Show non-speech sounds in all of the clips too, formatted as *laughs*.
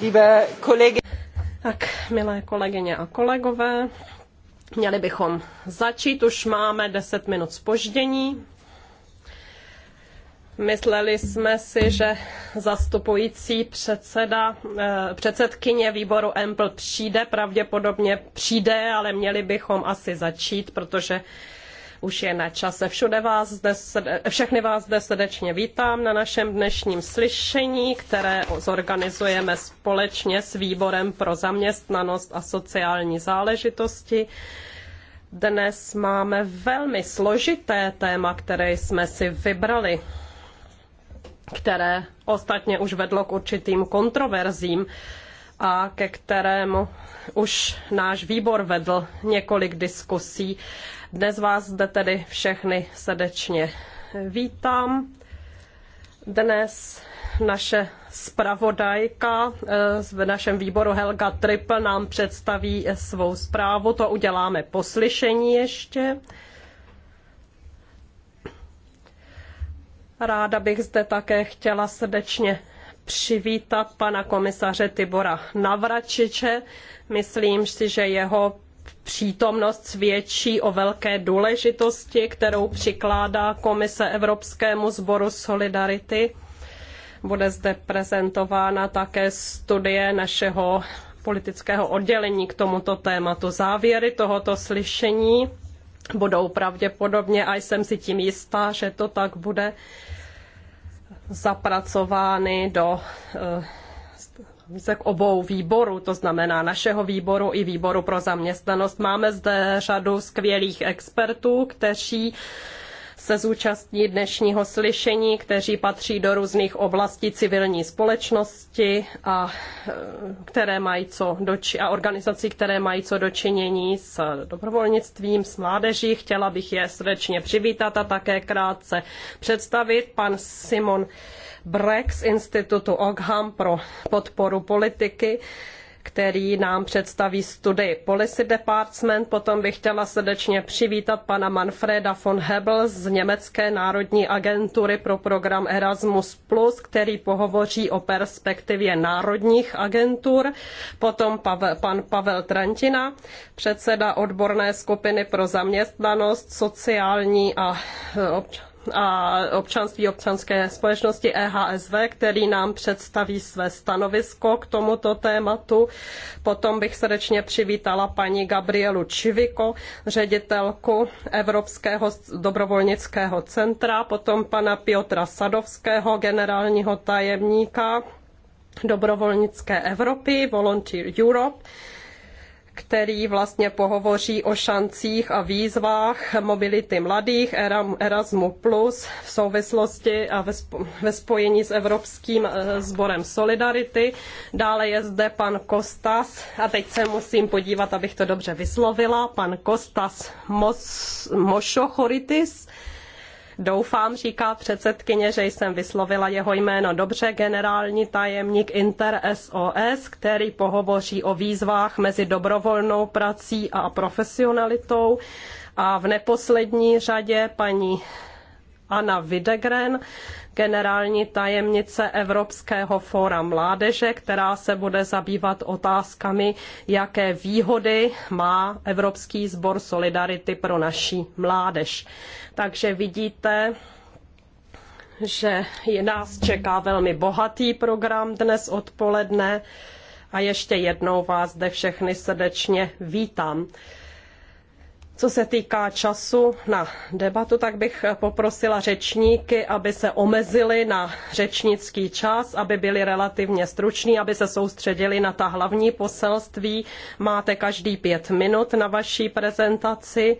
liebe Kollegin. Tak, milé kolegyně a kolegové, měli bychom začít, už máme 10 minut spoždění. Mysleli jsme si, že zastupující předseda, eh, předsedkyně výboru EMPL přijde, pravděpodobně přijde, ale měli bychom asi začít, protože už je na čase. Všude vás všechny vás zde srdečně vítám na našem dnešním slyšení, které zorganizujeme společně s Výborem pro zaměstnanost a sociální záležitosti. Dnes máme velmi složité téma, které jsme si vybrali které ostatně už vedlo k určitým kontroverzím a ke kterému už náš výbor vedl několik diskusí dnes vás zde tedy všechny srdečně vítám. Dnes naše zpravodajka eh, v našem výboru Helga Triple nám představí svou zprávu. To uděláme poslyšení ještě. Ráda bych zde také chtěla srdečně přivítat pana komisaře Tibora Navračiče. Myslím si, že jeho přítomnost svědčí o velké důležitosti, kterou přikládá Komise Evropskému sboru Solidarity. Bude zde prezentována také studie našeho politického oddělení k tomuto tématu. Závěry tohoto slyšení budou pravděpodobně, a jsem si tím jistá, že to tak bude, zapracovány do eh, z obou výborů, to znamená našeho výboru i výboru pro zaměstnanost. Máme zde řadu skvělých expertů, kteří se zúčastní dnešního slyšení, kteří patří do různých oblastí civilní společnosti a, e, které mají co doči- a organizací, které mají co dočinění s dobrovolnictvím, s mládeží. Chtěla bych je srdečně přivítat a také krátce představit. Pan Simon Brex Institutu Ogham pro podporu politiky, který nám představí studii Policy Department. Potom bych chtěla srdečně přivítat pana Manfreda von Hebel z Německé národní agentury pro program Erasmus+, který pohovoří o perspektivě národních agentur. Potom Pavel, pan Pavel Trantina, předseda odborné skupiny pro zaměstnanost, sociální a eh, občan a občanství občanské společnosti EHSV, který nám představí své stanovisko k tomuto tématu. Potom bych srdečně přivítala paní Gabrielu Čiviko, ředitelku Evropského dobrovolnického centra, potom pana Piotra Sadovského, generálního tajemníka dobrovolnické Evropy, Volunteer Europe, který vlastně pohovoří o šancích a výzvách mobility mladých Erasmu Plus v souvislosti a ve spojení s Evropským eh, sborem Solidarity. Dále je zde pan Kostas a teď se musím podívat, abych to dobře vyslovila. Pan Kostas Mos, Mošochoritis Doufám, říká předsedkyně, že jsem vyslovila jeho jméno dobře, generální tajemník Inter SOS, který pohovoří o výzvách mezi dobrovolnou prací a profesionalitou. A v neposlední řadě paní Anna Videgren, generální tajemnice Evropského fóra mládeže, která se bude zabývat otázkami, jaké výhody má Evropský sbor Solidarity pro naší mládež. Takže vidíte, že nás čeká velmi bohatý program dnes odpoledne a ještě jednou vás zde všechny srdečně vítám. Co se týká času na debatu, tak bych poprosila řečníky, aby se omezili na řečnický čas, aby byli relativně struční, aby se soustředili na ta hlavní poselství. Máte každý pět minut na vaší prezentaci.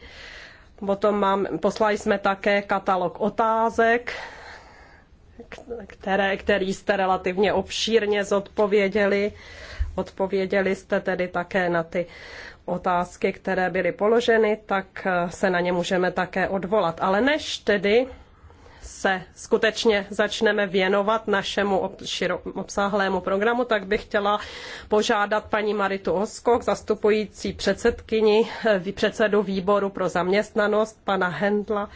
Potom mám, poslali jsme také katalog otázek, které, který jste relativně obšírně zodpověděli. Odpověděli jste tedy také na ty otázky, které byly položeny, tak eh, se na ně můžeme také odvolat. Ale než tedy se skutečně začneme věnovat našemu obsáhlému programu, tak bych chtěla požádat paní Maritu Oskok, zastupující předsedkyni, eh, předsedu výboru pro zaměstnanost, pana Hendla,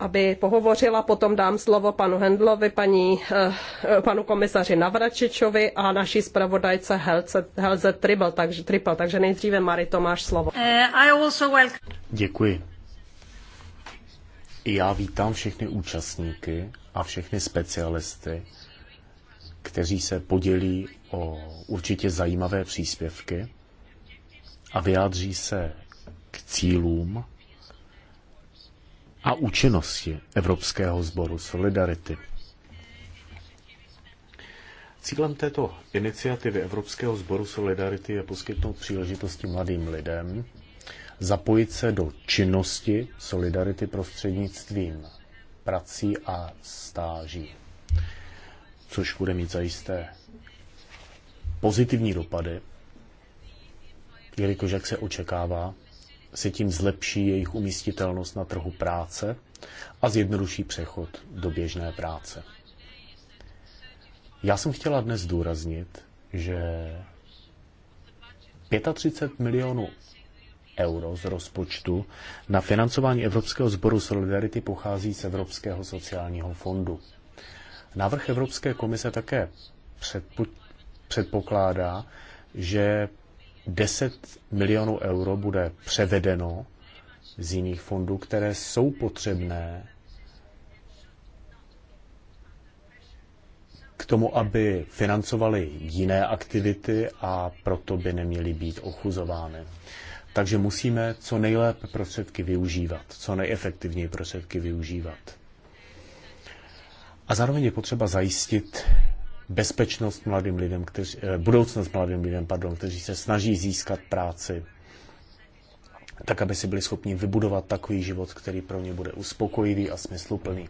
aby pohovořila. Potom dám slovo panu Hendlovi, paní, eh, panu komisaři Navračičovi a naší zpravodajce Helze, Helze Tribble, takže, Triple. Takže nejdříve Mari, to máš slovo. Eh, Děkuji. Já vítám všechny účastníky a všechny specialisty, kteří se podělí o určitě zajímavé příspěvky a vyjádří se k cílům a účinnosti Evropského sboru Solidarity. Cílem této iniciativy Evropského sboru Solidarity je poskytnout příležitosti mladým lidem zapojit se do činnosti Solidarity prostřednictvím prací a stáží, což bude mít zajisté pozitivní dopady, jelikož, jak se očekává, se tím zlepší jejich umístitelnost na trhu práce a zjednoduší přechod do běžné práce. Já jsem chtěla dnes zdůraznit, že 35 milionů euro z rozpočtu na financování Evropského sboru Solidarity pochází z Evropského sociálního fondu. Návrh Evropské komise také předpokládá, že 10 milionů euro bude převedeno z jiných fondů, které jsou potřebné k tomu, aby financovali jiné aktivity a proto by neměly být ochuzovány. Takže musíme co nejlépe prostředky využívat, co nejefektivněji prostředky využívat. A zároveň je potřeba zajistit bezpečnost mladým lidem, kteří, eh, budoucnost mladým lidem, pardon, kteří se snaží získat práci, tak aby si byli schopni vybudovat takový život, který pro ně bude uspokojivý a smysluplný.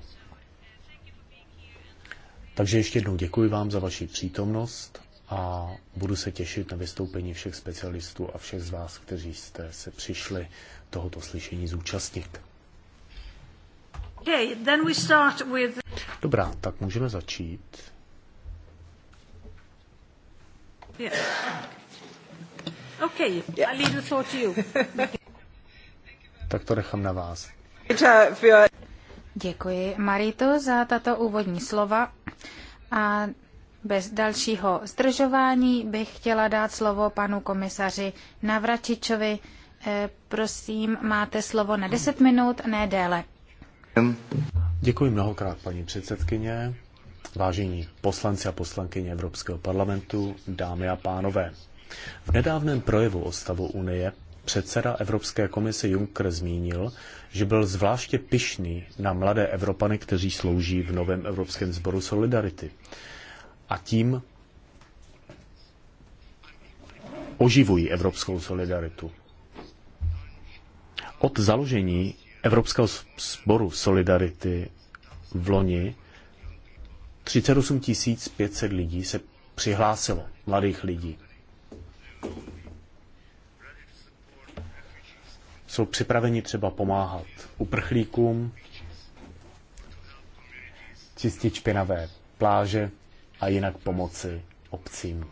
Takže ještě jednou děkuji vám za vaši přítomnost a budu se těšit na vystoupení všech specialistů a všech z vás, kteří jste se přišli tohoto slyšení zúčastnit. Dobrá, tak můžeme začít to tak to nechám na vás. Děkuji, Marito, za tato úvodní slova. A bez dalšího zdržování bych chtěla dát slovo panu komisaři Navračičovi. Eh, prosím, máte slovo na 10 minut, ne déle. Děkuji mnohokrát, paní předsedkyně. Vážení poslanci a poslankyně Evropského parlamentu, dámy a pánové, v nedávném projevu o stavu Unie předseda Evropské komise Juncker zmínil, že byl zvláště pyšný na mladé Evropany, kteří slouží v novém Evropském sboru Solidarity. A tím oživují evropskou solidaritu. Od založení Evropského sboru Solidarity v loni 38 500 lidí se přihlásilo, mladých lidí. Jsou připraveni třeba pomáhat uprchlíkům, čistit špinavé pláže a jinak pomoci obcím.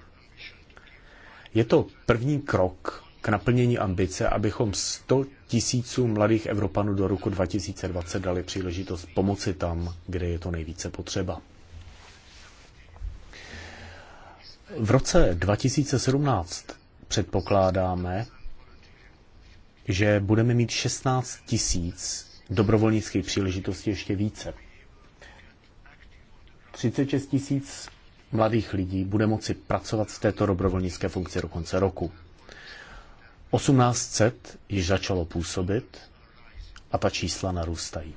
Je to první krok k naplnění ambice, abychom 100 tisíců mladých Evropanů do roku 2020 dali příležitost pomoci tam, kde je to nejvíce potřeba. V roce 2017 předpokládáme, že budeme mít 16 tisíc dobrovolnických příležitostí ještě více. 36 tisíc mladých lidí bude moci pracovat v této dobrovolnické funkci do konce roku. 1800 již začalo působit a ta čísla narůstají.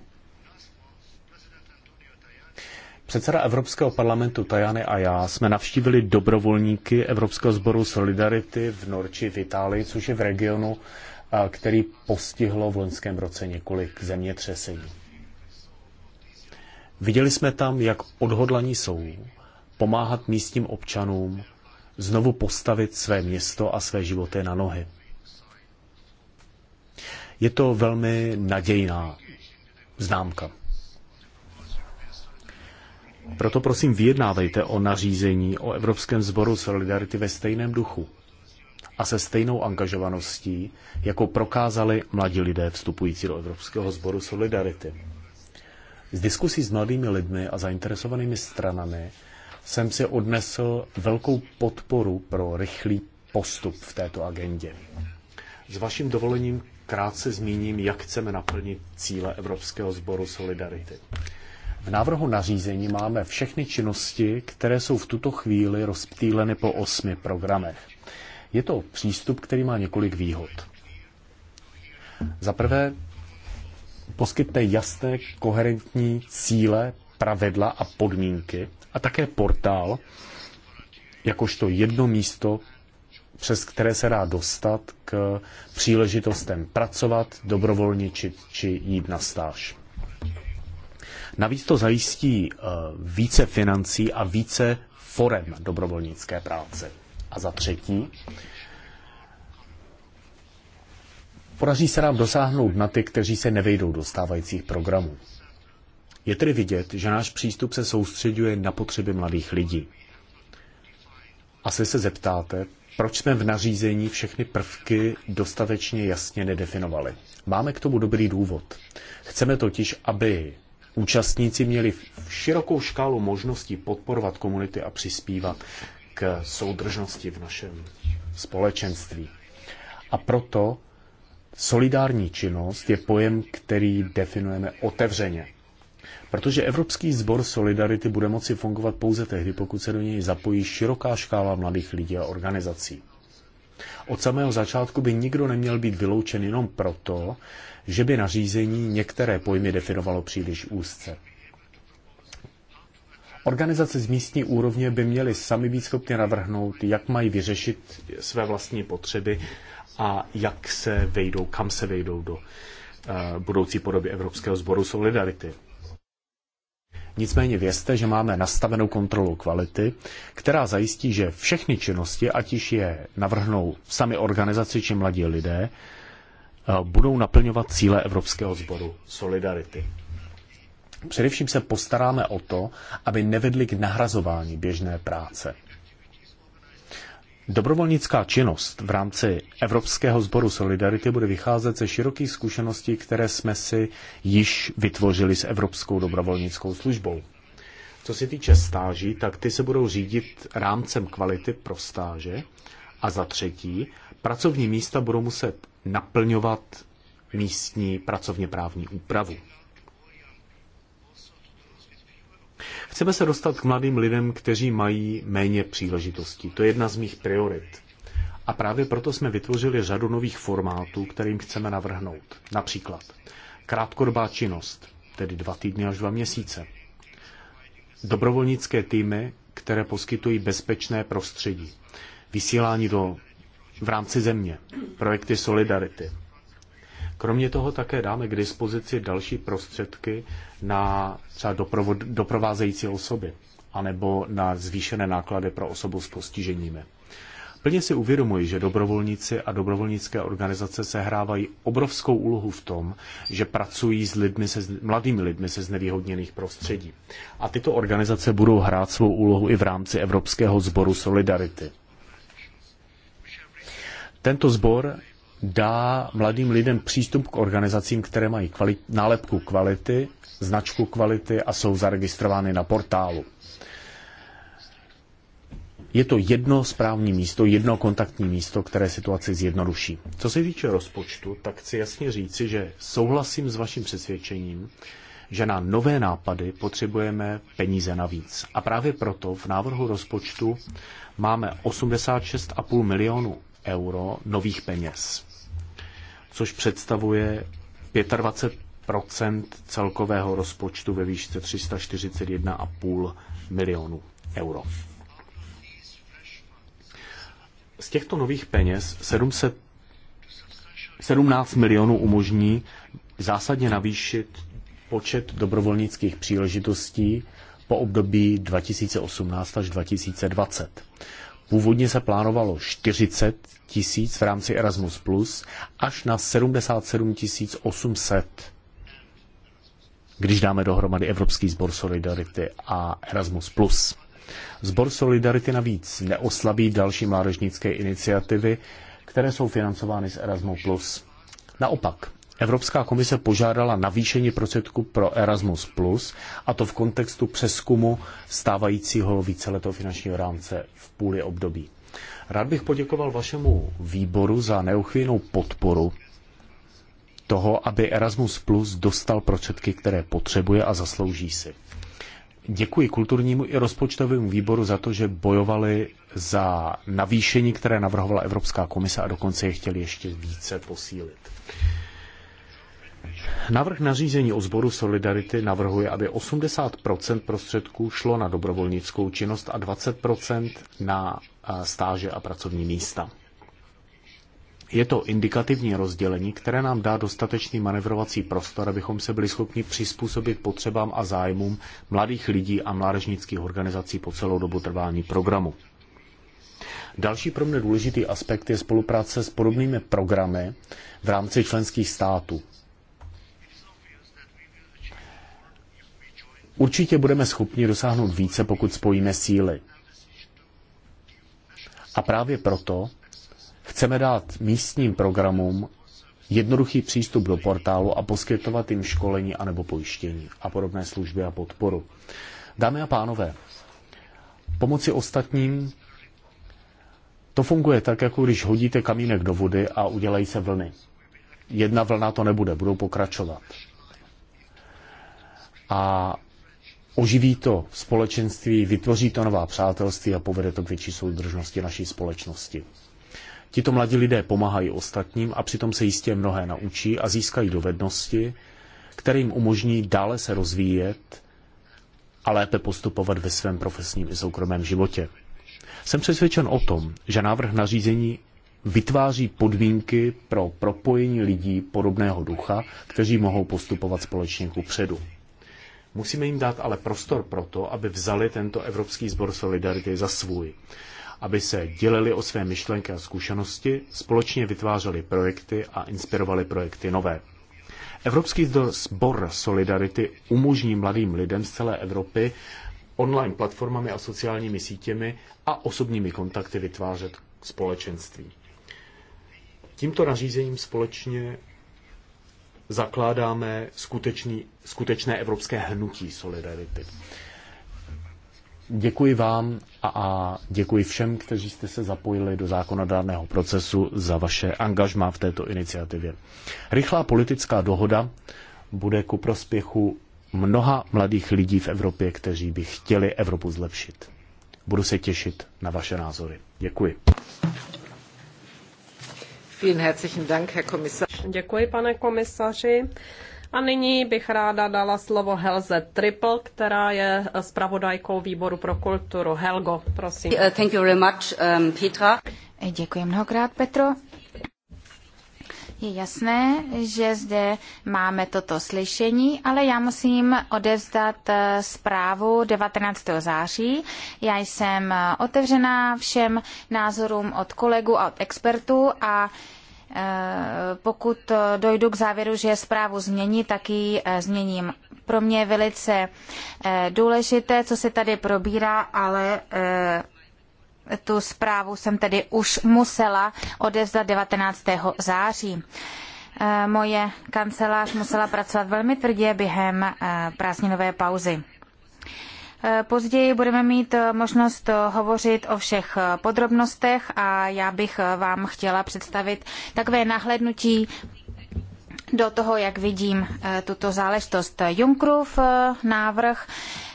Předseda Evropského parlamentu Tajany a já jsme navštívili dobrovolníky Evropského sboru Solidarity v Norči v Itálii, což je v regionu, který postihlo v loňském roce několik zemětřesení. Viděli jsme tam, jak odhodlaní jsou pomáhat místním občanům znovu postavit své město a své životy na nohy. Je to velmi nadějná známka. Proto prosím vyjednávejte o nařízení o Evropském sboru Solidarity ve stejném duchu a se stejnou angažovaností, jako prokázali mladí lidé vstupující do Evropského sboru Solidarity. Z diskusí s mladými lidmi a zainteresovanými stranami jsem si odnesl velkou podporu pro rychlý postup v této agendě. S vaším dovolením krátce zmíním, jak chceme naplnit cíle Evropského sboru Solidarity. V návrhu nařízení máme všechny činnosti, které jsou v tuto chvíli rozptýleny po osmi programech. Je to přístup, který má několik výhod. Za prvé, poskytne jasné, koherentní cíle, pravidla a podmínky a také portál, jakožto jedno místo, přes které se dá dostat k příležitostem pracovat, dobrovolničit či jít na stáž. Navíc to zajistí eh, více financí a více forem dobrovolnické práce. A za třetí, podaří se nám dosáhnout na ty, kteří se nevejdou do stávajících programů. Je tedy vidět, že náš přístup se soustředuje na potřeby mladých lidí. Asi se zeptáte, proč jsme v nařízení všechny prvky dostatečně jasně nedefinovali. Máme k tomu dobrý důvod. Chceme totiž, aby účastníci měli širokou škálu možností podporovat komunity a přispívat k soudržnosti v našem společenství. A proto solidární činnost je pojem, který definujeme otevřeně. Protože Evropský sbor Solidarity bude moci fungovat pouze tehdy, pokud se do něj zapojí široká škála mladých lidí a organizací. Od samého začátku by nikdo neměl být vyloučen jenom proto, že by nařízení některé pojmy definovalo příliš úzce. Organizace z místní úrovně by měly sami být schopny navrhnout, jak mají vyřešit své vlastní potřeby a jak se vejdou, kam se vejdou do eh, budoucí podoby Evropského sboru solidarity. Nicméně vězte, že máme nastavenou kontrolu kvality, která zajistí, že všechny činnosti, ať již je navrhnou sami organizaci či mladí lidé, Eh, budou naplňovat cíle Evropského sboru Solidarity. Především se postaráme o to, aby nevedli k nahrazování běžné práce. Dobrovolnická činnost v rámci Evropského sboru Solidarity bude vycházet ze širokých zkušeností, které jsme si již vytvořili s Evropskou dobrovolnickou službou. Co se týče stáží, tak ty se budou řídit rámcem kvality pro stáže. A za třetí, pracovní místa budou muset naplňovat místní pracovně právní úpravu. Chceme se dostat k mladým lidem, kteří mají méně příležitostí. To je jedna z mých priorit. A právě proto jsme vytvořili řadu nových formátů, kterým chceme navrhnout. Například krátkodobá činnost, tedy dva týdny až dva měsíce. Dobrovolnické týmy, které poskytují bezpečné prostředí. Vysílání do v rámci země, projekty Solidarity. Kromě toho také dáme k dispozici další prostředky na třeba doprovod, doprovázející osoby anebo na zvýšené náklady pro osobu s postiženími. Plně si uvědomuji, že dobrovolníci a dobrovolnické organizace sehrávají obrovskou úlohu v tom, že pracují s lidmi se, mladými lidmi se znevýhodněných prostředí. A tyto organizace budou hrát svou úlohu i v rámci Evropského sboru Solidarity. Tento sbor dá mladým lidem přístup k organizacím, které mají kvalit, nálepku kvality, značku kvality a jsou zaregistrovány na portálu. Je to jedno správní místo, jedno kontaktní místo, které situaci zjednoduší. Co se týče rozpočtu, tak chci jasně říci, že souhlasím s vaším přesvědčením, že na nové nápady potřebujeme peníze navíc. A právě proto v návrhu rozpočtu máme 86,5 milionů euro nových peněz, což představuje 25 celkového rozpočtu ve výšce 341,5 milionů euro. Z těchto nových peněz 700, 17 milionů umožní zásadně navýšit počet dobrovolnických příležitostí po období 2018 až 2020. Původně se plánovalo 40 tisíc v rámci Erasmus+, až na 77 800, když dáme dohromady Evropský sbor Solidarity a Erasmus+. Zbor Solidarity navíc neoslabí další mládežnické iniciativy, které jsou financovány z Erasmus+. Plus. Naopak, Evropská komise požádala navýšení prostředků pro Erasmus+, a to v kontextu přeskumu stávajícího víceletého finančního rámce v půli období. Rád bych poděkoval vašemu výboru za neochvějnou podporu toho, aby Erasmus Plus dostal prostředky, které potřebuje a zaslouží si. Děkuji kulturnímu i rozpočtovému výboru za to, že bojovali za navýšení, které navrhovala Evropská komise a dokonce je chtěli ještě více posílit. Navrh nařízení o sboru Solidarity navrhuje, aby 80 prostředků šlo na dobrovolnickou činnost a 20 na stáže a pracovní místa. Je to indikativní rozdělení, které nám dá dostatečný manevrovací prostor, abychom se byli schopni přizpůsobit potřebám a zájmům mladých lidí a mládežnických organizací po celou dobu trvání programu. Další pro mě důležitý aspekt je spolupráce s podobnými programy v rámci členských států. Určitě budeme schopni dosáhnout více, pokud spojíme síly. A právě proto chceme dát místním programům jednoduchý přístup do portálu a poskytovat jim školení anebo pojištění a podobné služby a podporu. Dámy a pánové, pomoci ostatním to funguje tak, jako když hodíte kamínek do vody a udělají se vlny. Jedna vlna to nebude, budou pokračovat. A oživí to společenství, vytvoří to nová přátelství a povede to k větší soudržnosti naší společnosti. Tito mladí lidé pomáhají ostatním a přitom se jistě mnohé naučí a získají dovednosti, které jim umožní dále se rozvíjet a lépe postupovat ve svém profesním i soukromém životě. Jsem přesvědčen o tom, že návrh nařízení vytváří podmínky pro propojení lidí podobného ducha, kteří mohou postupovat společně ku předu. Musíme jim dát ale prostor pro to, aby vzali tento Evropský sbor Solidarity za svůj aby se dělili o své myšlenky a zkušenosti, společně vytvářeli projekty a inspirovali projekty nové. Evropský sbor Solidarity umožní mladým lidem z celé Evropy online platformami a sociálními sítěmi a osobními kontakty vytvářet společenství. Tímto nařízením společně zakládáme skutečný, skutečné evropské hnutí solidarity. Děkuji vám a, a děkuji všem, kteří jste se zapojili do zákonodárného procesu za vaše angažmá v této iniciativě. Rychlá politická dohoda bude ku prospěchu mnoha mladých lidí v Evropě, kteří by chtěli Evropu zlepšit. Budu se těšit na vaše názory. Děkuji. Vielen herzlichen Dank, Herr Kommissar. Děkuji, pane komisaři. A nyní bych ráda dala slovo Helze Triple, která je zpravodajkou výboru pro kulturu. Helgo, prosím. Eh, thank you very much, um, Petra. Eh, děkuji mnohokrát, Petro. Je jasné, že zde máme toto slyšení, ale já musím odevzdat eh, zprávu 19. září. Já jsem otevřená všem názorům od kolegů a od expertů a Eh, pokud dojdu k závěru, že zprávu změní, tak ji eh, změním. Pro mě je velice eh, důležité, co se tady probírá, ale tu zprávu jsem tedy už musela odevzdat 19. září. Moje kancelář musela pracovat velmi tvrdě během prázdninové pauzy. Později budeme mít eh, možnost eh, hovořit o všech eh, podrobnostech a já bych vám chtěla představit takové nahlédnutí do toho, jak vidím tuto záležitost. Junkrův návrh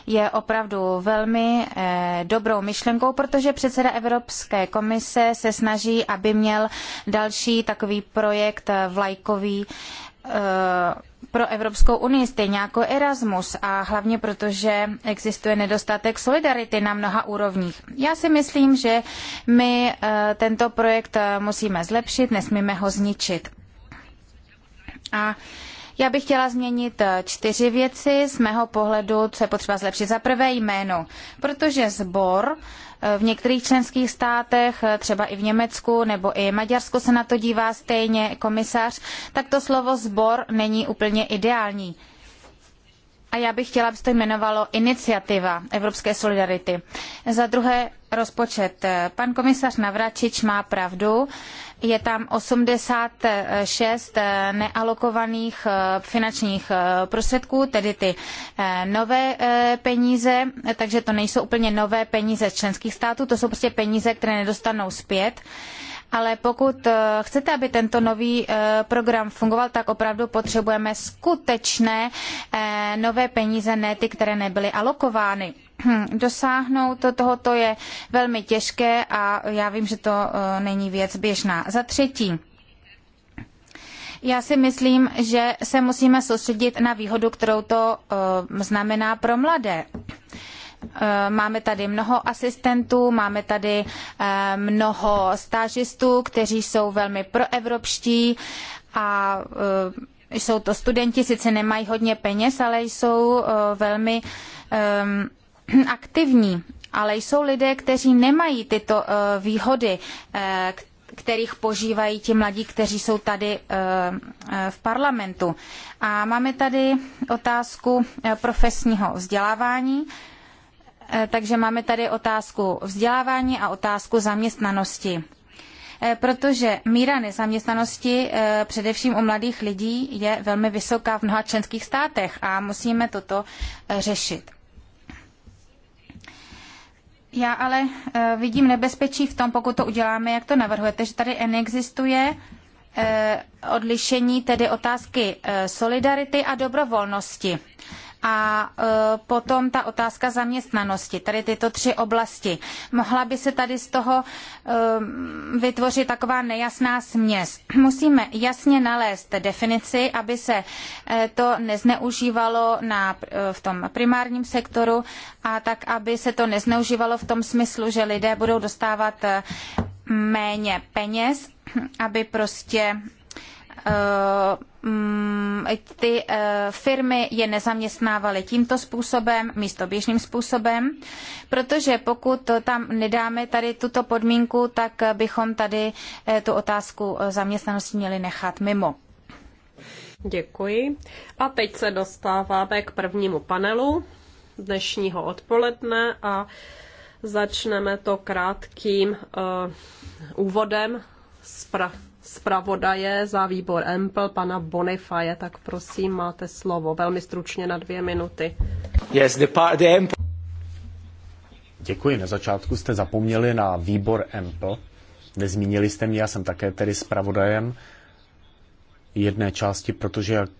je opravdu velmi dobrou myšlenkou, protože předseda Evropské komise se snaží, aby měl další takový projekt vlajkový Eh, pro Evropskou unii, stejně jako Erasmus a hlavně proto, že existuje nedostatek solidarity na mnoha úrovních. Já si myslím, že my eh, tento projekt eh, musíme zlepšit, nesmíme ho zničit. A já bych chtěla změnit čtyři věci z mého pohledu, co je potřeba zlepšit. Za prvé jméno, protože sbor v některých členských státech, třeba i v Německu nebo i Maďarsku se na to dívá stejně komisař, tak to slovo sbor není úplně ideální. A já bych chtěla, aby se to jmenovalo iniciativa Evropské solidarity. Za druhé rozpočet. Pan komisař Navračič má pravdu je tam 86 eh, nealokovaných eh, finančních eh, prostředků, tedy ty nové peníze, takže to nejsou úplně nové peníze z členských států, to jsou prostě peníze, které nedostanou zpět. Ale pokud chcete, aby tento nový program fungoval, tak opravdu potřebujeme skutečné nové peníze, ne ty, které nebyly alokovány. Hm, dosáhnout tohoto je velmi těžké a já vím, že to eh, není věc běžná. Za třetí, já si myslím, že se musíme soustředit na výhodu, kterou to eh, znamená pro mladé. Eh, máme tady mnoho asistentů, máme tady mnoho stážistů, kteří jsou velmi proevropští a jsou to studenti, sice nemají hodně peněz, ale jsou velmi ehm, *clears throat* aktivní, ale jsou lidé, kteří nemají tyto eh, výhody, eh, kterých požívají ti mladí, kteří jsou tady eh, v parlamentu. A máme tady otázku profesního vzdělávání. Takže máme tady otázku vzdělávání a otázku zaměstnanosti. Protože míra nezaměstnanosti především u mladých lidí je velmi vysoká v mnoha členských státech a musíme toto řešit. Já ale eh, vidím nebezpečí v tom, pokud to uděláme, jak to navrhujete, že tady neexistuje eh, odlišení tedy otázky eh, solidarity a dobrovolnosti. A e, potom ta otázka zaměstnanosti, tady tyto tři oblasti. Mohla by se tady z toho e, vytvořit taková nejasná směs. Musíme jasně nalézt definici, aby se e, to nezneužívalo na, v tom primárním sektoru a tak, aby se to nezneužívalo v tom smyslu, že lidé budou dostávat méně peněz, aby prostě Eh, mm, ty eh, firmy je nezaměstnávaly tímto způsobem, místo běžným způsobem, protože pokud tam nedáme tady tuto podmínku, tak bychom tady eh, tu otázku zaměstnanosti měli nechat mimo. Děkuji. A teď se dostáváme k prvnímu panelu dnešního odpoledne a začneme to krátkým uh, úvodem z pra- zpravodaje za výbor EMPL, pana Bonifaje, tak prosím, máte slovo. Velmi stručně na dvě minuty. Yes, the part, the EMPL. Děkuji. Na začátku jste zapomněli na výbor EMPL. Nezmínili jste mě, já jsem také tedy zpravodajem jedné části, protože jak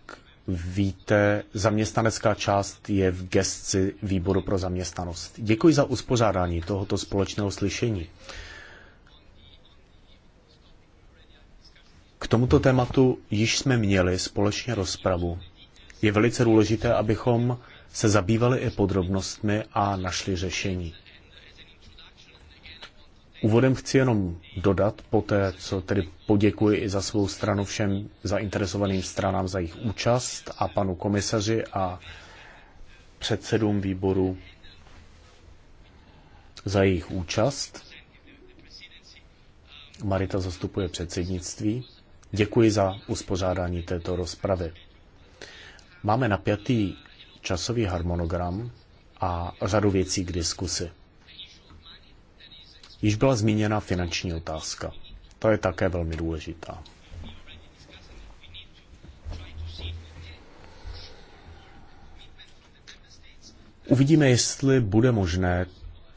víte, zaměstnanecká část je v gestci výboru pro zaměstnanost. Děkuji za uspořádání tohoto společného slyšení. K tomuto tématu již jsme měli společně rozpravu. Je velice důležité, abychom se zabývali i podrobnostmi a našli řešení. Úvodem chci jenom dodat, po té, co tedy poděkuji i za svou stranu všem zainteresovaným stranám za jejich účast a panu komisaři a předsedům výboru za jejich účast. Marita zastupuje předsednictví. Děkuji za uspořádání této rozpravy. Máme napjatý časový harmonogram a řadu věcí k diskusi. Již byla zmíněna finanční otázka. To je také velmi důležitá. Uvidíme, jestli bude možné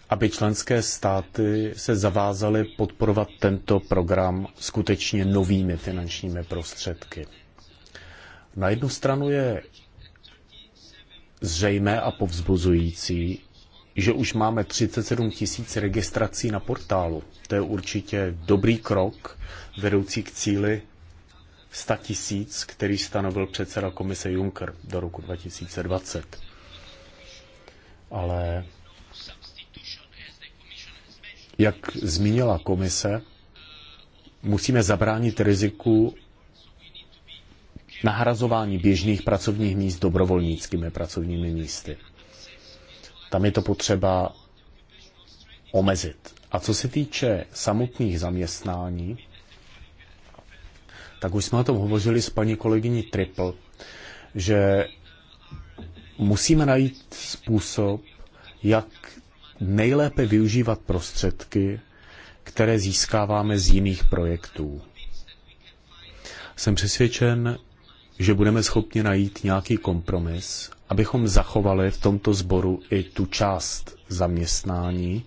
aby členské státy se zavázaly podporovat tento program skutečně novými finančními prostředky. Na jednu stranu je zřejmé a povzbuzující, že už máme 37 tisíc registrací na portálu. To je určitě dobrý krok vedoucí k cíli 100 tisíc, který stanovil předseda komise Juncker do roku 2020. Ale jak zmínila komise, musíme zabránit riziku nahrazování běžných pracovních míst dobrovolnickými pracovními místy. Tam je to potřeba omezit. A co se týče samotných zaměstnání, tak už jsme o tom hovořili s paní kolegyní Triple, že musíme najít způsob, jak nejlépe využívat prostředky, které získáváme z jiných projektů. Jsem přesvědčen, že budeme schopni najít nějaký kompromis, abychom zachovali v tomto sboru i tu část zaměstnání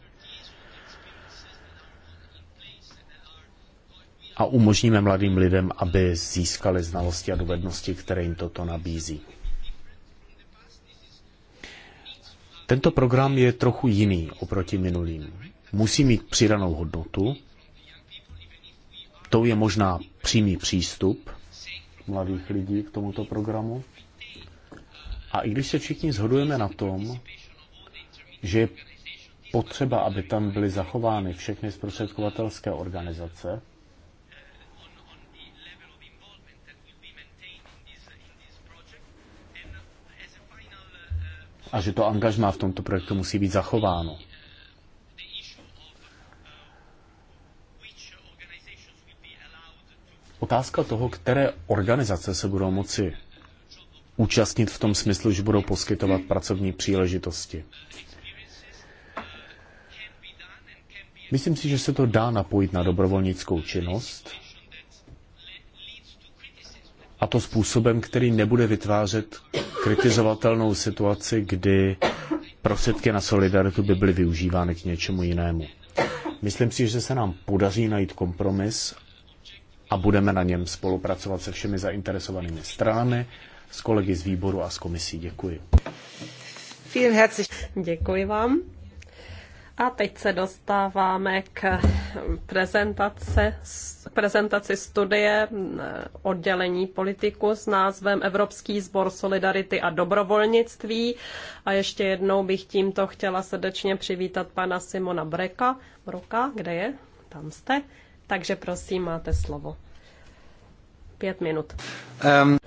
a umožníme mladým lidem, aby získali znalosti a dovednosti, které jim toto nabízí. Tento program je trochu jiný oproti minulým. Musí mít přidanou hodnotu, To je možná přímý přístup mladých lidí k tomuto programu. A i když se všichni zhodujeme na tom, že je potřeba, aby tam byly zachovány všechny zprostředkovatelské organizace, a že to angažmá v tomto projektu musí být zachováno. Otázka toho, které organizace se budou moci účastnit v tom smyslu, že budou poskytovat pracovní příležitosti. Myslím si, že se to dá napojit na dobrovolnickou činnost a to způsobem, který nebude vytvářet kritizovatelnou situaci, kdy prostředky na solidaritu by byly využívány k něčemu jinému. Myslím si, že se nám podaří najít kompromis a budeme na něm spolupracovat se všemi zainteresovanými stranami, s kolegy z výboru a s komisí. Děkuji. Děkuji vám. A teď se dostáváme k prezentace z prezentaci studie eh, oddělení politiku s názvem Evropský sbor solidarity a dobrovolnictví. A ještě jednou bych tímto chtěla srdečně přivítat pana Simona Breka. Broka, kde je? Tam jste. Takže prosím, máte slovo. Pět minut. Um...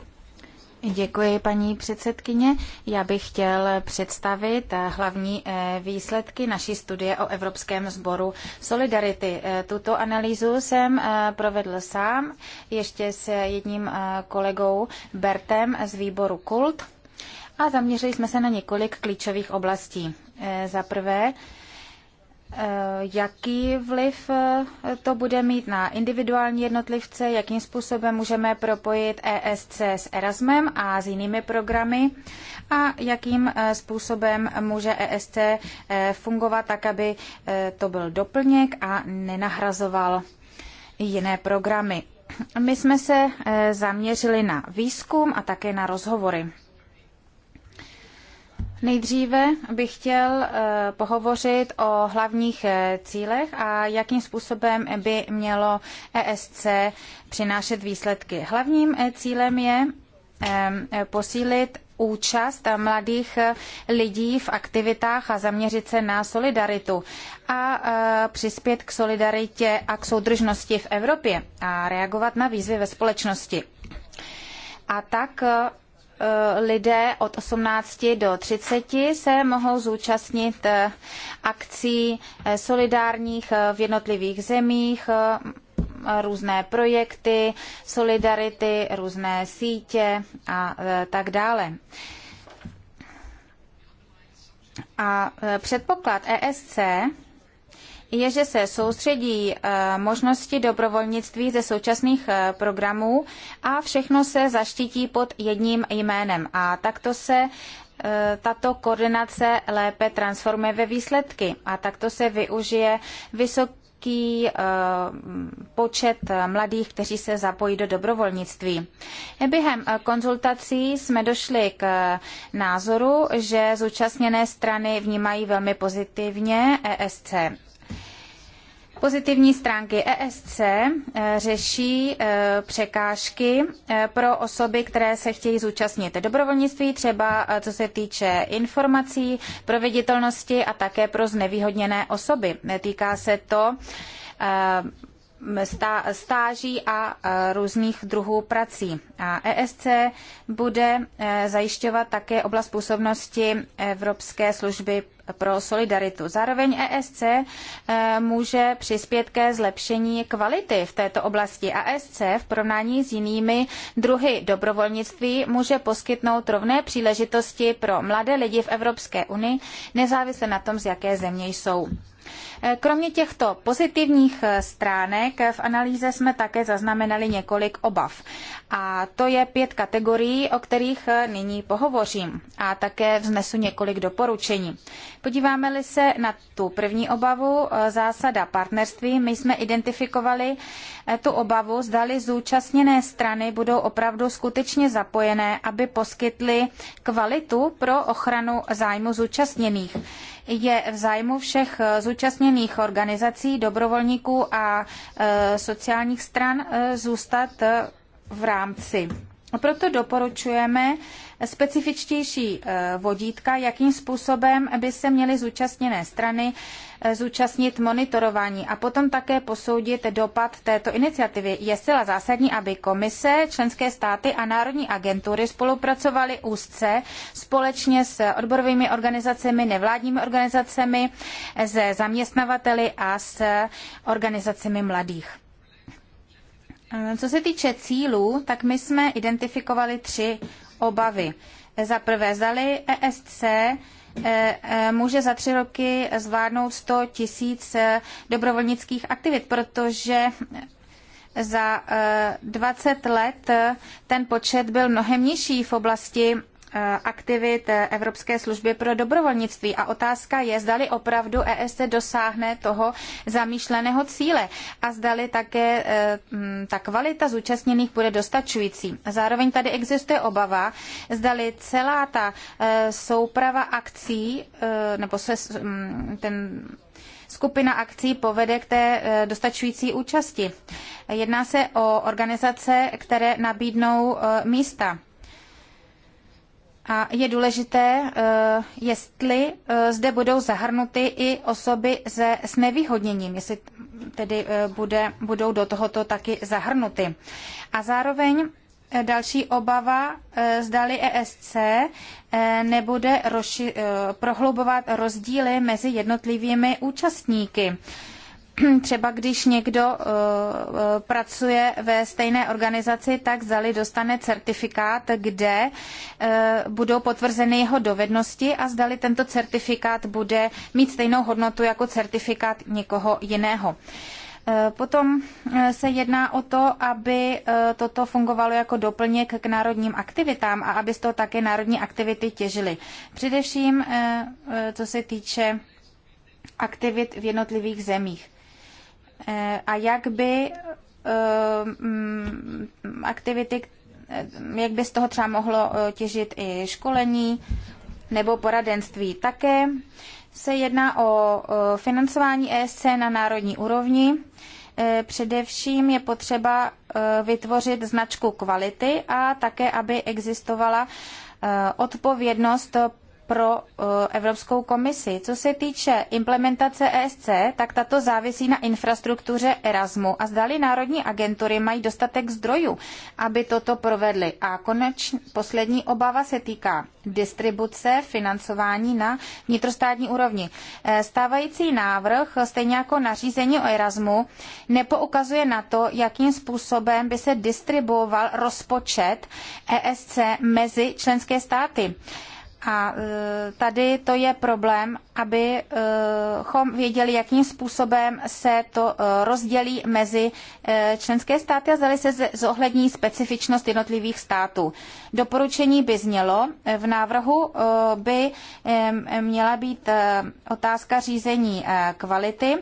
Děkuji, paní předsedkyně. Já bych chtěl představit eh, hlavní eh, výsledky naší studie o Evropském sboru Solidarity. Eh, tuto analýzu jsem provedl sám, ještě s jedním kolegou Bertem z výboru Kult a zaměřili jsme se na několik klíčových oblastí. Za prvé, Eh, jaký vliv eh, to bude mít na individuální jednotlivce, jakým způsobem můžeme propojit ESC s Erasmem a s jinými programy a jakým eh, způsobem může ESC fungovat tak, aby to byl doplněk a nenahrazoval jiné programy. My jsme se zaměřili na výzkum a také na rozhovory. Nejdříve bych chtěl eh, pohovořit o hlavních eh, cílech a jakým způsobem by mělo ESC přinášet výsledky. Hlavním eh, cílem je ehm, posílit účast mladých lidí v aktivitách a zaměřit se na solidaritu a přispět k solidaritě a k soudržnosti v Evropě a reagovat na výzvy ve společnosti. A tak Eh, lidé od 18 do 30 se mohou zúčastnit eh, akcí eh, solidárních v jednotlivých zemích, různé projekty, solidarity, různé sítě a tak dále. A předpoklad ESC je, že se soustředí eh, možnosti dobrovolnictví ze současných eh, programů a všechno se zaštítí pod jedním jménem. A takto se eh, tato koordinace lépe transformuje ve výsledky a takto se využije vysoký počet mladých, kteří se zapojí do dobrovolnictví. Během konzultací jsme došli k názoru, že zúčastněné strany vnímají velmi pozitivně ESC Pozitivní stránky ESC eh, řeší eh, překážky eh, pro osoby, které se chtějí zúčastnit dobrovolnictví, třeba co se týče informací, proveditelnosti a také pro znevýhodněné osoby. Týká se to stáží a různých druhů prací. A ESC bude zajišťovat také oblast působnosti Evropské služby pro solidaritu. Zároveň ESC eh, může přispět ke zlepšení kvality v této oblasti a ESC v porovnání s jinými druhy dobrovolnictví může poskytnout rovné příležitosti pro mladé lidi v Evropské unii, nezávisle na tom, z jaké země jsou. Eh, kromě těchto pozitivních eh, stránek eh, v analýze jsme také zaznamenali několik obav. A to je pět kategorií, o kterých nyní pohovořím a také vznesu několik doporučení. Podíváme-li se na tu první obavu, zásada partnerství, my jsme identifikovali tu obavu, zdali zúčastněné strany budou opravdu skutečně zapojené, aby poskytly kvalitu pro ochranu zájmu zúčastněných je v zájmu všech eh, zúčastněných organizací, dobrovolníků a eh, sociálních stran eh, zůstat v rámci. Proto doporučujeme specifičtější eh, vodítka, jakým způsobem by se měly zúčastněné strany eh, zúčastnit monitorování a potom také posoudit dopad této iniciativy. Je zcela zásadní, aby komise, členské státy a národní agentury spolupracovaly úzce společně s odborovými organizacemi, nevládními organizacemi, eh, se zaměstnavateli a s organizacemi mladých. Eh, co se týče cílů, tak my jsme identifikovali tři obavy. Za prvé, zali ESC eh, eh, může za tři roky zvládnout 100 tisíc dobrovolnických aktivit, protože za 20 let ten počet byl mnohem nižší v oblasti Eh, aktivit eh, Evropské služby pro dobrovolnictví a otázka je, zdali opravdu ESC dosáhne toho zamýšleného cíle a zdali také eh, mm, ta kvalita zúčastněných bude dostačující. Zároveň tady existuje obava, zdali celá ta souprava akcí nebo se, mm, ten skupina akcí povede k té dostačující účasti. Jedná se o organizace, které nabídnou místa a je důležité, eh, jestli eh, zde budou zahrnuty i osoby se, znevýhodněním, jestli tedy eh, bude, budou do tohoto taky zahrnuty. A zároveň další obava, zdali ESC nebude prohlubovat rozdíly mezi jednotlivými účastníky *clears throat* třeba když někdo eh, eh, pracuje ve stejné organizaci, tak zali dostane certifikát, kde eh, budou potvrzeny jeho dovednosti a zdali tento certifikát bude mít stejnou hodnotu jako certifikát někoho jiného. Potom se jedná o to, aby toto fungovalo jako doplněk k národním aktivitám a aby z toho také národní aktivity těžily. Především, co se týče aktivit v jednotlivých zemích. Eh, a jak by eh, mm, aktivity, eh, jak by z toho třeba mohlo těžit i školení nebo poradenství. Také se jedná o financování ESC na národní úrovni. Především je potřeba vytvořit značku kvality a také, aby existovala odpovědnost pro eh, Evropskou komisi. Co se týče implementace ESC, tak tato závisí na infrastruktuře Erasmu a zdali národní agentury mají dostatek zdrojů, aby toto provedly. A konečně poslední obava se týká distribuce financování na vnitrostátní úrovni. Eh, stávající návrh, stejně jako nařízení o Erasmu, nepoukazuje na to, jakým způsobem by se distribuoval rozpočet ESC mezi členské státy. A e, tady to je problém, abychom e, věděli, jakým způsobem se to e, rozdělí mezi členské státy a zdali se zohlední specifičnost jednotlivých států. Doporučení by znělo, v návrhu by měla být otázka řízení kvality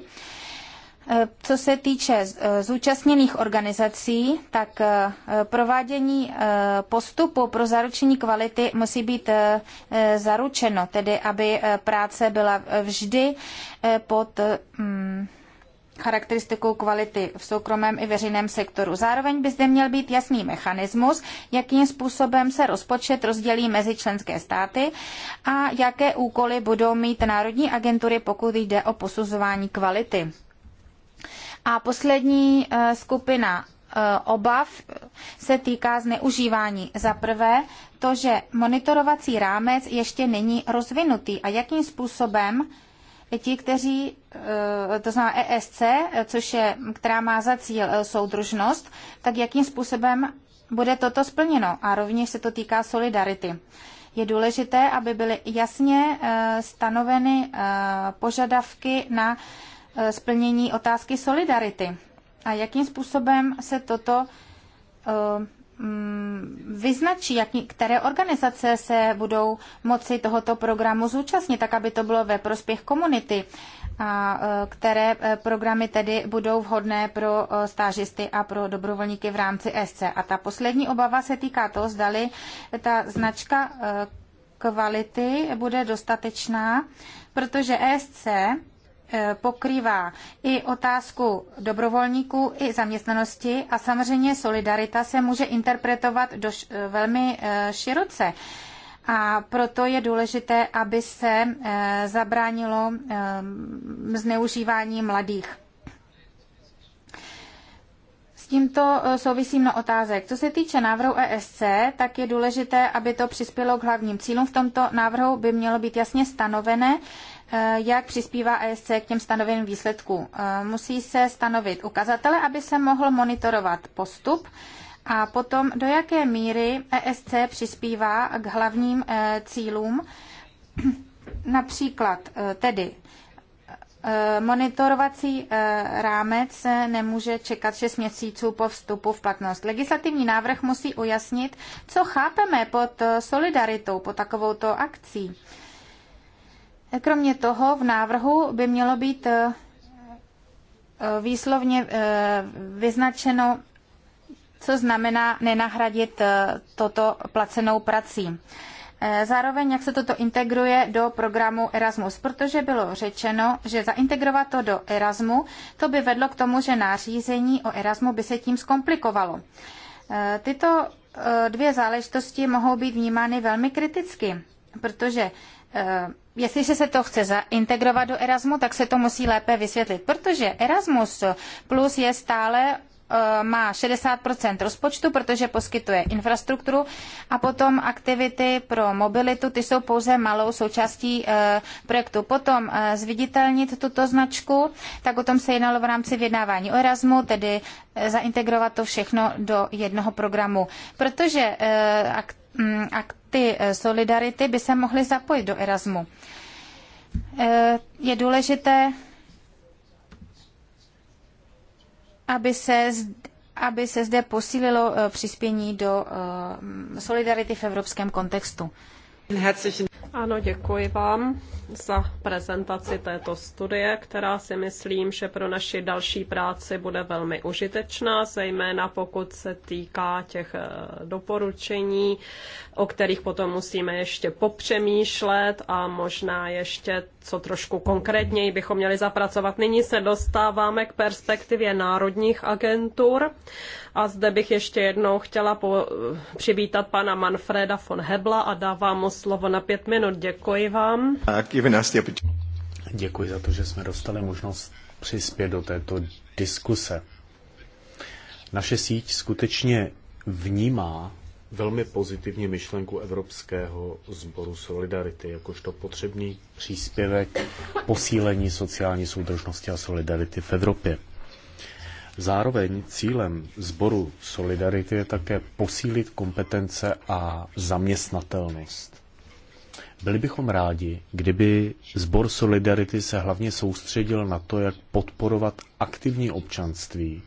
Eh, co se týče eh, zúčastněných organizací, tak eh, provádění postupu pro zaručení kvality musí být zaručeno, tedy aby práce byla vždy pod hm, charakteristikou kvality v soukromém i veřejném sektoru. Zároveň by zde měl být jasný mechanismus, jakým způsobem se rozpočet rozdělí mezi členské státy a jaké úkoly budou mít národní agentury, pokud jde o posuzování kvality. A poslední eh, skupina eh, obav eh, se týká zneužívání. Za prvé, to, že monitorovací rámec ještě není rozvinutý a jakým způsobem ti, kteří, to znamená ESC, což je, která má za cíl soudružnost, tak jakým způsobem bude toto splněno a rovněž se to týká solidarity. Je důležité, aby byly jasně stanoveny požadavky na Eh, splnění otázky solidarity. A jakým způsobem se toto eh, mm, vyznačí, jak, které organizace se budou moci tohoto programu zúčastnit, tak aby to bylo ve prospěch komunity a eh, které programy tedy budou vhodné pro stážisty a pro dobrovolníky v rámci SC. A ta poslední obava se týká toho, zdali ta značka kvality bude dostatečná, protože ESC Eh, pokrývá i otázku dobrovolníků, i zaměstnanosti a samozřejmě solidarita se může interpretovat do, eh, velmi eh, široce. A proto je důležité, aby se zabránilo zneužívání mladých S tímto souvisí mnoho otázek. Co se týče návrhu ESC, tak je důležité, aby to přispělo k hlavním cílům. V tomto návrhu by mělo být jasně stanovené, Eh, jak přispívá ESC k těm stanoveným výsledkům. Eh, musí se stanovit ukazatele, aby se mohl monitorovat postup a potom do jaké míry ESC přispívá k hlavním eh, cílům, *clears throat* například tedy Monitorovací rámec nemůže čekat 6 měsíců po vstupu v platnost. Legislativní návrh musí ujasnit, co chápeme pod solidaritou, pod takovouto akcí. Kromě toho v návrhu by mělo být eh, eh, výslovně eh, vyznačeno, co znamená nenahradit toto placenou prací. Zároveň, jak se toto integruje do programu Erasmus, protože bylo řečeno, že zaintegrovat to do Erasmu, to by vedlo k tomu, že nářízení o Erasmu by se tím zkomplikovalo. Tyto dvě záležitosti mohou být vnímány velmi kriticky, protože Jestliže se to chce zaintegrovat do Erasmu, tak se to musí lépe vysvětlit, protože Erasmus plus je stále eh, má 60 rozpočtu, protože poskytuje infrastrukturu a potom aktivity pro mobilitu, ty jsou pouze malou součástí eh, projektu. Potom eh, zviditelnit tuto značku, tak o tom se jednalo v rámci vyjednávání o Erasmu, tedy zaintegrovat to všechno do jednoho programu, protože mm, ty eh, solidarity by se mohly zapojit do Erasmu. Eh, je důležité, aby se, aby se zde posílilo eh, přispění do solidarity v evropském kontextu. Ano, děkuji vám za prezentaci této studie, která si myslím, že pro naši další práci bude velmi užitečná, zejména pokud se týká těch eh, doporučení, o kterých potom musíme ještě popřemýšlet a možná ještě co trošku konkrétněji bychom měli zapracovat. Nyní se dostáváme k perspektivě národních agentur a zde bych ještě jednou chtěla po, eh, přivítat pana Manfreda von Hebla a dávám mu slovo na pět minut. Děkuji vám. Tak, given us the opportunity. Děkuji za to, že jsme dostali možnost přispět do této diskuse. Naše síť skutečně vnímá velmi pozitivně myšlenku Evropského sboru Solidarity, jakožto potřebný příspěvek posílení sociální soudržnosti a solidarity v Evropě. Zároveň cílem sboru Solidarity je také posílit kompetence a zaměstnatelnost. Byli bychom rádi, kdyby sbor Solidarity se hlavně soustředil na to, jak podporovat aktivní občanství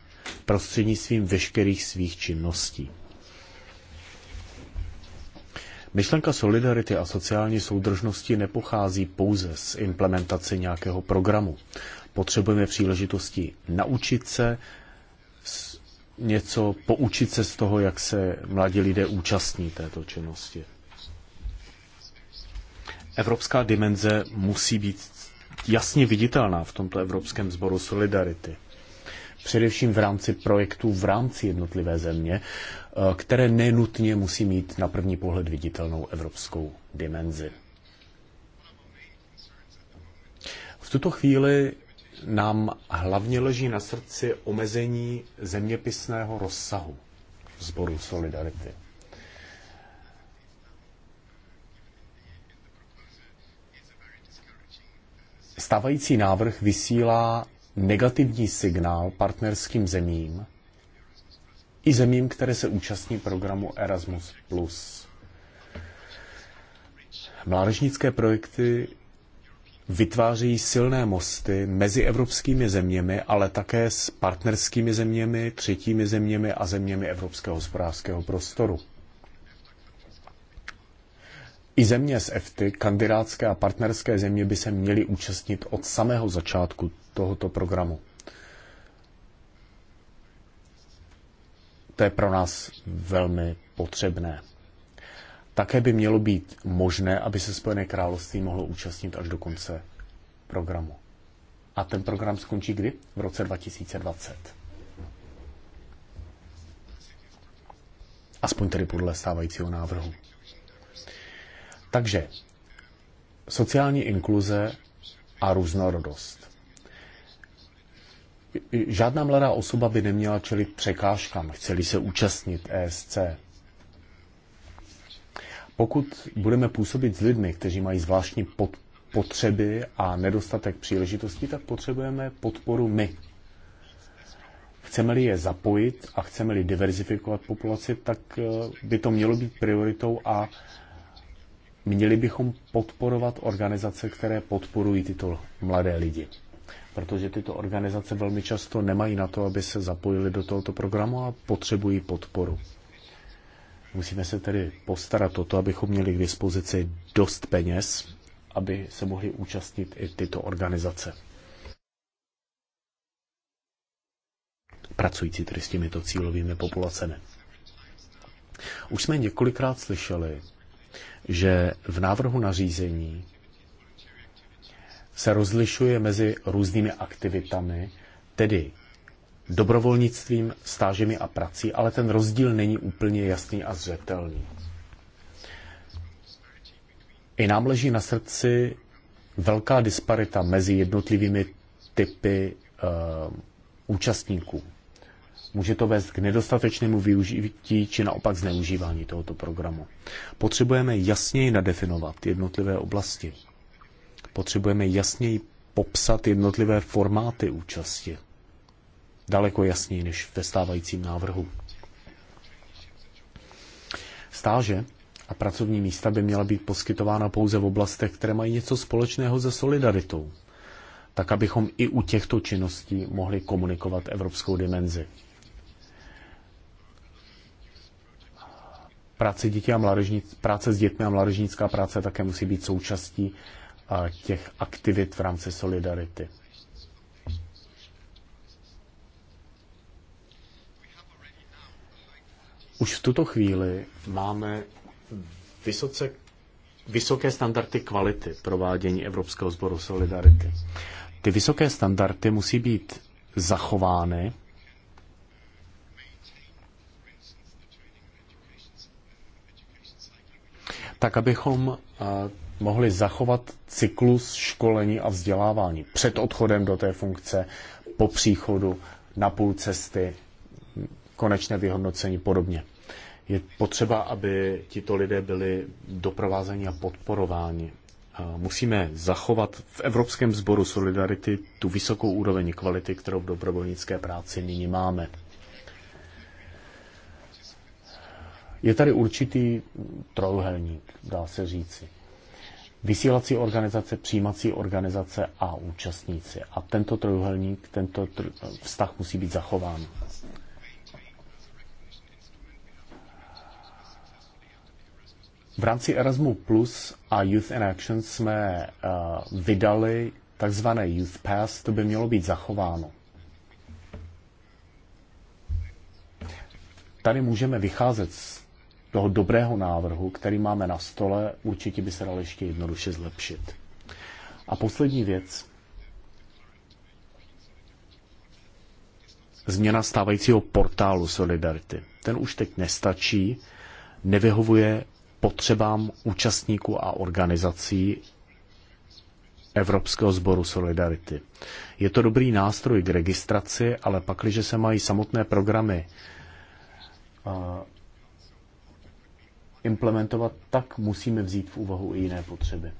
prostřednictvím veškerých svých činností. Myšlenka solidarity a sociální soudržnosti nepochází pouze z implementace nějakého programu. Potřebujeme příležitosti naučit se něco, poučit se z toho, jak se mladí lidé účastní této činnosti evropská dimenze musí být jasně viditelná v tomto Evropském sboru Solidarity. Především v rámci projektů v rámci jednotlivé země, eh, které nenutně musí mít na první pohled viditelnou evropskou dimenzi. V tuto chvíli nám hlavně leží na srdci omezení zeměpisného rozsahu sboru Solidarity. stávající návrh vysílá negativní signál partnerským zemím i zemím, které se účastní programu Erasmus+. Mládežnické projekty vytvářejí silné mosty mezi evropskými zeměmi, ale také s partnerskými zeměmi, třetími zeměmi a zeměmi Evropského hospodářského prostoru. I země z EFTY, kandidátské a partnerské země, by se měly účastnit od samého začátku tohoto programu. To je pro nás velmi potřebné. Také by mělo být možné, aby se Spojené království mohlo účastnit až do konce programu. A ten program skončí kdy? V roce 2020. Aspoň tedy podle stávajícího návrhu. Takže sociální inkluze a různorodost. Žádná mladá osoba by neměla čelit překážkám, chceli se účastnit ESC. Pokud budeme působit s lidmi, kteří mají zvláštní pod, potřeby a nedostatek příležitostí, tak potřebujeme podporu my. Chceme-li je zapojit a chceme-li diverzifikovat populaci, tak eh, by to mělo být prioritou a Měli bychom podporovat organizace, které podporují tyto mladé lidi. Protože tyto organizace velmi často nemají na to, aby se zapojili do tohoto programu a potřebují podporu. Musíme se tedy postarat o to, abychom měli k dispozici dost peněz, aby se mohly účastnit i tyto organizace. Pracující tedy s těmito cílovými populacemi. Už jsme několikrát slyšeli, že v návrhu nařízení se rozlišuje mezi různými aktivitami, tedy dobrovolnictvím, stážemi a prací, ale ten rozdíl není úplně jasný a zřetelný. I nám leží na srdci velká disparita mezi jednotlivými typy uh, účastníků. Může to vést k nedostatečnému využití či naopak zneužívání tohoto programu. Potřebujeme jasněji nadefinovat jednotlivé oblasti. Potřebujeme jasněji popsat jednotlivé formáty účasti. Daleko jasněji než ve stávajícím návrhu. Stáže a pracovní místa by měla být poskytována pouze v oblastech, které mají něco společného se solidaritou, tak abychom i u těchto činností mohli komunikovat evropskou dimenzi. práce, dětí a mládežnic, práce s dětmi a mládežnická práce také musí být součástí těch aktivit v rámci solidarity. Už v tuto chvíli máme vysoce, vysoké standardy kvality provádění Evropského sboru Solidarity. Ty vysoké standardy musí být zachovány tak abychom eh, mohli zachovat cyklus školení a vzdělávání před odchodem do té funkce, po příchodu, na půl cesty, konečné vyhodnocení podobně. Je potřeba, aby tito lidé byli doprovázeni a podporováni. Eh, musíme zachovat v Evropském sboru Solidarity tu vysokou úroveň kvality, kterou v dobrovolnické práci nyní máme. Je tady určitý trojuhelník, dá se říci. Vysílací organizace, přijímací organizace a účastníci. A tento trojuhelník, tento tr- vztah musí být zachován. V rámci Erasmus Plus a Youth in Action jsme uh, vydali takzvané Youth Pass, to by mělo být zachováno. Tady můžeme vycházet z toho dobrého návrhu, který máme na stole, určitě by se dal ještě jednoduše zlepšit. A poslední věc. Změna stávajícího portálu Solidarity. Ten už teď nestačí, nevyhovuje potřebám účastníků a organizací Evropského sboru Solidarity. Je to dobrý nástroj k registraci, ale pak, když se mají samotné programy implementovat, tak musíme vzít v úvahu i jiné potřeby.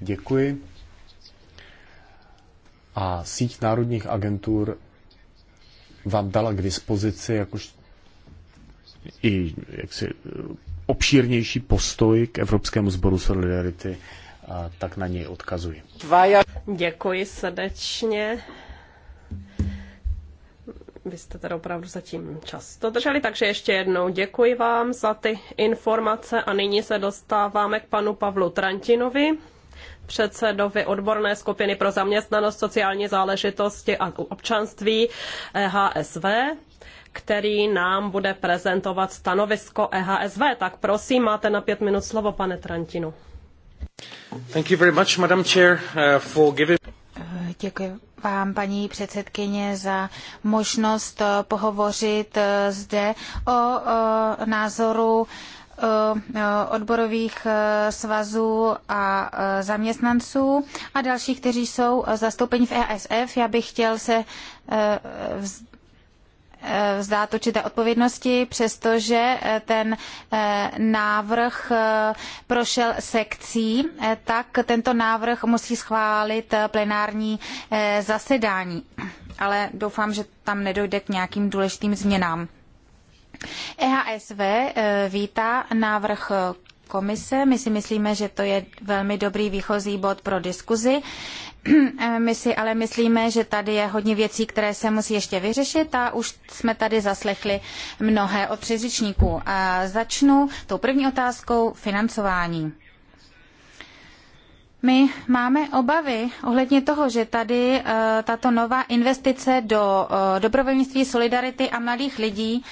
Děkuji. A síť národních agentur vám dala k dispozici jakož i jaksi obšírnější postoj k Evropskému sboru Solidarity, a tak na něj odkazuji. Děkuji srdečně. Vy jste teda opravdu zatím čas dodrželi, takže ještě jednou děkuji vám za ty informace a nyní se dostáváme k panu Pavlu Trantinovi, předsedovi odborné skupiny pro zaměstnanost, sociální záležitosti a občanství e HSV který nám bude prezentovat stanovisko EHSV. Tak prosím, máte na pět minut slovo, pane Trantinu. Thank you very much, Madam Chair, uh, for giving... Děkuji, vám, paní předsedkyně, za možnost eh, pohovořit eh, zde o eh, názoru odborových svazů a zaměstnanců a dalších, kteří jsou zastoupeni v ESF. Já bych chtěl se Eh, vzdát určité odpovědnosti, přestože eh, ten eh, návrh prošel sekcí, tak tento návrh musí schválit plenární zasedání. Ale doufám, že tam nedojde k nějakým důležitým změnám. E EHSV vítá návrh komise. My si myslíme, že to je velmi dobrý výchozí bod pro diskuzi. *clears throat* My si ale myslíme, že tady je hodně věcí, které se musí ještě vyřešit a už jsme tady zaslechli mnohé od předřečníků. začnu tou první otázkou financování. My máme obavy ohledně toho, že tady eh, tato nová investice do eh, dobrovolnictví, solidarity a mladých lidí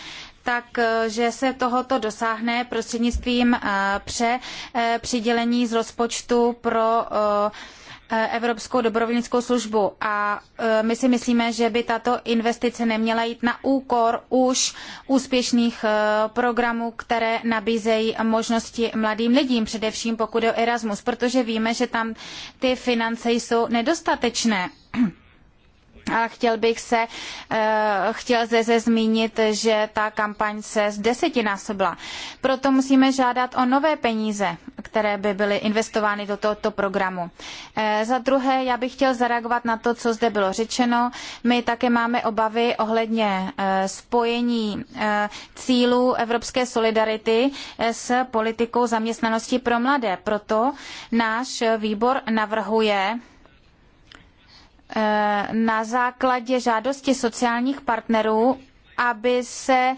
takže eh, se tohoto dosáhne prostřednictvím eh, pře eh, přidělení z rozpočtu pro Evropskou dobrovolnickou službu a my si myslíme, že by tato investice neměla jít na úkor už úspěšných programů, které nabízejí možnosti mladým lidem, především pokud je o Erasmus, protože víme, že tam ty finance jsou nedostatečné. *clears throat* A chtěl bych se, eh, chtěl zde se zmínit, že ta kampaň se z desetinásobila. Proto musíme žádat o nové peníze, které by byly investovány do tohoto programu. Eh, za druhé, já bych chtěl zareagovat na to, co zde bylo řečeno. My také máme obavy ohledně eh, spojení cílů Evropské solidarity s politikou zaměstnanosti pro mladé. Proto náš výbor navrhuje Eh, na základě žádosti sociálních partnerů, aby se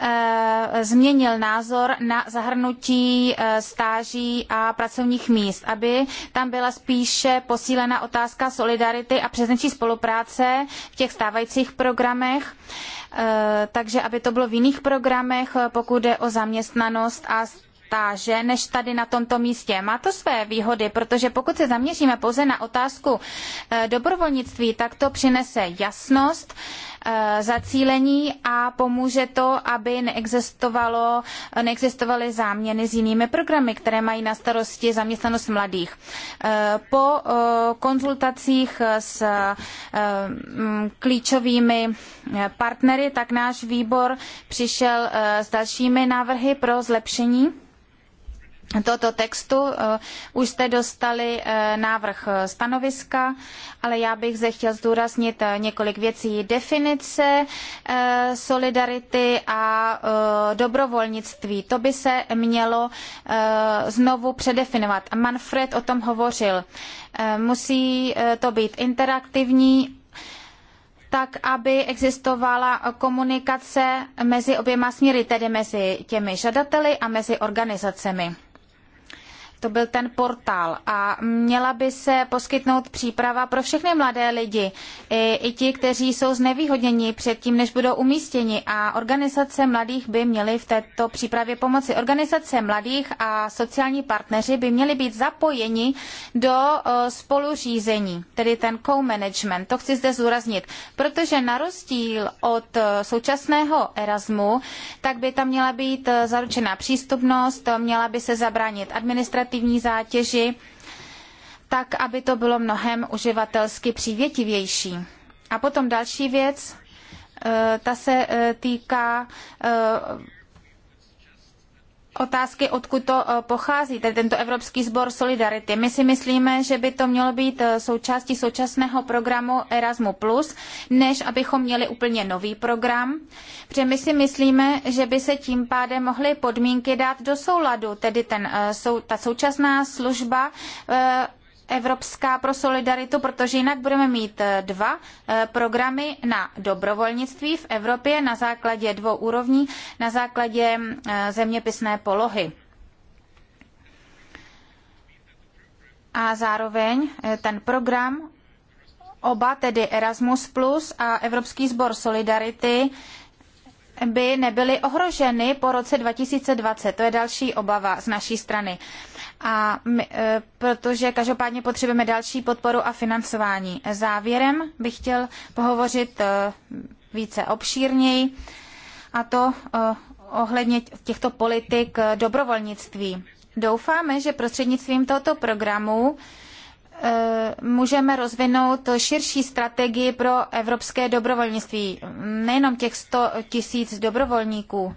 eh, změnil názor na zahrnutí eh, stáží a pracovních míst, aby tam byla spíše posílena otázka solidarity a přesnější spolupráce v těch stávajících programech, takže aby to bylo v jiných programech, pokud jde o zaměstnanost a reportáže než tady na tomto místě. Má to své výhody, protože pokud se zaměříme pouze na otázku eh, dobrovolnictví, tak to přinese jasnost, eh, zacílení a pomůže to, aby neexistovalo, neexistovaly záměny s jinými programy, které mají na starosti zaměstnanost mladých. Eh, po konzultacích s mm, klíčovými partnery, tak náš výbor přišel s dalšími návrhy pro zlepšení tohoto textu. Eh, už jste dostali eh, návrh stanoviska, ale já bych zde chtěl zdůraznit eh, několik věcí. Definice solidarity a dobrovolnictví, to by se mělo znovu předefinovat. Manfred o tom hovořil. Musí to být interaktivní tak, aby existovala komunikace mezi oběma směry, tedy mezi těmi žadateli a mezi organizacemi to byl ten portál a měla by se poskytnout příprava pro všechny mladé lidi, i, i ti, kteří jsou znevýhodněni předtím, než budou umístěni a organizace mladých by měly v této přípravě pomoci. Organizace mladých a sociální partneři by měli být zapojeni do spoluřízení, tedy ten co-management, to chci zde zúraznit, protože na rozdíl od současného Erasmu, tak by tam měla být zaručena přístupnost, měla by se zabránit administrativní administrativní zátěži, tak aby to bylo mnohem uživatelsky přívětivější. A potom další věc, eh, ta se eh, týká eh, otázky, odkud to eh, pochází, tedy tento Evropský sbor Solidarity. My si myslíme, že by to mělo být eh, součástí současného programu Erasmus+, než abychom měli úplně nový program, protože my si myslíme, že by se tím pádem mohly podmínky dát do souladu, tedy ten, eh, ta současná služba Evropská pro solidaritu, protože jinak budeme mít eh, dva eh, programy na dobrovolnictví v Evropě na základě dvou úrovní, na základě mm, eh, zeměpisné polohy. A zároveň ten program, oba tedy Erasmus Plus a Evropský sbor Solidarity, by nebyly ohroženy po roce 2020. To je další obava z naší strany a my, e, protože každopádně potřebujeme další podporu a financování. Závěrem bych chtěl pohovořit e, více obšírněji a to e, ohledně těchto politik dobrovolnictví. Doufáme, že prostřednictvím tohoto programu můžeme rozvinout širší strategii pro evropské dobrovolnictví. Nejenom těch 100 tisíc dobrovolníků,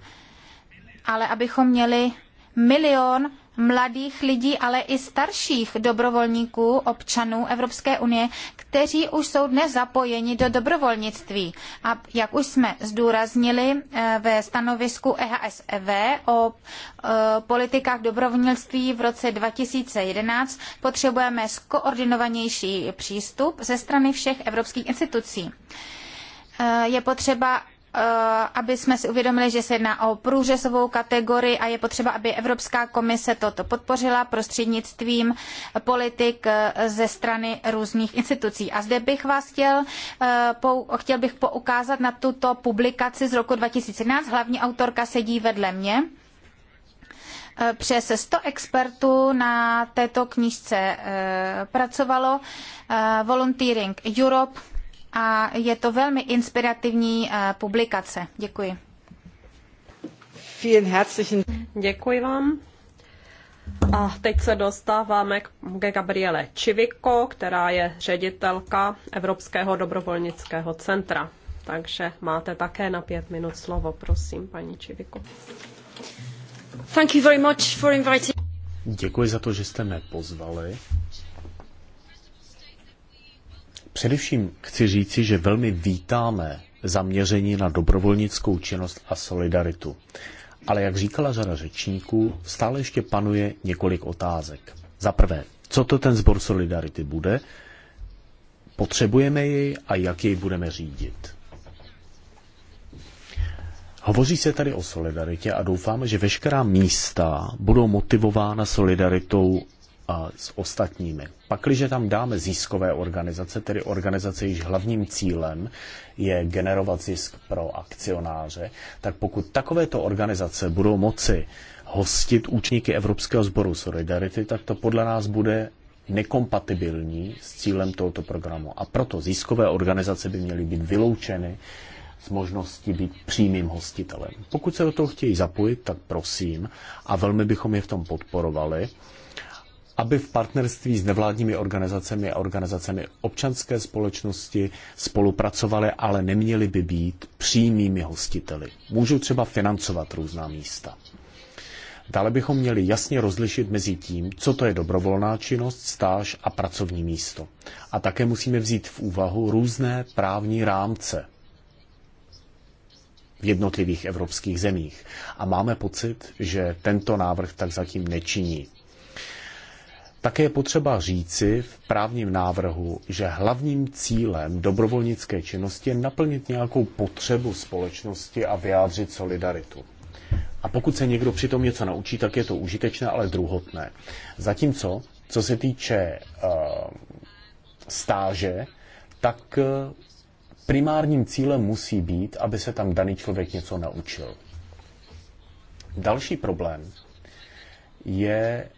ale abychom měli milion mladých lidí, ale i starších dobrovolníků, občanů Evropské unie, kteří už jsou dnes zapojeni do dobrovolnictví. A jak už jsme zdůraznili eh, ve stanovisku EHSEV o eh, politikách dobrovolnictví v roce 2011, potřebujeme skoordinovanější přístup ze strany všech evropských institucí. Eh, je potřeba Eh, aby jsme si uvědomili, že se jedná o průřezovou kategorii a je potřeba, aby Evropská komise toto podpořila prostřednictvím politik eh, ze strany různých institucí. A zde bych vás chtěl, eh, chtěl bych poukázat na tuto publikaci z roku 2011. Hlavní autorka sedí vedle mě přes 100 expertů na této knížce pracovalo. Volunteering Europe a je to velmi inspirativní eh, publikace. Děkuji. Děkuji vám. A teď se dostáváme k Gabriele Čiviko, která je ředitelka Evropského dobrovolnického centra. Takže máte také na pět minut slovo, prosím, paní Čiviko. Thank you very much for inviting... Děkuji za to, že jste mě pozvali. Především chci říci, že velmi vítáme zaměření na dobrovolnickou činnost a solidaritu. Ale jak říkala řada řečníků, stále ještě panuje několik otázek. Za prvé, co to ten sbor Solidarity bude, potřebujeme jej a jak jej budeme řídit. Hovoří se tady o solidaritě a doufáme, že veškerá místa budou motivována solidaritou s ostatními. Pakliže tam dáme ziskové organizace, tedy organizace, již hlavním cílem je generovat zisk pro akcionáře, tak pokud takovéto organizace budou moci hostit účníky Evropského sboru Solidarity, tak to podle nás bude nekompatibilní s cílem tohoto programu. A proto ziskové organizace by měly být vyloučeny z možnosti být přímým hostitelem. Pokud se do toho chtějí zapojit, tak prosím a velmi bychom je v tom podporovali aby v partnerství s nevládními organizacemi a organizacemi občanské společnosti spolupracovali, ale neměli by být přímými hostiteli. Můžou třeba financovat různá místa. Dále bychom měli jasně rozlišit mezi tím, co to je dobrovolná činnost, stáž a pracovní místo. A také musíme vzít v úvahu různé právní rámce v jednotlivých evropských zemích. A máme pocit, že tento návrh tak zatím nečiní. Také je potřeba říci v právním návrhu, že hlavním cílem dobrovolnické činnosti je naplnit nějakou potřebu společnosti a vyjádřit solidaritu. A pokud se někdo přitom něco naučí, tak je to užitečné, ale druhotné. Zatímco, co se týče uh, stáže, tak eh, primárním cílem musí být, aby se tam daný člověk něco naučil. Další problém je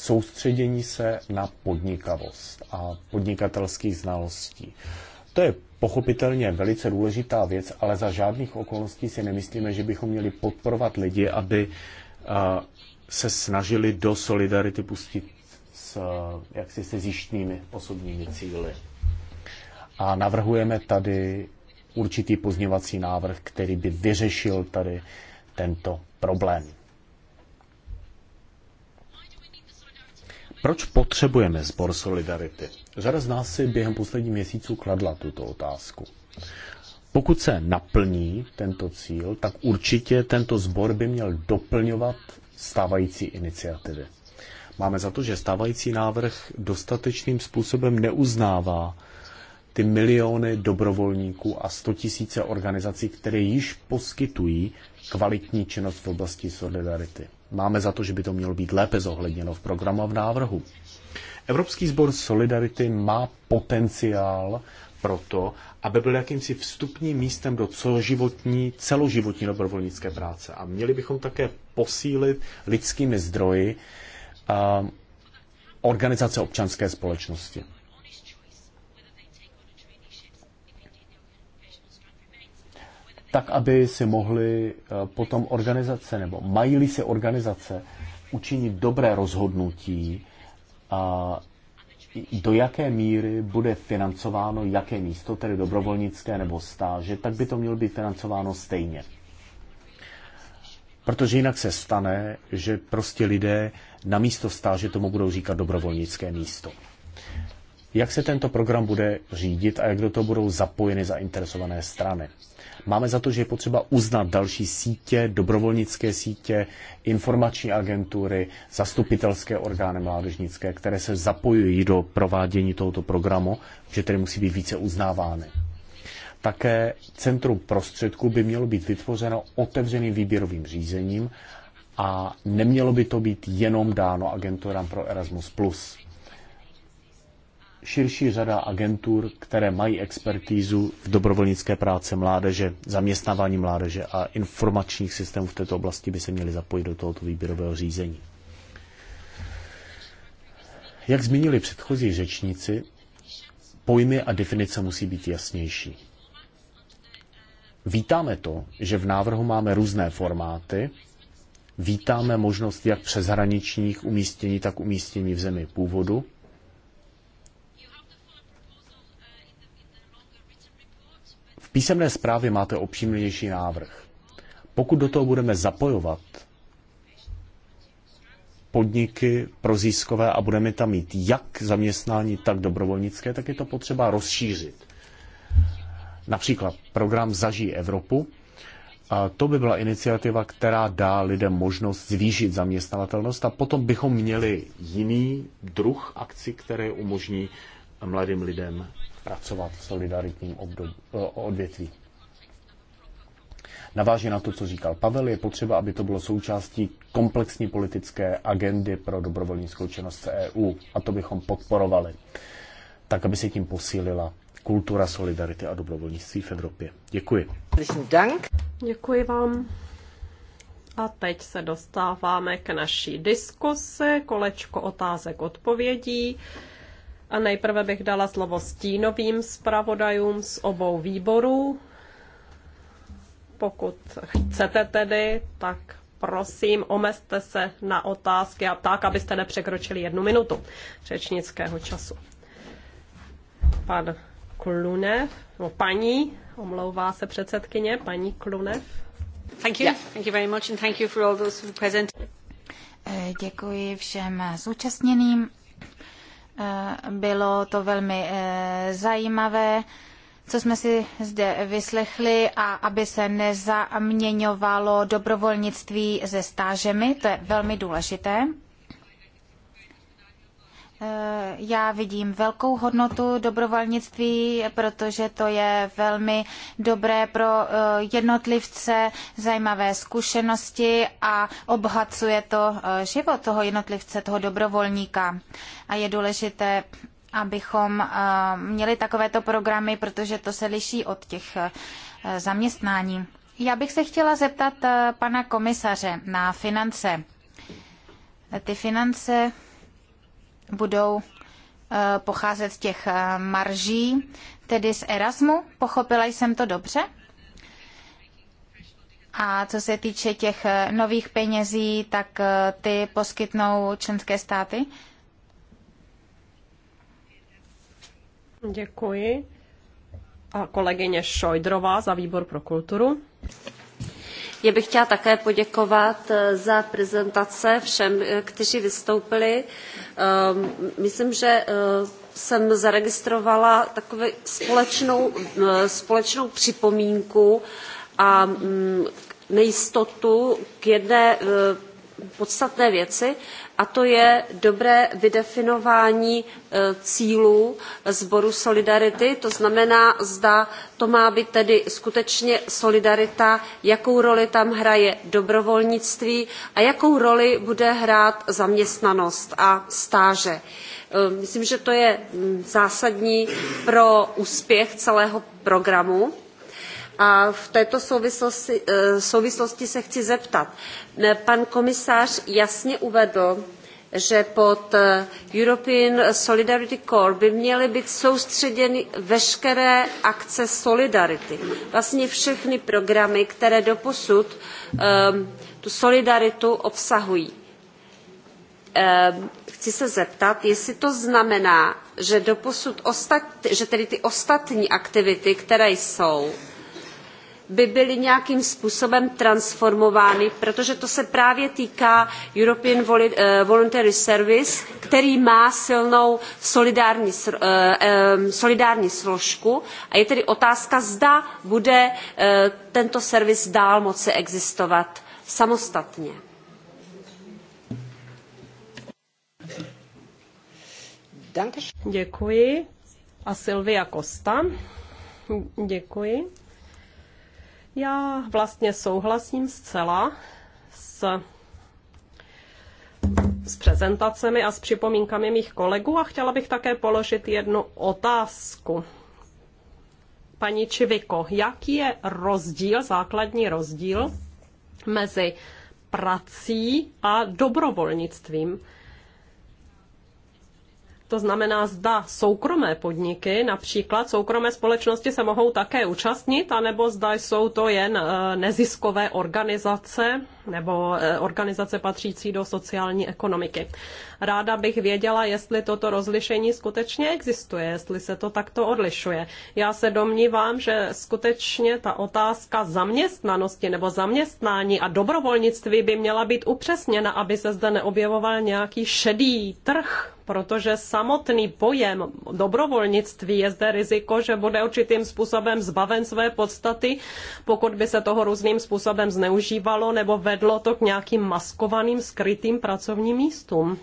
soustředění se na podnikavost a podnikatelských znalostí. To je pochopitelně velice důležitá věc, ale za žádných okolností si nemyslíme, že bychom měli podporovat lidi, aby eh, se snažili do solidarity pustit s jaksi se zjištnými osobními cíly. A navrhujeme tady určitý pozněvací návrh, který by vyřešil tady tento problém. Proč potřebujeme sbor Solidarity? Řada z nás si během posledních měsíců kladla tuto otázku. Pokud se naplní tento cíl, tak určitě tento sbor by měl doplňovat stávající iniciativy. Máme za to, že stávající návrh dostatečným způsobem neuznává ty miliony dobrovolníků a 100 tisíce organizací, které již poskytují kvalitní činnost v oblasti solidarity máme za to, že by to mělo být lépe zohledněno v programu a v návrhu. Evropský sbor Solidarity má potenciál pro to, aby byl jakýmsi vstupním místem do celoživotní, celoživotní dobrovolnické práce. A měli bychom také posílit lidskými zdroji uh, organizace občanské společnosti. tak aby si mohly eh, potom organizace, nebo mají-li si organizace učinit dobré rozhodnutí, a do jaké míry bude financováno jaké místo, tedy dobrovolnické nebo stáže, tak by to mělo být financováno stejně. Protože jinak se stane, že prostě lidé na místo stáže tomu budou říkat dobrovolnické místo. Jak se tento program bude řídit a jak do toho budou zapojeny zainteresované strany? Máme za to, že je potřeba uznat další sítě, dobrovolnické sítě, informační agentury, zastupitelské orgány mládežnické, které se zapojují do provádění tohoto programu, že tedy musí být více uznávány. Také centrum prostředků by mělo být vytvořeno otevřeným výběrovým řízením a nemělo by to být jenom dáno agenturám pro Erasmus+ širší řada agentur, které mají expertízu v dobrovolnické práce mládeže, zaměstnávání mládeže a informačních systémů v této oblasti by se měly zapojit do tohoto výběrového řízení. Jak zmínili předchozí řečníci, pojmy a definice musí být jasnější. Vítáme to, že v návrhu máme různé formáty, vítáme možnost jak přeshraničních umístění, tak umístění v zemi původu, písemné zprávě máte obšímnější návrh. Pokud do toho budeme zapojovat podniky pro získové a budeme tam mít jak zaměstnání, tak dobrovolnické, tak je to potřeba rozšířit. Například program Zažij Evropu, a to by byla iniciativa, která dá lidem možnost zvýšit zaměstnavatelnost a potom bychom měli jiný druh akci, které umožní mladým lidem pracovat v solidaritním období, eh, odvětví. Naváže na to, co říkal Pavel, je potřeba, aby to bylo součástí komplexní politické agendy pro dobrovolnickou činnost EU a to bychom podporovali, tak aby se tím posílila kultura solidarity a dobrovolnictví v Evropě. Děkuji. Děkuji vám. A teď se dostáváme k naší diskusi, kolečko otázek odpovědí. A nejprve bych dala slovo stínovým zpravodajům z obou výborů. Pokud chcete tedy, tak prosím, omezte se na otázky a tak, abyste nepřekročili jednu minutu řečnického času. Pan Klunev, no paní, omlouvá se předsedkyně, paní Klunev. Thank you. Yeah. Thank you very much and thank you for all those who present. Děkuji všem zúčastněným. Bylo to velmi eh, zajímavé, co jsme si zde vyslechli a aby se nezaměňovalo dobrovolnictví se stážemi, to je velmi důležité. Já vidím velkou hodnotu dobrovolnictví, protože to je velmi dobré pro eh, jednotlivce, zajímavé zkušenosti a obohacuje to eh, život toho jednotlivce, toho dobrovolníka. A je důležité, abychom eh, měli takovéto programy, protože to se liší od těch zaměstnání. Já bych se chtěla zeptat pana komisaře na finance. Ty finance budou eh, pocházet z těch eh, marží, tedy z Erasmu. Pochopila jsem to dobře? A co se týče těch eh, nových penězí, tak ty poskytnou členské státy? Děkuji. A kolegyně Šojdrová za výbor pro kulturu. Já bych chtěla také poděkovat za prezentace všem, kteří vystoupili. Ehm, myslím, že eh, jsem zaregistrovala takovou společnou, eh, společnou připomínku a mm, nejistotu k jedné eh, podstatné věci a to je dobré vydefinování e, cílů sboru Solidarity, to znamená, zda to má být tedy skutečně solidarita, jakou roli tam hraje dobrovolnictví a jakou roli bude hrát zaměstnanost a stáže. E, myslím, že to je mm, zásadní pro úspěch celého programu a v této souvislosti, eh, souvislosti se chci zeptat. Eh, pan komisář jasně uvedl, že pod eh, European Solidarity Corps by měly být soustředěny veškeré akce solidarity. Vlastně všechny programy, které doposud um, tu solidaritu obsahují. Um, chci se zeptat, jestli to znamená, že doposud ostat, že tedy ty ostatní aktivity, které jsou, by byly nějakým způsobem transformovány, protože to se právě týká European eh, Voluntary Service, který má silnou solidární, eh, solidární složku a je tedy otázka, zda bude eh, tento servis dál moci existovat samostatně. Děkuji. A Silvia Costa. Děkuji. Já vlastně souhlasím zcela s, s prezentacemi a s připomínkami mých kolegů a chtěla bych také položit jednu otázku. Paní Čiviko, jaký je rozdíl, základní rozdíl mezi prací a dobrovolnictvím? To znamená, zda soukromé podniky, například soukromé společnosti se mohou také účastnit, anebo zda jsou to jen eh, neziskové organizace nebo eh, organizace patřící do sociální ekonomiky. Ráda bych věděla, jestli toto rozlišení skutečně existuje, jestli se to takto odlišuje. Já se domnívám, že skutečně ta otázka zaměstnanosti nebo zaměstnání a dobrovolnictví by měla být upřesněna, aby se zde neobjevoval nějaký šedý trh protože samotný pojem dobrovolnictví je zde riziko, že bude určitým způsobem zbaven své podstaty, pokud by se toho různým způsobem zneužívalo nebo vedlo to k nějakým maskovaným, skrytým pracovním místům.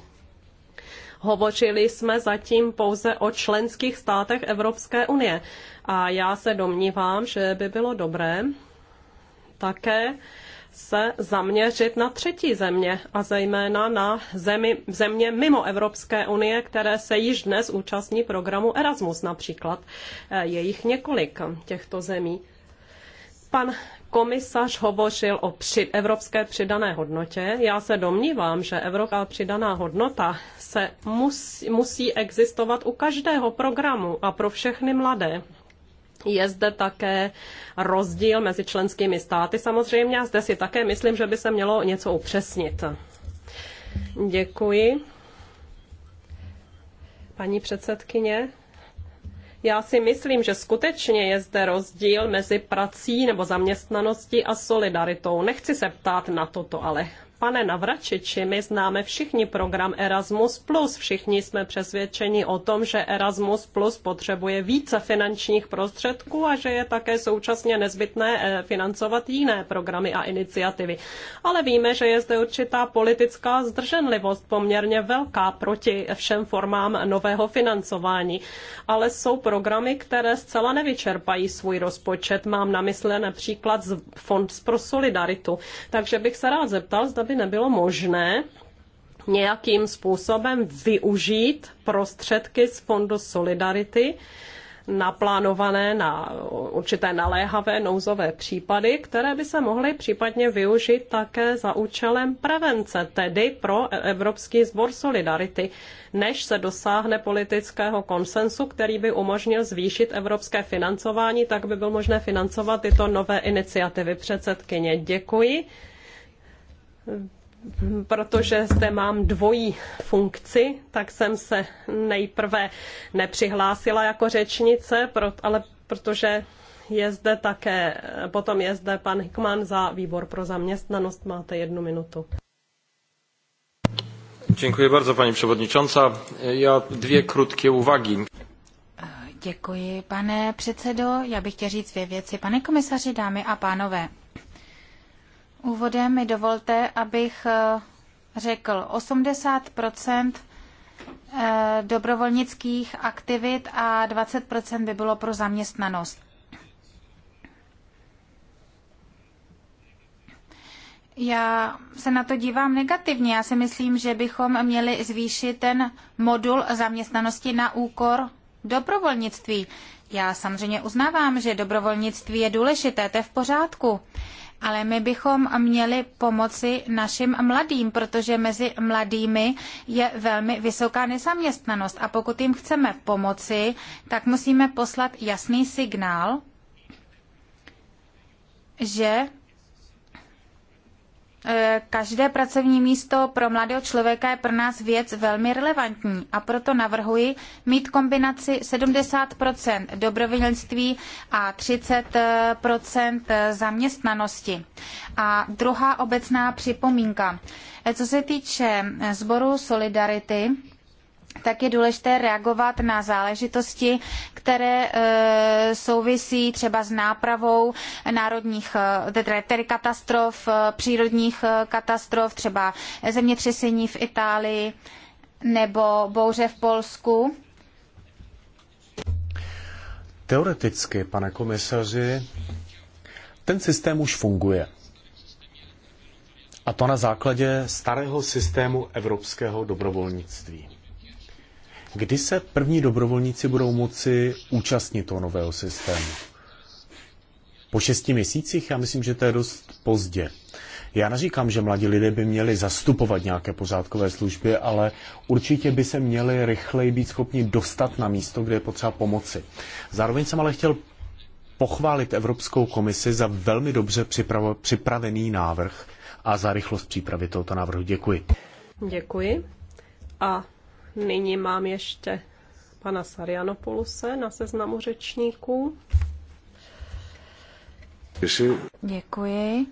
Hovořili jsme zatím pouze o členských státech Evropské unie. A já se domnívám, že by bylo dobré také se zaměřit na třetí země a zejména na zemi, země mimo Evropské unie, které se již dnes účastní programu Erasmus například. Eh, je jich několik těchto zemí. Pan komisař hovořil o při, evropské přidané hodnotě. Já se domnívám, že evropská přidaná hodnota se musí, musí existovat u každého programu a pro všechny mladé. Je zde také rozdíl mezi členskými státy samozřejmě a zde si také myslím, že by se mělo něco upřesnit. Děkuji. Paní předsedkyně, já si myslím, že skutečně je zde rozdíl mezi prací nebo zaměstnaností a solidaritou. Nechci se ptát na toto, ale Pane Navračiči, my známe všichni program Erasmus+, všichni jsme přesvědčeni o tom, že Erasmus+, potřebuje více finančních prostředků a že je také současně nezbytné eh, financovat jiné programy a iniciativy. Ale víme, že je zde určitá politická zdrženlivost poměrně velká proti všem formám nového financování. Ale jsou programy, které zcela nevyčerpají svůj rozpočet. Mám na mysli například Fond pro solidaritu. Takže bych se rád zeptal, zda by nebylo možné nějakým způsobem využít prostředky z Fondu Solidarity naplánované na určité naléhavé nouzové případy, které by se mohly případně využít také za účelem prevence, tedy pro Evropský sbor Solidarity, než se dosáhne politického konsensu, který by umožnil zvýšit evropské financování, tak by bylo možné financovat tyto nové iniciativy. Předsedkyně, děkuji protože zde mám dvojí funkci, tak jsem se nejprve nepřihlásila jako řečnice, ale protože je zde také, potom je zde pan Hickman za výbor pro zaměstnanost. Máte jednu minutu. Dziękuję bardzo Pani Przewodnicząca. Já dvě krótkie uwagi. Děkuji, pane předsedo. Já bych chtěl říct dvě věci. Pane komisaři, dámy a pánové. Úvodem mi dovolte, abych eh, řekl, 80 eh, dobrovolnických aktivit a 20 by bylo pro zaměstnanost. Já se na to dívám negativně. Já si myslím, že bychom měli zvýšit ten modul zaměstnanosti na úkor dobrovolnictví. Já samozřejmě uznávám, že dobrovolnictví je důležité, to je v pořádku ale my bychom měli pomoci našim mladým, protože mezi mladými je velmi vysoká nezaměstnanost a pokud jim chceme pomoci, tak musíme poslat jasný signál, že Každé pracovní místo pro mladého člověka je pro nás věc velmi relevantní a proto navrhuji mít kombinaci 70 dobrovolnictví a 30 zaměstnanosti. A druhá obecná připomínka. Co se týče sboru Solidarity, tak je důležité reagovat na záležitosti, které e, souvisí třeba s nápravou národních, e, tedy katastrof, e, přírodních katastrof, třeba zemětřesení v Itálii nebo bouře v Polsku. Teoreticky, pane komisaři, ten systém už funguje. A to na základě starého systému evropského dobrovolnictví. Kdy se první dobrovolníci budou moci účastnit toho nového systému? Po šesti měsících? Já myslím, že to je dost pozdě. Já neříkám, že mladí lidé by měli zastupovat nějaké pořádkové služby, ale určitě by se měli rychleji být schopni dostat na místo, kde je potřeba pomoci. Zároveň jsem ale chtěl pochválit Evropskou komisi za velmi dobře připravený návrh a za rychlost přípravy tohoto návrhu. Děkuji. Děkuji. A Nyní mám ještě pana Sarianopoluse na seznamu řečníků. Děkuji.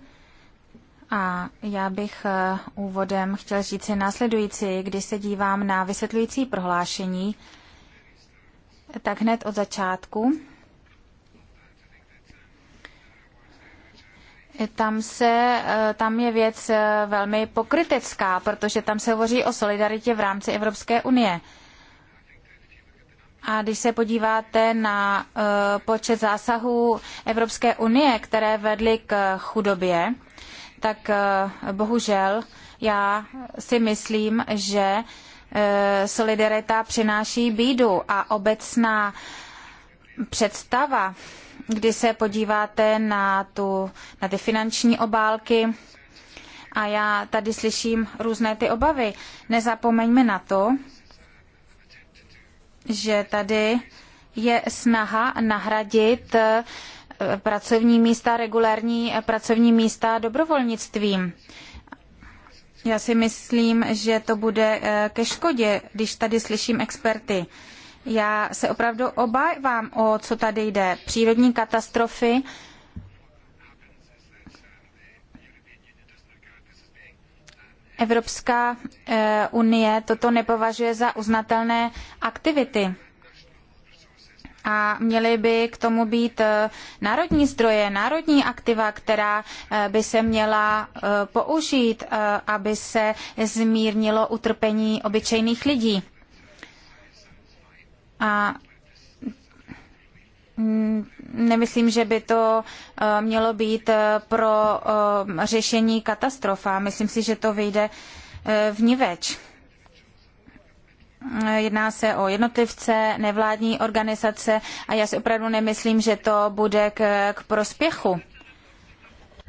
A já bych eh, úvodem chtěl říct si následující, když se dívám na vysvětlující prohlášení, tak hned od začátku Tam, se, eh, tam je věc eh, velmi pokrytecká, protože tam se hovoří o solidaritě v rámci Evropské unie. A když se podíváte na eh, počet zásahů Evropské unie, které vedly k chudobě, tak bohužel já si myslím, že solidarita přináší bídu a obecná představa když se podíváte na, tu, na ty finanční obálky, a já tady slyším různé ty obavy. Nezapomeňme na to, že tady je snaha nahradit eh, pracovní místa, regulární eh, pracovní místa dobrovolnictvím. Já si myslím, že to bude eh, ke škodě, když tady slyším experty. Já se opravdu obávám, o co tady jde. Přírodní katastrofy. Evropská eh, unie toto nepovažuje za uznatelné aktivity. A měly by k tomu být eh, národní zdroje, národní aktiva, která eh, by se měla použít, aby se zmírnilo utrpení obyčejných lidí a Nemyslím, že by to eh, mělo být eh, pro eh, řešení katastrofa. Myslím si, že to vyjde v niveč. Jedná se o jednotlivce, nevládní organizace a já si opravdu nemyslím, že to bude k, k prospěchu.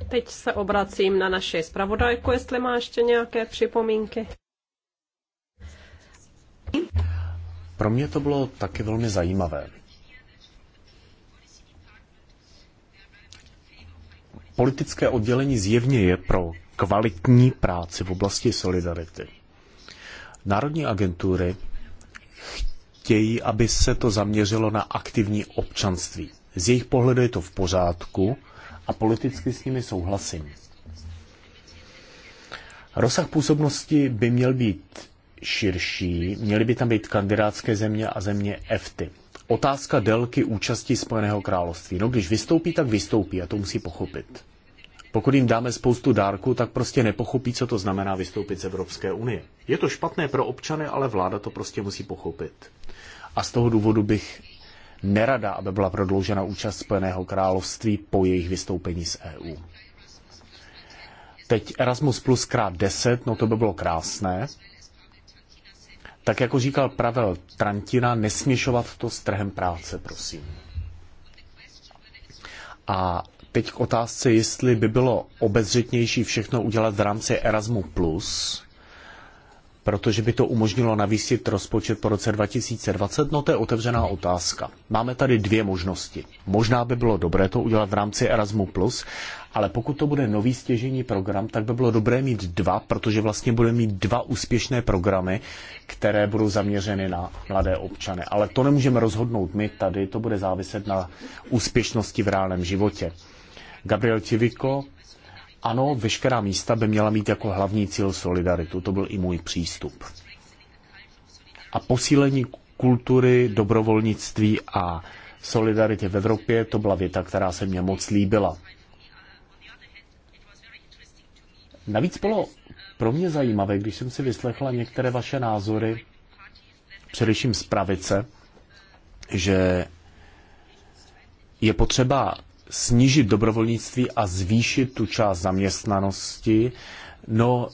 Teď se obracím na naši zpravodajku, jestli má ještě nějaké připomínky. Pro mě to bylo taky velmi zajímavé. Politické oddělení zjevně je pro kvalitní práci v oblasti solidarity. Národní agentury chtějí, aby se to zaměřilo na aktivní občanství. Z jejich pohledu je to v pořádku a politicky s nimi souhlasím. Rozsah působnosti by měl být širší, měly by tam být kandidátské země a země EFTY. Otázka délky účasti Spojeného království. No když vystoupí, tak vystoupí a to musí pochopit. Pokud jim dáme spoustu dárků, tak prostě nepochopí, co to znamená vystoupit z Evropské unie. Je to špatné pro občany, ale vláda to prostě musí pochopit. A z toho důvodu bych nerada, aby byla prodloužena účast Spojeného království po jejich vystoupení z EU. Teď Erasmus plus krát 10, no to by bylo krásné, tak jako říkal Pravel Trantina, nesměšovat to s trhem práce, prosím. A teď k otázce, jestli by bylo obezřetnější všechno udělat v rámci Erasmu+, Plus, protože by to umožnilo navýšit rozpočet po roce 2020? No to je otevřená otázka. Máme tady dvě možnosti. Možná by bylo dobré to udělat v rámci Erasmus+, ale pokud to bude nový stěžení program, tak by bylo dobré mít dva, protože vlastně bude mít dva úspěšné programy, které budou zaměřeny na mladé občany. Ale to nemůžeme rozhodnout my tady, to bude záviset na úspěšnosti v reálném životě. Gabriel Tiviko, ano, veškerá místa by měla mít jako hlavní cíl solidaritu. To byl i můj přístup. A posílení kultury, dobrovolnictví a solidarity v Evropě, to byla věta, která se mě moc líbila. Navíc bylo pro mě zajímavé, když jsem si vyslechla některé vaše názory, především z pravice, že je potřeba snížit dobrovolnictví a zvýšit tu část zaměstnanosti. No,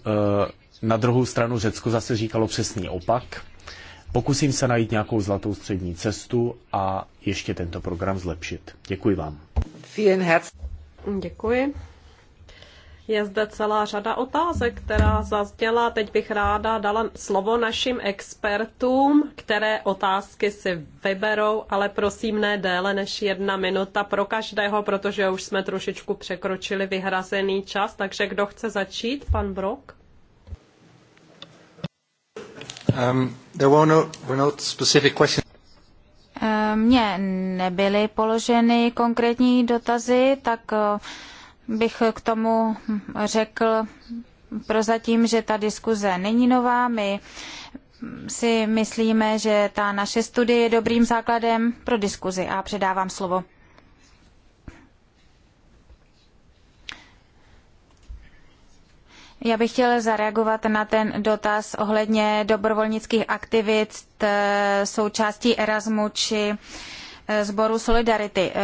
e, na druhou stranu Řecko zase říkalo přesný opak. Pokusím se najít nějakou zlatou střední cestu a ještě tento program zlepšit. Děkuji vám. Děkuji. Je zde celá řada otázek, která zazněla. Teď bych ráda dala slovo našim expertům, které otázky si vyberou, ale prosím ne déle než jedna minuta pro každého, protože už jsme trošičku překročili vyhrazený čas. Takže kdo chce začít? Pan Brok? Um, there were no, were no specific questions. Mně nebyly položeny konkrétní dotazy, tak uh, bych k tomu řekl prozatím, že ta diskuze není nová. My si myslíme, že ta naše studie je dobrým základem pro diskuzi a předávám slovo. Já bych chtěla zareagovat na ten dotaz ohledně dobrovolnických aktivit eh, součástí Erasmu či uh, Eh, sboru Solidarity. Eh,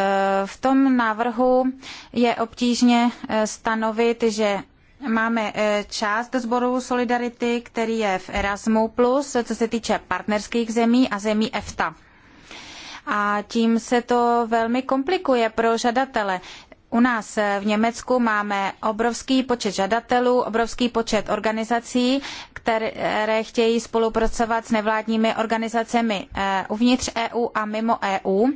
v tom návrhu je obtížně eh, stanovit, že Máme část sboru Solidarity, který je v Erasmu+, co se týče partnerských zemí a zemí EFTA. A tím se to velmi komplikuje pro žadatele u nás v Německu máme obrovský počet žadatelů, obrovský počet organizací, které chtějí spolupracovat s nevládními organizacemi eh, uvnitř EU a mimo EU.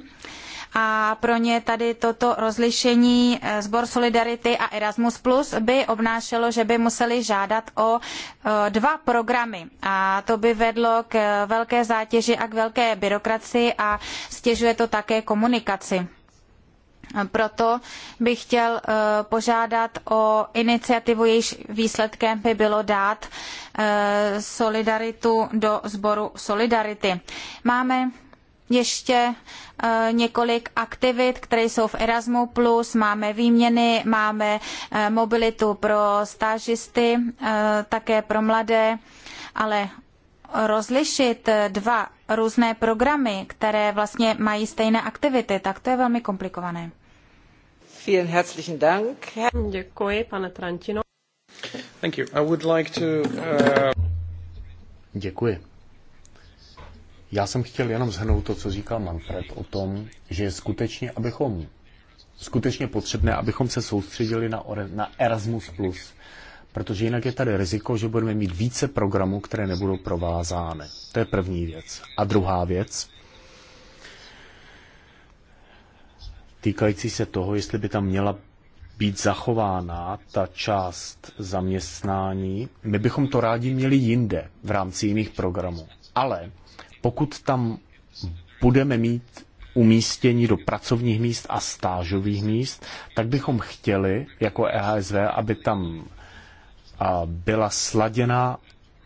A pro ně tady toto rozlišení Sbor eh, Solidarity a Erasmus Plus by obnášelo, že by museli žádat o eh, dva programy. A to by vedlo k velké zátěži a k velké byrokracii a stěžuje to také komunikaci. Proto bych chtěl eh, požádat o iniciativu, jejíž výsledkem by bylo dát eh, solidaritu do sboru Solidarity. Máme ještě eh, několik aktivit, které jsou v Erasmu+, máme výměny, máme mobilitu pro stážisty, také pro mladé, ale rozlišit dva různé programy, které vlastně mají stejné aktivity, tak to je velmi komplikované. Děkuji, pane Trantino. Thank you. I would like to, uh... Děkuji. Já jsem chtěl jenom zhrnout to, co říkal Manfred o tom, že je skutečně, abychom, skutečně potřebné, abychom se soustředili na, na Erasmus+. Protože jinak je tady riziko, že budeme mít více programů, které nebudou provázány. To je první věc. A druhá věc, týkající se toho, jestli by tam měla být zachována ta část zaměstnání. My bychom to rádi měli jinde v rámci jiných programů. Ale pokud tam budeme mít umístění do pracovních míst a stážových míst, tak bychom chtěli jako EHSV, aby tam byla sladěna.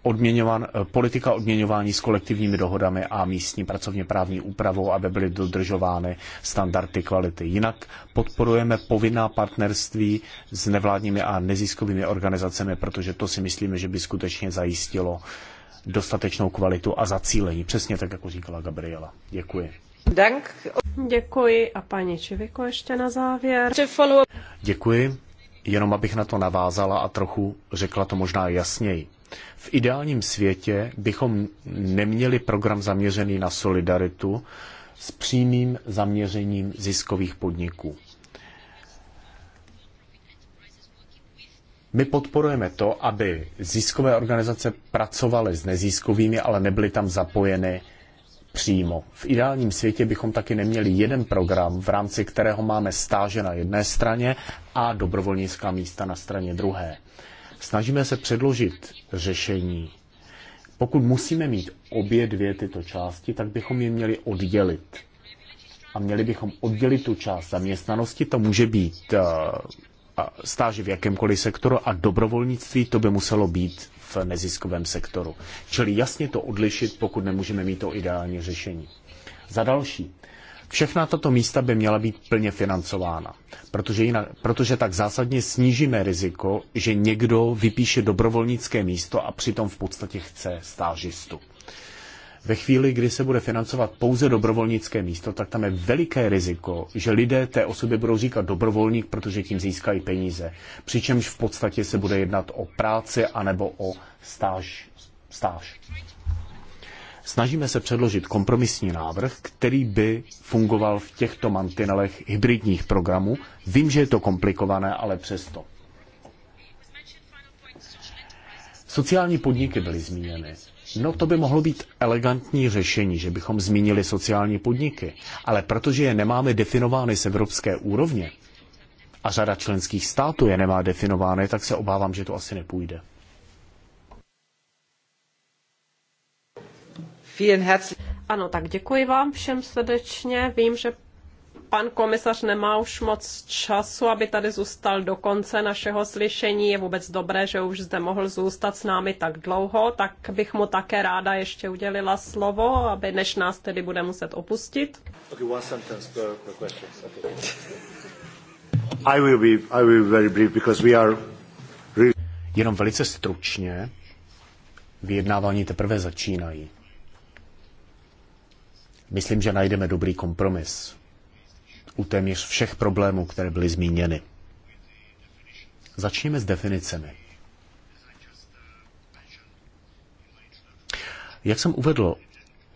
Eh, politika odměňování s kolektivními dohodami a místní pracovně právní úpravou, aby byly dodržovány standardy kvality. Jinak podporujeme povinná partnerství s nevládními a neziskovými organizacemi, protože to si myslíme, že by skutečně zajistilo dostatečnou kvalitu a zacílení. Přesně tak, jako říkala Gabriela. Děkuji. Dank. Děkuji a paní Čiviko ještě na závěr. Děkuji. Jenom abych na to navázala a trochu řekla to možná jasněji. V ideálním světě bychom neměli program zaměřený na solidaritu s přímým zaměřením ziskových podniků. My podporujeme to, aby ziskové organizace pracovaly s neziskovými, ale nebyly tam zapojeny přímo. V ideálním světě bychom taky neměli jeden program, v rámci kterého máme stáže na jedné straně a dobrovolnická místa na straně druhé. Snažíme se předložit řešení. Pokud musíme mít obě dvě tyto části, tak bychom je měli oddělit. A měli bychom oddělit tu část zaměstnanosti, to může být eh, stáže v jakémkoliv sektoru a dobrovolnictví, to by muselo být v neziskovém sektoru. Čili jasně to odlišit, pokud nemůžeme mít to ideální řešení. Za další, Všechna tato místa by měla být plně financována, protože, jinak, protože tak zásadně snížíme riziko, že někdo vypíše dobrovolnické místo a přitom v podstatě chce stážistu. Ve chvíli, kdy se bude financovat pouze dobrovolnické místo, tak tam je veliké riziko, že lidé té osobě budou říkat dobrovolník, protože tím získají peníze. Přičemž v podstatě se bude jednat o práci anebo o stáž. stáž. Snažíme se předložit kompromisní návrh, který by fungoval v těchto mantinelech hybridních programů. Vím, že je to komplikované, ale přesto. Sociální podniky byly zmíněny. No to by mohlo být elegantní řešení, že bychom zmínili sociální podniky, ale protože je nemáme definovány z evropské úrovně a řada členských států je nemá definovány, tak se obávám, že to asi nepůjde. Ano, tak děkuji vám všem srdečně. Vím, že pan komisař nemá už moc času, aby tady zůstal do konce našeho slyšení. Je vůbec dobré, že už zde mohl zůstat s námi tak dlouho, tak bych mu také ráda ještě udělila slovo, aby než nás tedy bude muset opustit. Jenom velice stručně, vyjednávání teprve začínají. Myslím, že najdeme dobrý kompromis u téměř všech problémů, které byly zmíněny. Začněme s definicemi. Jak jsem uvedl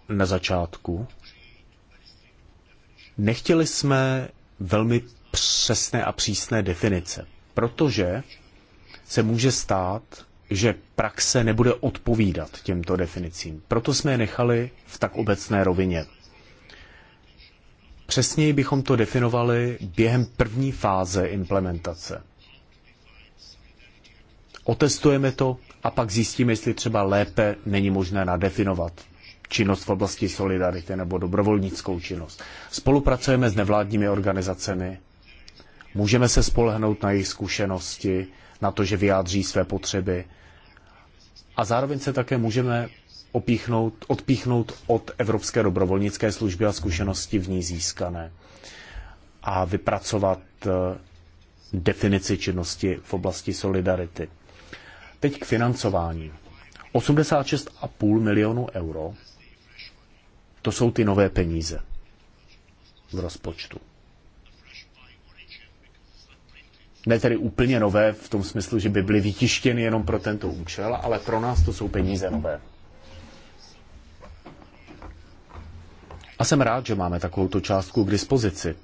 na začátku, nechtěli jsme velmi přesné a přísné definice, protože se může stát, že praxe nebude odpovídat těmto definicím. Proto jsme je nechali v tak obecné rovině. Přesněji bychom to definovali během první fáze implementace. Otestujeme to a pak zjistíme, jestli třeba lépe není možné nadefinovat činnost v oblasti solidarity nebo dobrovolnickou činnost. Spolupracujeme s nevládními organizacemi, můžeme se spolehnout na jejich zkušenosti, na to, že vyjádří své potřeby a zároveň se také můžeme opíchnout, odpíchnout od Evropské dobrovolnické služby a zkušenosti v ní získané a vypracovat eh, definici činnosti v oblasti solidarity. Teď k financování. 86,5 milionů euro, to jsou ty nové peníze v rozpočtu. Ne tedy úplně nové v tom smyslu, že by byly vytištěny jenom pro tento účel, ale pro nás to jsou peníze nové. A jsem rád, že máme takovou částku k dispozici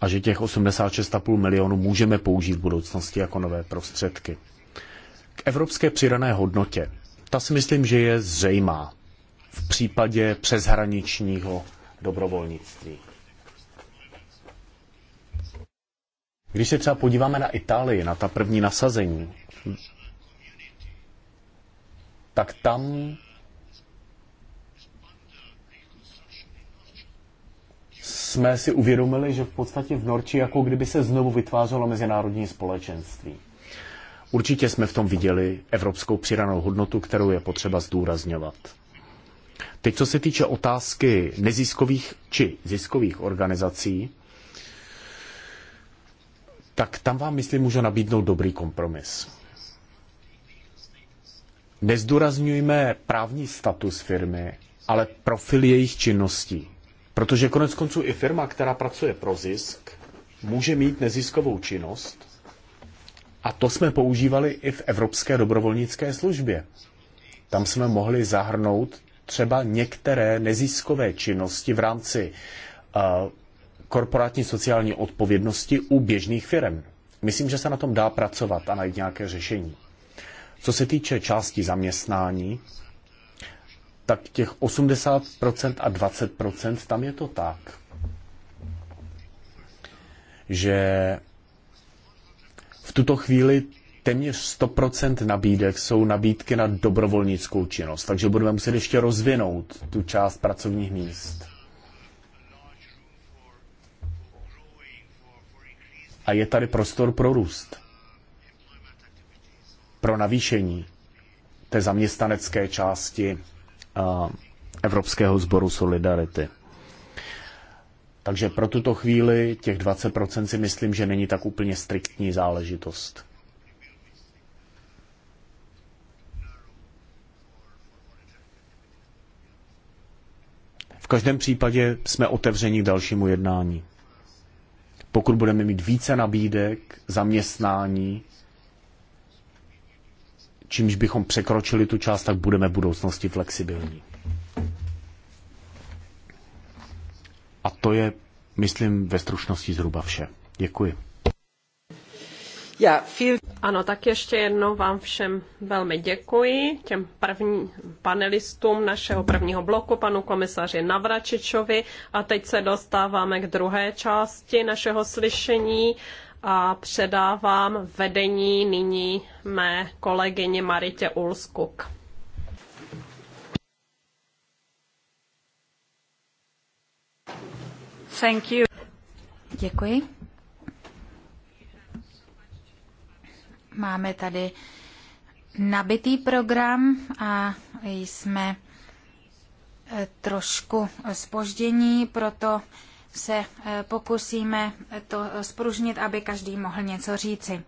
a že těch 86,5 milionů můžeme použít v budoucnosti jako nové prostředky. K evropské přidané hodnotě. Ta si myslím, že je zřejmá v případě přeshraničního dobrovolnictví. Když se třeba podíváme na Itálii, na ta první nasazení, tak tam jsme si uvědomili, že v podstatě v Norči jako kdyby se znovu vytvářelo mezinárodní společenství. Určitě jsme v tom viděli evropskou přidanou hodnotu, kterou je potřeba zdůrazňovat. Teď, co se týče otázky neziskových či ziskových organizací, tak tam vám, myslím, můžu nabídnout dobrý kompromis. Nezdůrazňujme právní status firmy, ale profil jejich činností. Protože konec konců i firma, která pracuje pro zisk, může mít neziskovou činnost a to jsme používali i v Evropské dobrovolnické službě. Tam jsme mohli zahrnout třeba některé neziskové činnosti v rámci uh, korporátní sociální odpovědnosti u běžných firm. Myslím, že se na tom dá pracovat a najít nějaké řešení. Co se týče části zaměstnání, tak těch 80% a 20% tam je to tak, že v tuto chvíli téměř 100% nabídek jsou nabídky na dobrovolnickou činnost, takže budeme muset ještě rozvinout tu část pracovních míst. A je tady prostor pro růst, pro navýšení té zaměstnanecké části Evropského sboru Solidarity. Takže pro tuto chvíli těch 20% si myslím, že není tak úplně striktní záležitost. V každém případě jsme otevřeni k dalšímu jednání. Pokud budeme mít více nabídek, zaměstnání, čímž bychom překročili tu část, tak budeme v budoucnosti flexibilní. A to je, myslím, ve stručnosti zhruba vše. Děkuji. Já, Ano, tak ještě jednou vám všem velmi děkuji, těm prvním panelistům našeho prvního bloku, panu komisaři Navračičovi. A teď se dostáváme k druhé části našeho slyšení a předávám vedení nyní mé kolegyně Maritě Ulskuk. Thank you. Děkuji. Máme tady nabitý program a jsme eh, trošku spoždění, proto se eh, pokusíme to spružnit, aby každý mohl něco říci.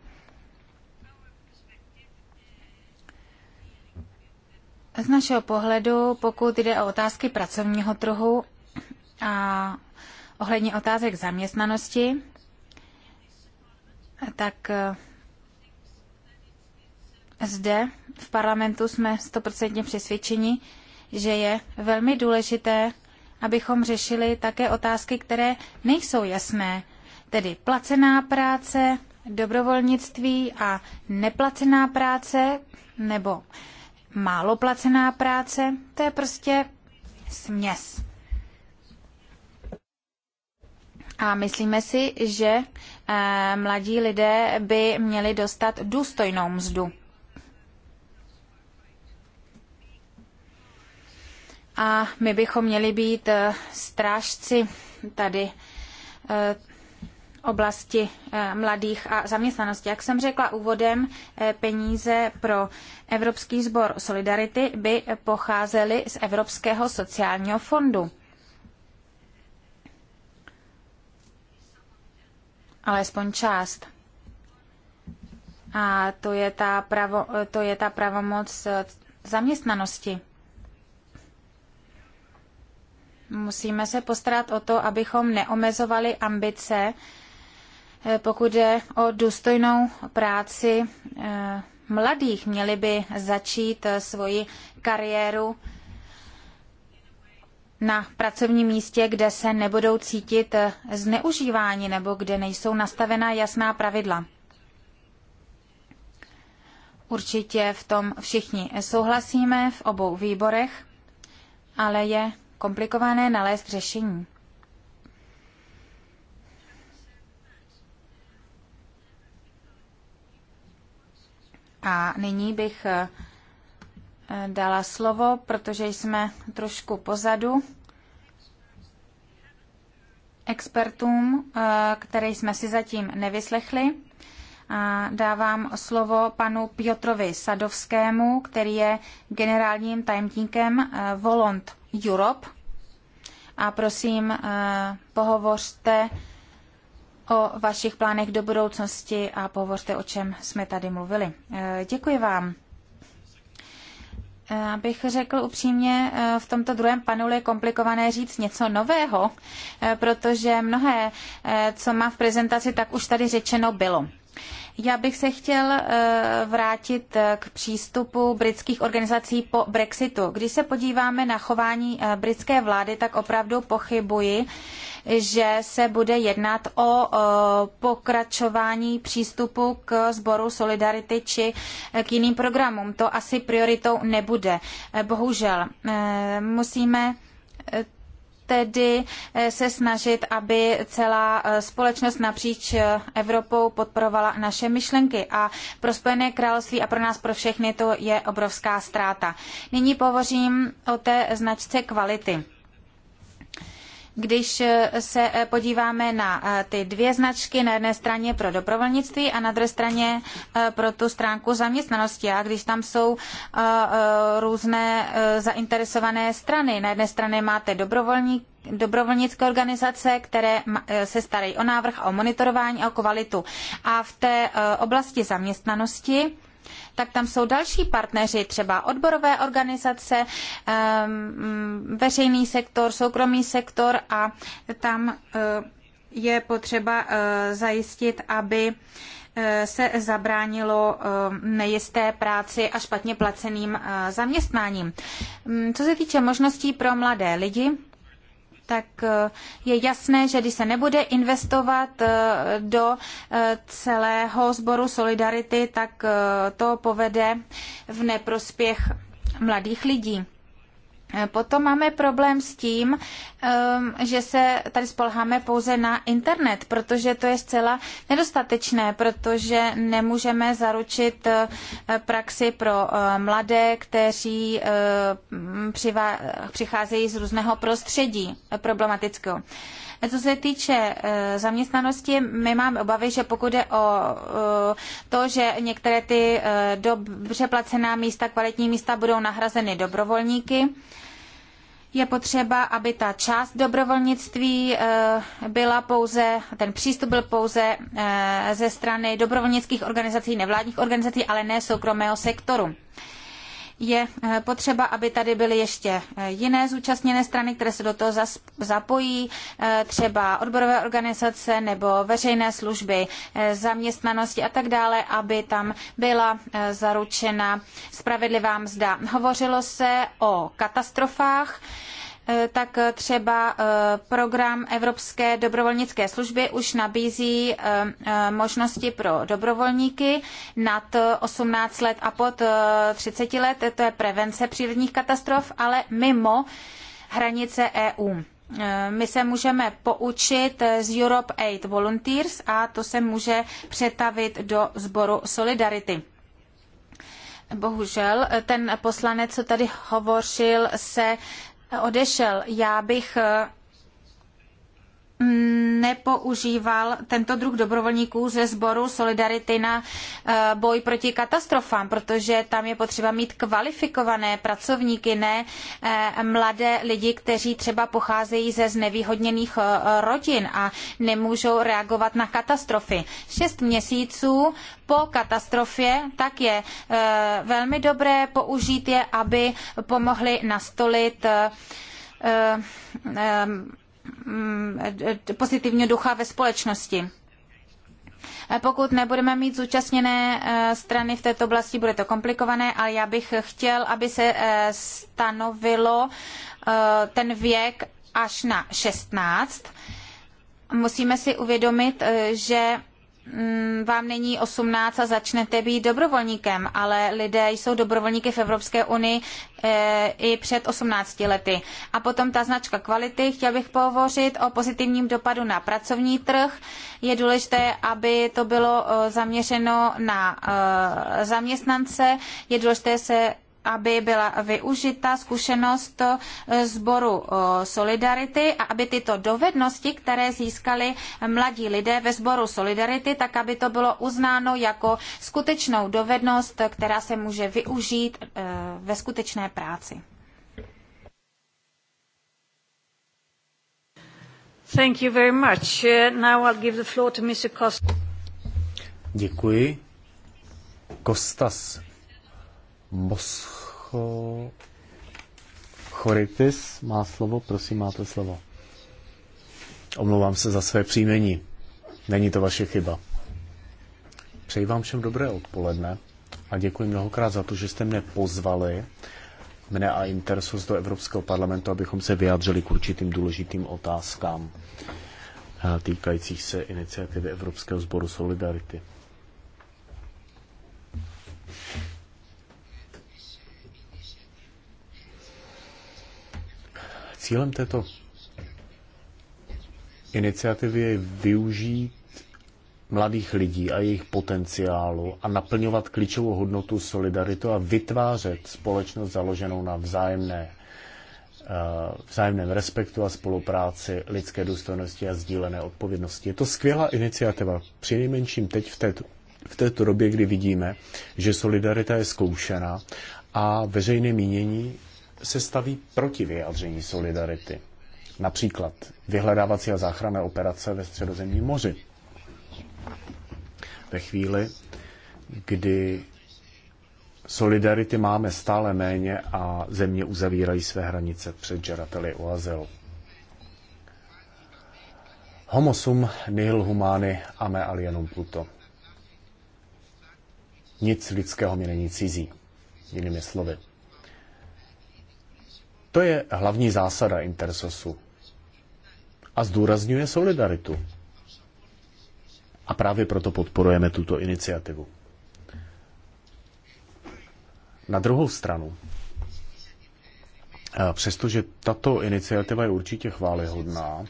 Z našeho pohledu, pokud jde o otázky pracovního trhu a ohledně otázek zaměstnanosti, tak eh, zde v parlamentu jsme stoprocentně přesvědčeni, že je velmi důležité abychom řešili také otázky, které nejsou jasné, tedy placená práce, dobrovolnictví a neplacená práce nebo málo placená práce, to je prostě směs. A myslíme si, že eh, mladí lidé by měli dostat důstojnou mzdu. a my bychom měli být eh, strážci tady eh, oblasti eh, mladých a zaměstnanosti. Jak jsem řekla úvodem, peníze pro Evropský sbor Solidarity by pocházely z Evropského sociálního fondu. Alespoň část. A to je ta, pravo, to je ta pravomoc zaměstnanosti. Musíme se postarat o to, abychom neomezovali ambice, eh, pokud je o důstojnou práci eh, mladých. Měli by začít eh, svoji kariéru na pracovním místě, kde se nebudou cítit zneužívání nebo kde nejsou nastavena jasná pravidla. Určitě v tom všichni souhlasíme v obou výborech, ale je komplikované nalézt řešení. A nyní bych eh, dala slovo, protože jsme trošku pozadu expertům, eh, které jsme si zatím nevyslechli. A dávám slovo panu Piotrovi Sadovskému, který je generálním tajemníkem eh, Volont. Europe. A prosím, eh, pohovořte o vašich plánech do budoucnosti a pohovořte, o čem jsme tady mluvili. Eh, děkuji vám. Eh, abych řekl upřímně, v tomto druhém panelu je komplikované říct něco nového, protože mnohé, co má v prezentaci, tak už tady řečeno bylo. Já bych se chtěl eh, vrátit eh, k přístupu britských organizací po Brexitu. Když se podíváme na chování eh, britské vlády, tak opravdu pochybuji, že se bude jednat o pokračování přístupu k sboru Solidarity či k jiným programům. To asi prioritou nebude. Bohužel musíme tedy eh, se snažit, aby celá eh, společnost napříč eh, Evropou podporovala naše myšlenky. A pro Spojené království a pro nás, pro všechny, to je obrovská ztráta. Nyní povořím o té značce kvality. Když eh, se eh, podíváme na eh, ty dvě značky, na jedné straně pro dobrovolnictví a na druhé straně pro tu stránku zaměstnanosti, a když tam jsou různé zainteresované strany, na jedné straně máte dobrovolník, dobrovolnické organizace, které se starají o návrh, o monitorování, a o kvalitu. A v té oblasti zaměstnanosti tak tam jsou další partneři, třeba odborové organizace, ehm, veřejný sektor, soukromý sektor a tam eh, je potřeba eh, zajistit, aby eh, se zabránilo nejisté práci a špatně placeným zaměstnáním. Mm, co se týče možností pro mladé lidi, tak eh, je jasné, že když se nebude investovat eh, do eh, celého sboru Solidarity, tak to povede v neprospěch mladých lidí. Eh, potom máme problém s tím, ehm, že se tady spolháme pouze na internet, protože to je zcela nedostatečné, protože nemůžeme zaručit eh, praxi pro eh, mladé, kteří přicházejí z různého prostředí problematického. Co se týče eh, zaměstnanosti, my máme obavy, že pokud je o eh, to, že některé ty eh, dobře placená místa, kvalitní místa budou nahrazeny dobrovolníky, je potřeba, aby ta část dobrovolnictví byla pouze, ten přístup byl pouze ze strany dobrovolnických organizací, nevládních organizací, ale ne soukromého sektoru je eh, potřeba, aby tady byly ještě eh, jiné zúčastněné strany, které se do toho zapojí, eh, třeba odborové organizace nebo veřejné služby, zaměstnanosti a tak dále, aby tam byla zaručena spravedlivá mzda. Hovořilo se o katastrofách, Eh, tak eh, třeba eh, program Evropské dobrovolnické služby už nabízí možnosti pro dobrovolníky nad 18 let a pod 30 let, to je prevence přírodních katastrof, ale mimo hranice EU. My se můžeme poučit z Europe Aid Volunteers a to se může přetavit do sboru Solidarity. Bohužel, ten poslanec, co tady hovořil, se odešel. Já bych eh, nepoužíval tento druh dobrovolníků ze sboru Solidarity na eh, boj proti katastrofám, protože tam je potřeba mít kvalifikované pracovníky, ne eh, mladé lidi, kteří třeba pocházejí ze znevýhodněných eh, rodin a nemůžou reagovat na katastrofy. Šest měsíců po katastrofě tak je velmi dobré použít je, aby pomohli nastolit Mm, pozitivního ducha ve společnosti. E, pokud nebudeme mít zúčastněné e, strany v této oblasti, bude to komplikované, ale já bych chtěl, aby se e, stanovilo ten věk až na 16. Musíme si uvědomit, že Mm, vám není 18 a začnete být dobrovolníkem, ale lidé jsou dobrovolníky v Evropské unii eh, i před 18 lety. A potom ta značka kvality, chtěl bych pohovořit o pozitivním dopadu na pracovní trh. Je důležité, aby to bylo eh, zaměřeno na eh, zaměstnance, je důležité se aby byla využita zkušenost e, sboru e, Solidarity a aby tyto dovednosti, které získali mladí lidé ve sboru Solidarity, tak aby to bylo uznáno jako skutečnou dovednost, která se může využít e, ve skutečné práci. Thank you very much. Uh, now I'll give the floor to Mr. Costas. Děkuji. Kostas cho... Choritis má slovo, prosím, máte slovo. Omlouvám se za své příjmení. Není to vaše chyba. Přeji vám všem dobré odpoledne a děkuji mnohokrát za to, že jste mě pozvali, mne a Intersos do Evropského parlamentu, abychom se vyjádřili k určitým důležitým otázkám eh, týkajících se iniciativy Evropského sboru Solidarity. Cílem této iniciativy je využít mladých lidí a jejich potenciálu a naplňovat klíčovou hodnotu solidaritu a vytvářet společnost založenou na vzájemné, eh, vzájemném respektu a spolupráci, lidské důstojnosti a sdílené odpovědnosti. Je to skvělá iniciativa, přinejmenším teď v této, v této době, kdy vidíme, že solidarita je zkoušena a veřejné mínění se staví proti vyjádření solidarity. Například vyhledávací a záchranné operace ve středozemním moři. Ve chvíli, kdy solidarity máme stále méně a země uzavírají své hranice před žadateli o azyl. Homo sum nihil humani a me alienum pluto. Nic lidského mi není cizí, jinými slovy. To je hlavní zásada Intersosu. A zdůrazňuje solidaritu. A právě proto podporujeme tuto iniciativu. Na druhou stranu, eh, přestože tato iniciativa je určitě chválihodná,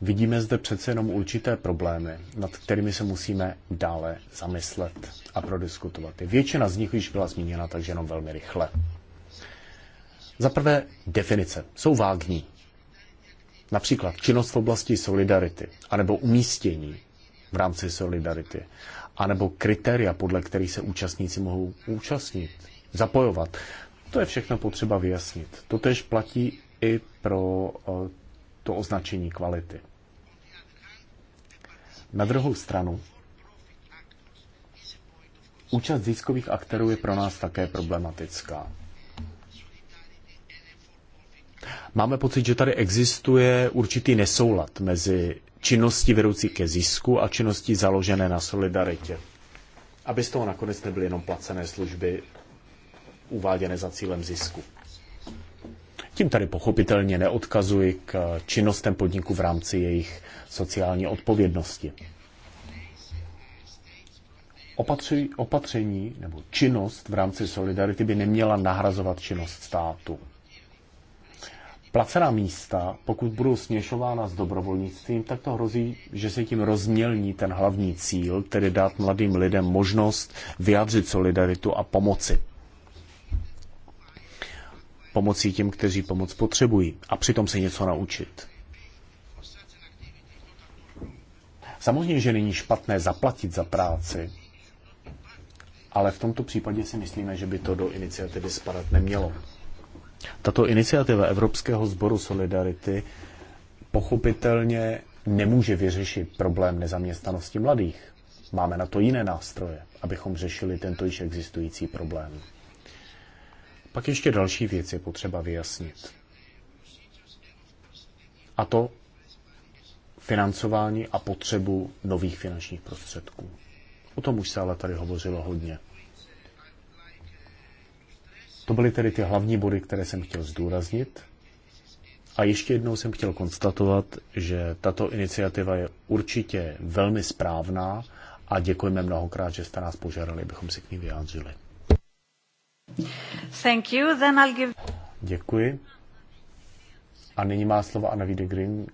vidíme zde přece jenom určité problémy, nad kterými se musíme dále zamyslet a prodiskutovat. Většina z nich již byla zmíněna, takže jenom velmi rychle. Za prvé, definice jsou vágní. Například činnost v oblasti solidarity, anebo umístění v rámci solidarity, anebo kritéria, podle kterých se účastníci mohou účastnit, zapojovat. To je všechno potřeba vyjasnit. To tež platí i pro eh, to označení kvality. Na druhou stranu, účast ziskových aktérů je pro nás také problematická. Máme pocit, že tady existuje určitý nesoulad mezi činností vedoucí ke zisku a činností založené na solidaritě. Aby z toho nakonec nebyly jenom placené služby uváděné za cílem zisku. Tím tady pochopitelně neodkazuji k činnostem podniku v rámci jejich sociální odpovědnosti. opatření nebo činnost v rámci solidarity by neměla nahrazovat činnost státu placená místa, pokud budou směšována s dobrovolnictvím, tak to hrozí, že se tím rozmělní ten hlavní cíl, tedy dát mladým lidem možnost vyjádřit solidaritu a pomoci. Pomocí těm, kteří pomoc potřebují a přitom se něco naučit. Samozřejmě, že není špatné zaplatit za práci, ale v tomto případě si myslíme, že by to do iniciativy spadat nemělo. Tato iniciativa Evropského sboru Solidarity pochopitelně nemůže vyřešit problém nezaměstnanosti mladých. Máme na to jiné nástroje, abychom řešili tento již existující problém. Pak ještě další věc je potřeba vyjasnit. A to financování a potřebu nových finančních prostředků. O tom už se ale tady hovořilo hodně. To byly tedy ty hlavní body, které jsem chtěl zdůraznit. A ještě jednou jsem chtěl konstatovat, že tato iniciativa je určitě velmi správná a děkujeme mnohokrát, že jste nás požádali, abychom se k ní vyjádřili. Thank you. Then I'll give... Děkuji. A nyní má slovo Anna Vide Green,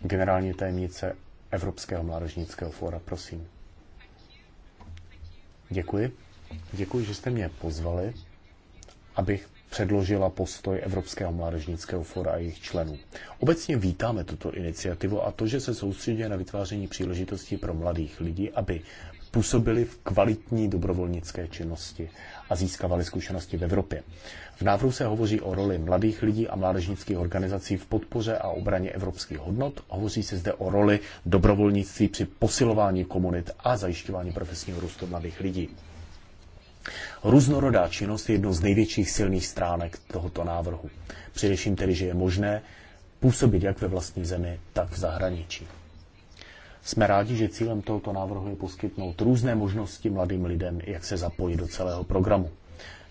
generální tajemnice Evropského mládežnického fóra. Prosím. Děkuji. Děkuji, že jste mě pozvali abych předložila postoj Evropského mládežnického fora a jejich členů. Obecně vítáme tuto iniciativu a to, že se soustředí na vytváření příležitostí pro mladých lidí, aby působili v kvalitní dobrovolnické činnosti a získávali zkušenosti v Evropě. V návrhu se hovoří o roli mladých lidí a mládežnických organizací v podpoře a obraně evropských hodnot. Hovoří se zde o roli dobrovolnictví při posilování komunit a zajišťování profesního růstu mladých lidí. Různorodá činnost je jednou z největších silných stránek tohoto návrhu. Především tedy, že je možné působit jak ve vlastní zemi, tak v zahraničí. Jsme rádi, že cílem tohoto návrhu je poskytnout různé možnosti mladým lidem, jak se zapojit do celého programu.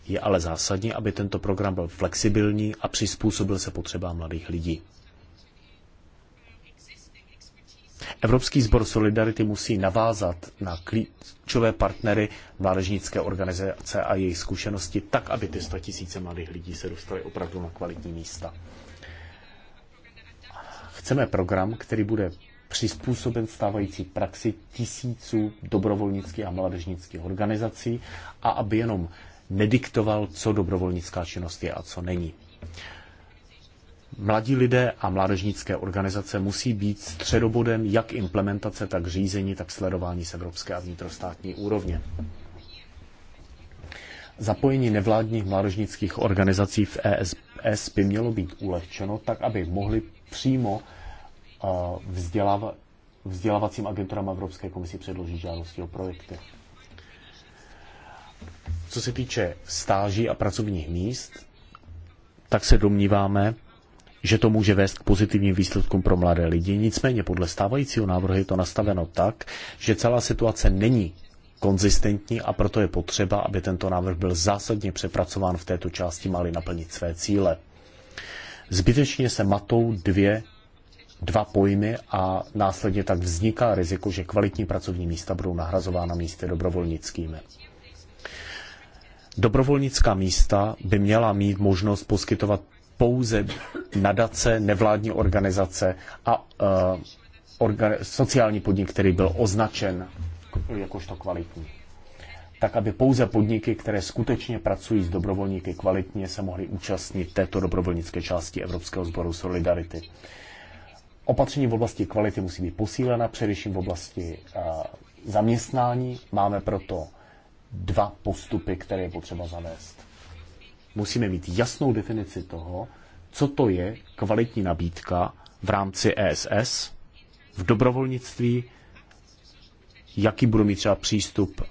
Je ale zásadní, aby tento program byl flexibilní a přizpůsobil se potřebám mladých lidí. Evropský sbor Solidarity musí navázat na klíčové partnery mládežnické organizace a jejich zkušenosti tak, aby ty 100 tisíce mladých lidí se dostali opravdu na kvalitní místa. Chceme program, který bude přizpůsoben stávající praxi tisíců dobrovolnických a mládežnických organizací a aby jenom nediktoval, co dobrovolnická činnost je a co není. Mladí lidé a mládežnické organizace musí být středobodem jak implementace, tak řízení, tak sledování z evropské a vnitrostátní úrovně. Zapojení nevládních mládežnických organizací v ESS by mělo být ulehčeno tak, aby mohli přímo uh, vzdělávat, vzdělávacím agenturám Evropské komisi předložit žádosti o projekty. Co se týče stáží a pracovních míst, tak se domníváme, že to může vést k pozitivním výsledkům pro mladé lidi. Nicméně podle stávajícího návrhu je to nastaveno tak, že celá situace není konzistentní a proto je potřeba, aby tento návrh byl zásadně přepracován v této části, mali naplnit své cíle. Zbytečně se matou dvě, dva pojmy a následně tak vzniká riziko, že kvalitní pracovní místa budou nahrazována místy dobrovolnickými. Dobrovolnická místa by měla mít možnost poskytovat pouze nadace, nevládní organizace a uh, orga- sociální podnik, který byl označen jakožto kvalitní. Tak, aby pouze podniky, které skutečně pracují s dobrovolníky kvalitně, se mohly účastnit této dobrovolnické části Evropského sboru Solidarity. Opatření v oblasti kvality musí být posílena, především v oblasti uh, zaměstnání. Máme proto dva postupy, které je potřeba zavést. Musíme mít jasnou definici toho, co to je kvalitní nabídka v rámci ESS, v dobrovolnictví, jaký budou mít třeba přístup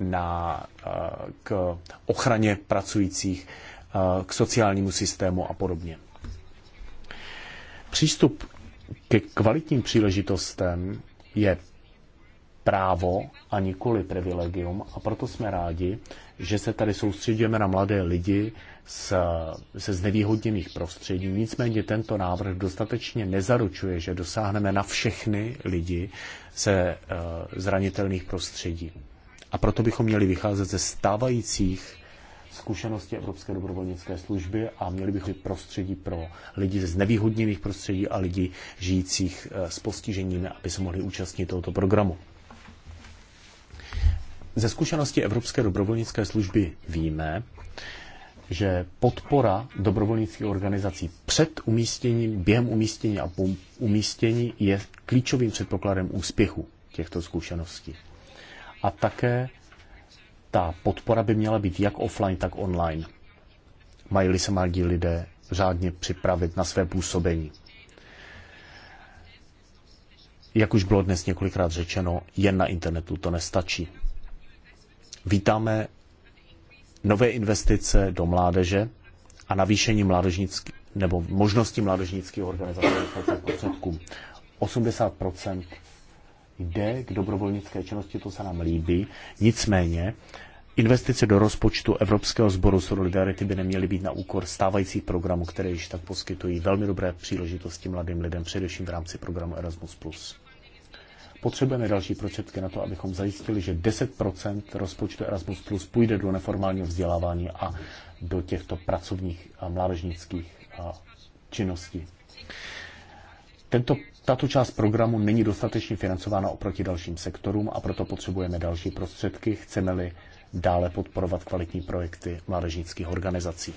na, k ochraně pracujících, k sociálnímu systému a podobně. Přístup ke kvalitním příležitostem je právo a nikoli privilegium a proto jsme rádi, že se tady soustředíme na mladé lidi s, se znevýhodněných prostředí. Nicméně tento návrh dostatečně nezaručuje, že dosáhneme na všechny lidi se eh, zranitelných prostředí. A proto bychom měli vycházet ze stávajících zkušenosti Evropské dobrovolnické služby a měli bychom prostředí pro lidi ze znevýhodněných prostředí a lidi žijících eh, s postižením, aby se mohli účastnit tohoto programu. Ze zkušenosti Evropské dobrovolnické služby víme, že podpora dobrovolnických organizací před umístěním, během umístění a po umístění je klíčovým předpokladem úspěchu těchto zkušeností. A také ta podpora by měla být jak offline, tak online. Mají-li se mladí lidé řádně připravit na své působení. Jak už bylo dnes několikrát řečeno, jen na internetu to nestačí. Vítáme nové investice do mládeže a navýšení mládežnických nebo možnosti mládežnických organizací prostředků. 80 jde k dobrovolnické činnosti, to se nám líbí. Nicméně investice do rozpočtu Evropského sboru Solidarity by neměly být na úkor stávajících programů, které již tak poskytují velmi dobré příležitosti mladým lidem, především v rámci programu Erasmus+ potřebujeme další prostředky na to, abychom zajistili, že 10% rozpočtu Erasmus Plus půjde do neformálního vzdělávání a do těchto pracovních a mládežnických činností. Tento, tato část programu není dostatečně financována oproti dalším sektorům a proto potřebujeme další prostředky, chceme-li dále podporovat kvalitní projekty mládežnických organizací.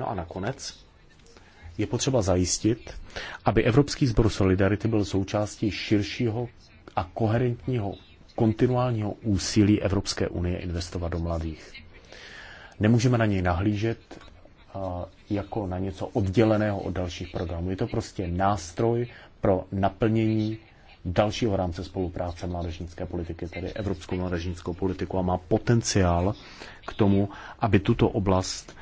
No a nakonec je potřeba zajistit, aby Evropský sbor Solidarity byl součástí širšího a koherentního kontinuálního úsilí Evropské unie investovat do mladých. Nemůžeme na něj nahlížet eh, jako na něco odděleného od dalších programů. Je to prostě nástroj pro naplnění dalšího rámce spolupráce mládežnické politiky, tedy evropskou mládežnickou politiku a má potenciál k tomu, aby tuto oblast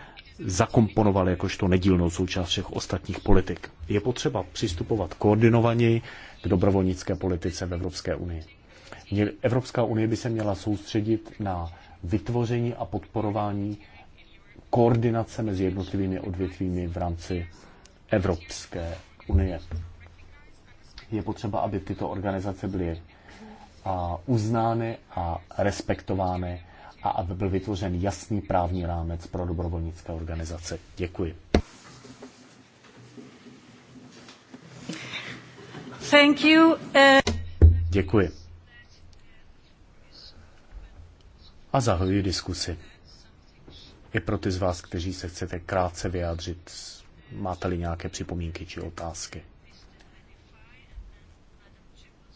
zakomponoval jakožto nedílnou součást všech ostatních politik. Je potřeba přistupovat koordinovaněji, k dobrovolnické politice v Evropské unii. Evropská unie by se měla soustředit na vytvoření a podporování koordinace mezi jednotlivými odvětvími v rámci Evropské unie. Je potřeba, aby tyto organizace byly uznány a respektovány a aby byl vytvořen jasný právní rámec pro dobrovolnické organizace. Děkuji. Eh. Děkuji. A zahajuji diskusi. I pro ty z vás, kteří se chcete krátce vyjádřit, máte-li nějaké připomínky či otázky.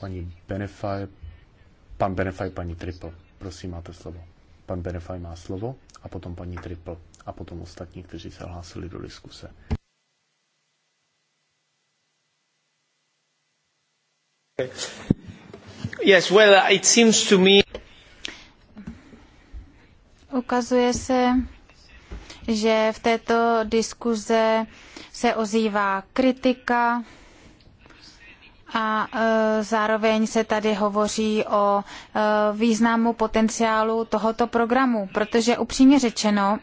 Paní Benefaj, pan Benefaj, paní Triple, prosím, máte slovo. Pan Benefaj má slovo a potom paní Triple a potom ostatní, kteří se hlásili do diskuse. Yes, well, uh, it seems to me... Ukazuje se, že v této diskuze se ozývá kritika a e, zároveň se tady hovoří o e, významu potenciálu tohoto programu, protože upřímně řečeno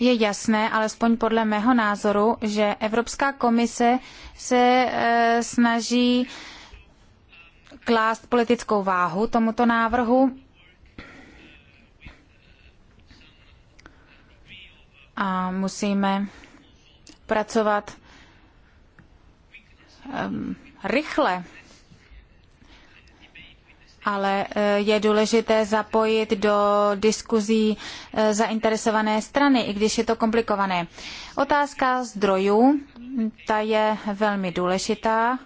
je jasné, alespoň podle mého názoru, že Evropská komise se e, snaží klást politickou váhu tomuto návrhu. A musíme pracovat um, rychle, ale eh, je důležité zapojit do diskuzí eh, zainteresované strany, i když je to komplikované. Otázka zdrojů, ta je velmi důležitá.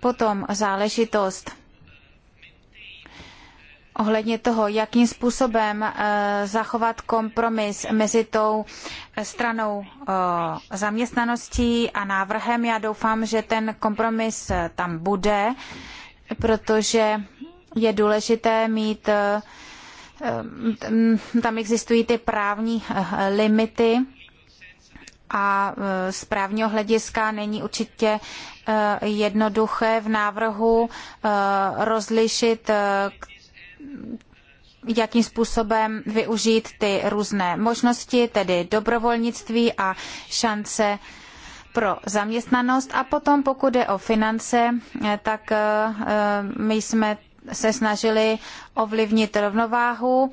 Potom záležitost ohledně toho, jakým způsobem eh, zachovat kompromis mezi tou eh, stranou eh, zaměstnaností a návrhem. Já doufám, že ten kompromis tam bude, protože je důležité mít tam existují ty právní limity a z právního hlediska není určitě jednoduché v návrhu rozlišit, jakým způsobem využít ty různé možnosti, tedy dobrovolnictví a šance pro zaměstnanost. A potom, pokud je o finance, tak eh, my jsme se snažili ovlivnit rovnováhu,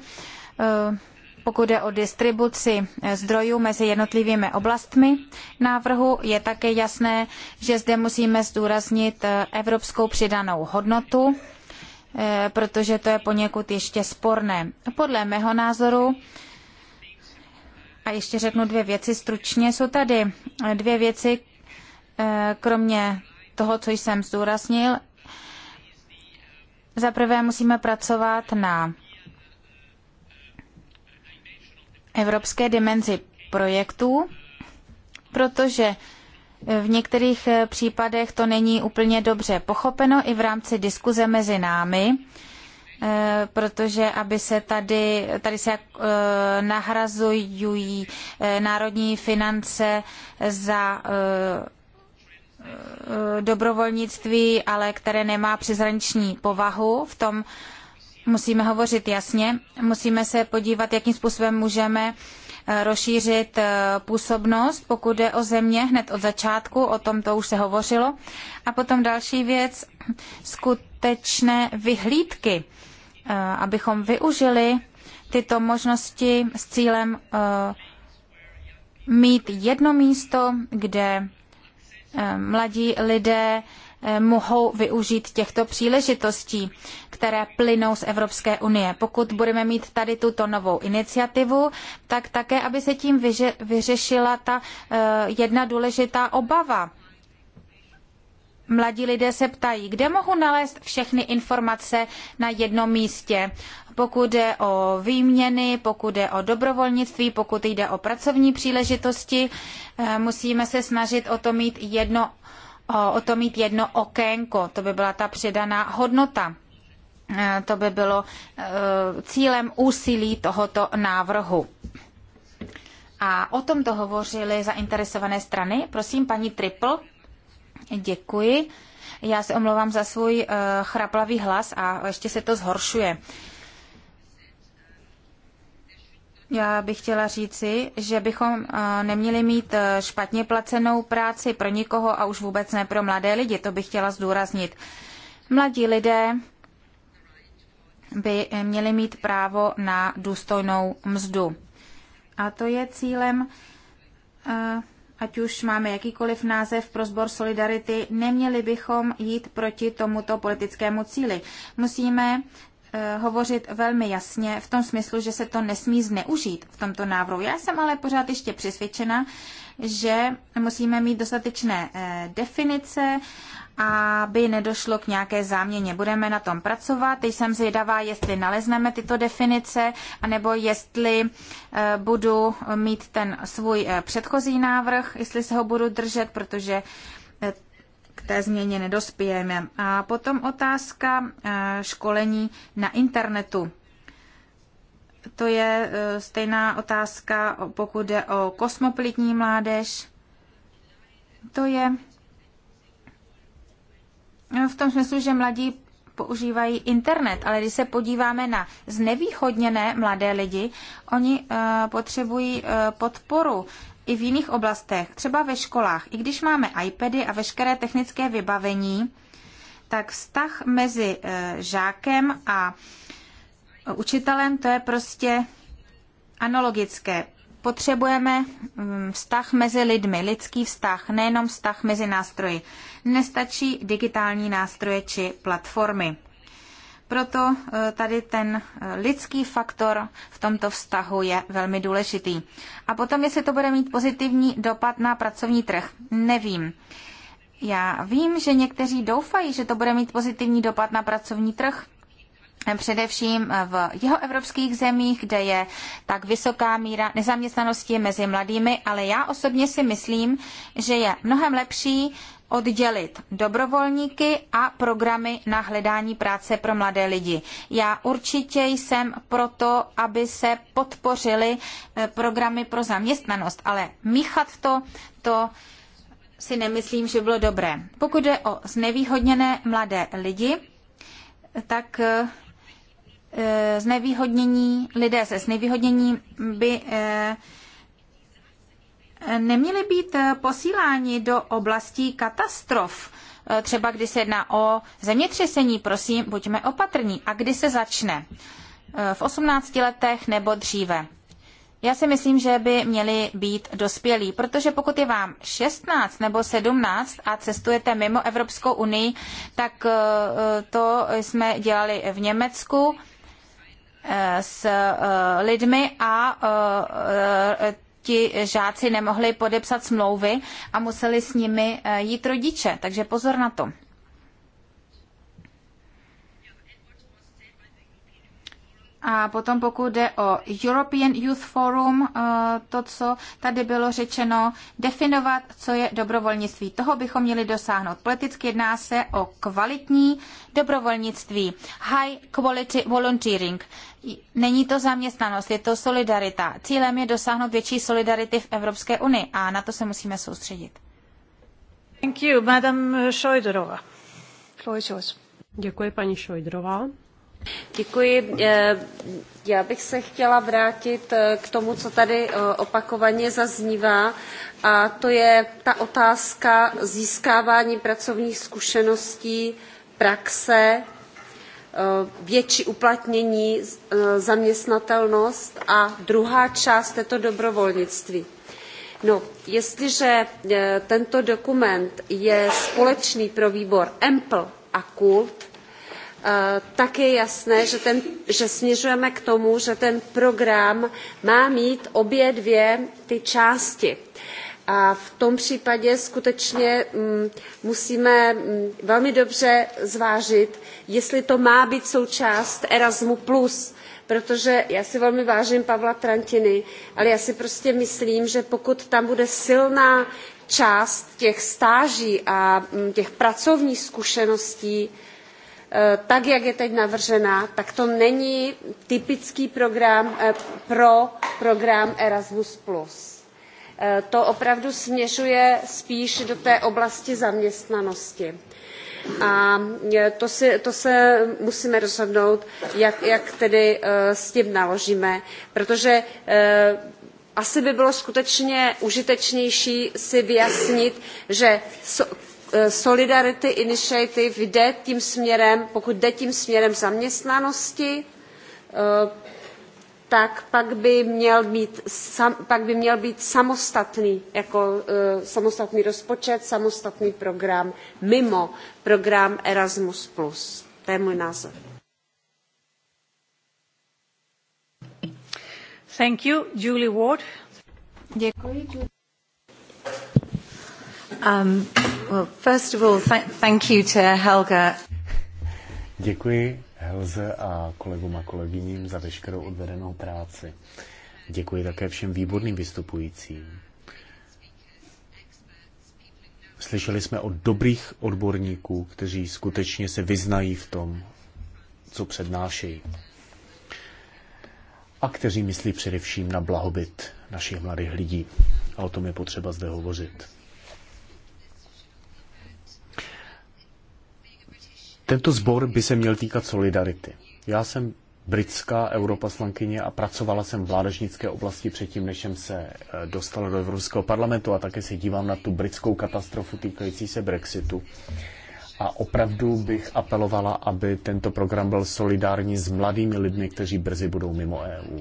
eh, pokud je o distribuci zdrojů mezi jednotlivými oblastmi návrhu, je také jasné, že zde musíme zdůraznit eh, evropskou přidanou hodnotu Eh, protože to je poněkud ještě sporné. Podle mého názoru, a ještě řeknu dvě věci stručně, jsou tady eh, dvě věci, eh, kromě toho, co jsem zdůraznil. Za prvé musíme pracovat na evropské dimenzi projektů, protože v některých eh, případech to není úplně dobře pochopeno i v rámci diskuze mezi námi, eh, protože aby se tady, tady se eh, nahrazují národní finance za dobrovolnictví, ale které nemá přizraniční povahu. V tom musíme hovořit jasně, musíme se podívat, jakým způsobem můžeme Eh, rozšířit eh, působnost, pokud jde o země hned od začátku, o tom to už se hovořilo. A potom další věc, skutečné vyhlídky, eh, abychom využili tyto možnosti s cílem mít jedno místo, kde mladí lidé mohou využít těchto příležitostí, které plynou z Evropské unie. Pokud budeme mít tady tuto novou iniciativu, tak také, aby se tím vyřešila ta eh, jedna důležitá obava. Mladí lidé se ptají, kde mohu nalézt všechny informace na jednom místě, pokud jde o výměny, pokud jde o dobrovolnictví, pokud jde o pracovní příležitosti. Eh, musíme se snažit o to mít jedno o to mít jedno okénko, to by byla ta přidaná hodnota. E, to by bylo e, cílem úsilí tohoto návrhu. A o tom to hovořily zainteresované strany. Prosím, paní Triple. Děkuji. Já se omlouvám za svůj e, chraplavý hlas a ještě se to zhoršuje. Já bych chtěla říci, že bychom eh, neměli mít eh, špatně placenou práci pro nikoho a už vůbec ne pro mladé lidi, to bych chtěla zdůraznit. Mladí lidé by eh, měli mít právo na důstojnou mzdu. A to je cílem, ať už máme jakýkoliv název pro sbor Solidarity, neměli bychom jít proti tomuto politickému cíli. Musíme Eh, hovořit velmi jasně v tom smyslu, že se to nesmí zneužít v tomto návrhu. Já jsem ale pořád ještě přesvědčena, že musíme mít dostatečné eh, definice, aby nedošlo k nějaké záměně. Budeme na tom pracovat. Teď jsem zvědavá, jestli nalezneme tyto definice, anebo jestli eh, budu mít ten svůj předchozí návrh, jestli se ho budu držet, protože té změně nedospějeme. A potom otázka eh, školení na internetu. To je eh, stejná otázka, pokud jde o kosmopolitní mládež. To je eh, v tom smyslu, že mladí používají internet, ale když se podíváme na znevýchodněné mladé lidi, oni potřebují podporu i v jiných oblastech, třeba ve školách. I když máme iPady a veškeré technické vybavení, tak vztah mezi eh, žákem a eh, učitelem to je prostě analogické. Potřebujeme mm, vztah mezi lidmi, lidský vztah, nejenom vztah mezi nástroji. Nestačí digitální nástroje či platformy. Proto eh, tady ten eh, lidský faktor v tomto vztahu je velmi důležitý. A potom, jestli to bude mít pozitivní dopad na pracovní trh, nevím. Já vím, že někteří doufají, že to bude mít pozitivní dopad na pracovní trh, eh, především v jeho evropských zemích, kde je tak vysoká míra nezaměstnanosti mezi mladými, ale já osobně si myslím, že je mnohem lepší oddělit dobrovolníky a programy na hledání práce pro mladé lidi. Já určitě jsem proto, aby se podpořily eh, programy pro zaměstnanost, ale míchat to, to si nemyslím, že bylo dobré. Pokud jde o znevýhodněné mladé lidi, tak eh, eh, znevýhodnění, lidé se znevýhodněním by neměli být eh, posíláni do oblastí katastrof, eh, třeba když se jedná o zemětřesení, prosím, buďme opatrní. A kdy se začne? Eh, v 18 letech nebo dříve? Já si myslím, že by měli být dospělí, protože pokud je vám 16 nebo 17 a cestujete mimo Evropskou unii, tak to jsme dělali v Německu s lidmi a ti žáci nemohli podepsat smlouvy a museli s nimi eh, jít rodiče. Takže pozor na to. A potom pokud jde o European Youth Forum, eh, to, co tady bylo řečeno, definovat, co je dobrovolnictví. Toho bychom měli dosáhnout. Politicky jedná se o kvalitní dobrovolnictví. High quality volunteering. Není to zaměstnanost, je to solidarita. Cílem je dosáhnout větší solidarity v Evropské unii a na to se musíme soustředit. Thank you, Madam Šojderová. Děkuji, paní Šojdrová. Děkuji. Eh, já bych se chtěla vrátit eh, k tomu, co tady eh, opakovaně zaznívá, a to je ta otázka získávání pracovních zkušeností, praxe, větší uplatnění, zaměstnatelnost a druhá část je to dobrovolnictví. No, jestliže tento dokument je společný pro výbor EMPL a KULT, Eh, tak je jasné, že, ten, že směřujeme k tomu, že ten program má mít obě dvě ty části. A v tom případě skutečně mm, musíme mm, velmi dobře zvážit, jestli to má být součást Erasmu+, protože já si velmi vážím Pavla Trantiny, ale já si prostě myslím, že pokud tam bude silná část těch stáží a mm, těch pracovních zkušeností, Eh, tak jak je teď navržena tak to není typický program eh, pro program erasmus eh, to opravdu směřuje spíš do té oblasti zaměstnanosti a to, si, to se musíme rozhodnout jak, jak tedy s tím naložíme protože asi by bylo skutečně užitečnější si vyjasnit že Eh, Solidarity Initiative jde tím směrem, pokud jde tím směrem zaměstnanosti, eh, tak pak by měl být, pak by měl být samostatný, jako eh, samostatný rozpočet, samostatný program mimo program Erasmus+. To je můj názor. Thank you, Julie Ward. Děkuji, Um, well, first of all, th- thank you to Helga. Děkuji Helze a kolegům a kolegyním za veškerou odvedenou práci. Děkuji také všem výborným vystupujícím. Slyšeli jsme o dobrých odborníků, kteří skutečně se vyznají v tom, co přednášejí. A kteří myslí především na blahobyt našich mladých lidí. A o tom je potřeba zde hovořit. Tento sbor by se měl týkat solidarity. Já jsem britská europaslankyně a pracovala jsem v vládežnické oblasti předtím, než jsem se eh, dostala do Evropského parlamentu a také se dívám na tu britskou katastrofu týkající se Brexitu. A opravdu bych apelovala, aby tento program byl solidární s mladými lidmi, kteří brzy budou mimo EU.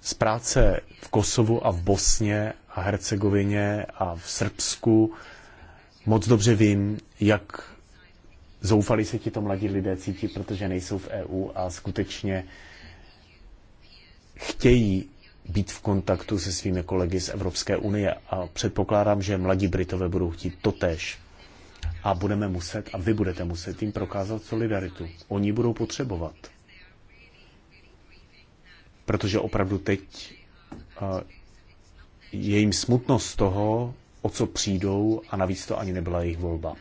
Z práce v Kosovu a v Bosně a Hercegovině a v Srbsku moc dobře vím, jak zoufali se ti to mladí lidé cítí, protože nejsou v EU a skutečně chtějí být v kontaktu se svými kolegy z Evropské unie a předpokládám, že mladí Britové budou chtít totéž. A budeme muset, a vy budete muset jim prokázat solidaritu. Oni budou potřebovat. Protože opravdu teď eh, je jim smutnost z toho, o co přijdou a navíc to ani nebyla jejich volba.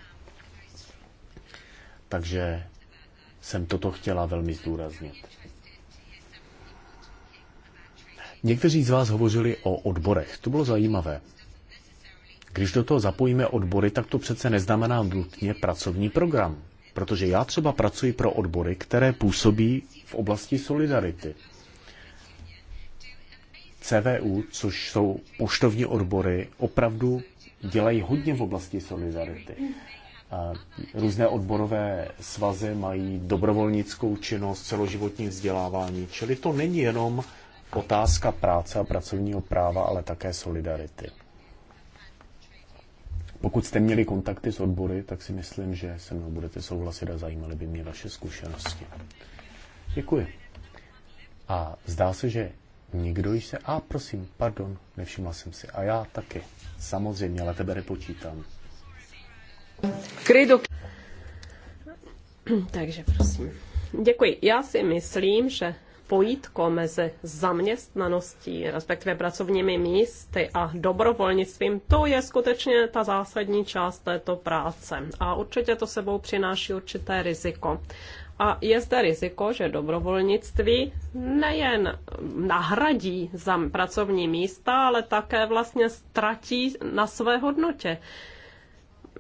Takže jsem toto chtěla velmi zdůraznit. Někteří z vás hovořili o odborech. To bylo zajímavé. Když do toho zapojíme odbory, tak to přece neznamená nutně pracovní program. Protože já třeba pracuji pro odbory, které působí v oblasti solidarity. CVU, což jsou poštovní odbory, opravdu dělají hodně v oblasti solidarity. Různé odborové svazy mají dobrovolnickou činnost, celoživotní vzdělávání, čili to není jenom otázka práce a pracovního práva, ale také solidarity. Pokud jste měli kontakty s odbory, tak si myslím, že se mnou budete souhlasit a zajímaly by mě vaše zkušenosti. Děkuji. A zdá se, že nikdo již se... A prosím, pardon, nevšimla jsem si. A já taky. Samozřejmě, ale tebe nepočítám. Credo... *clears throat* Takže prosím. Děkuji. Já si myslím, že pojítko mezi zaměstnaností, respektive pracovními místy a dobrovolnictvím, to je skutečně ta zásadní část této práce. A určitě to sebou přináší určité riziko. A je zde riziko, že dobrovolnictví nejen nahradí za pracovní místa, ale také vlastně ztratí na své hodnotě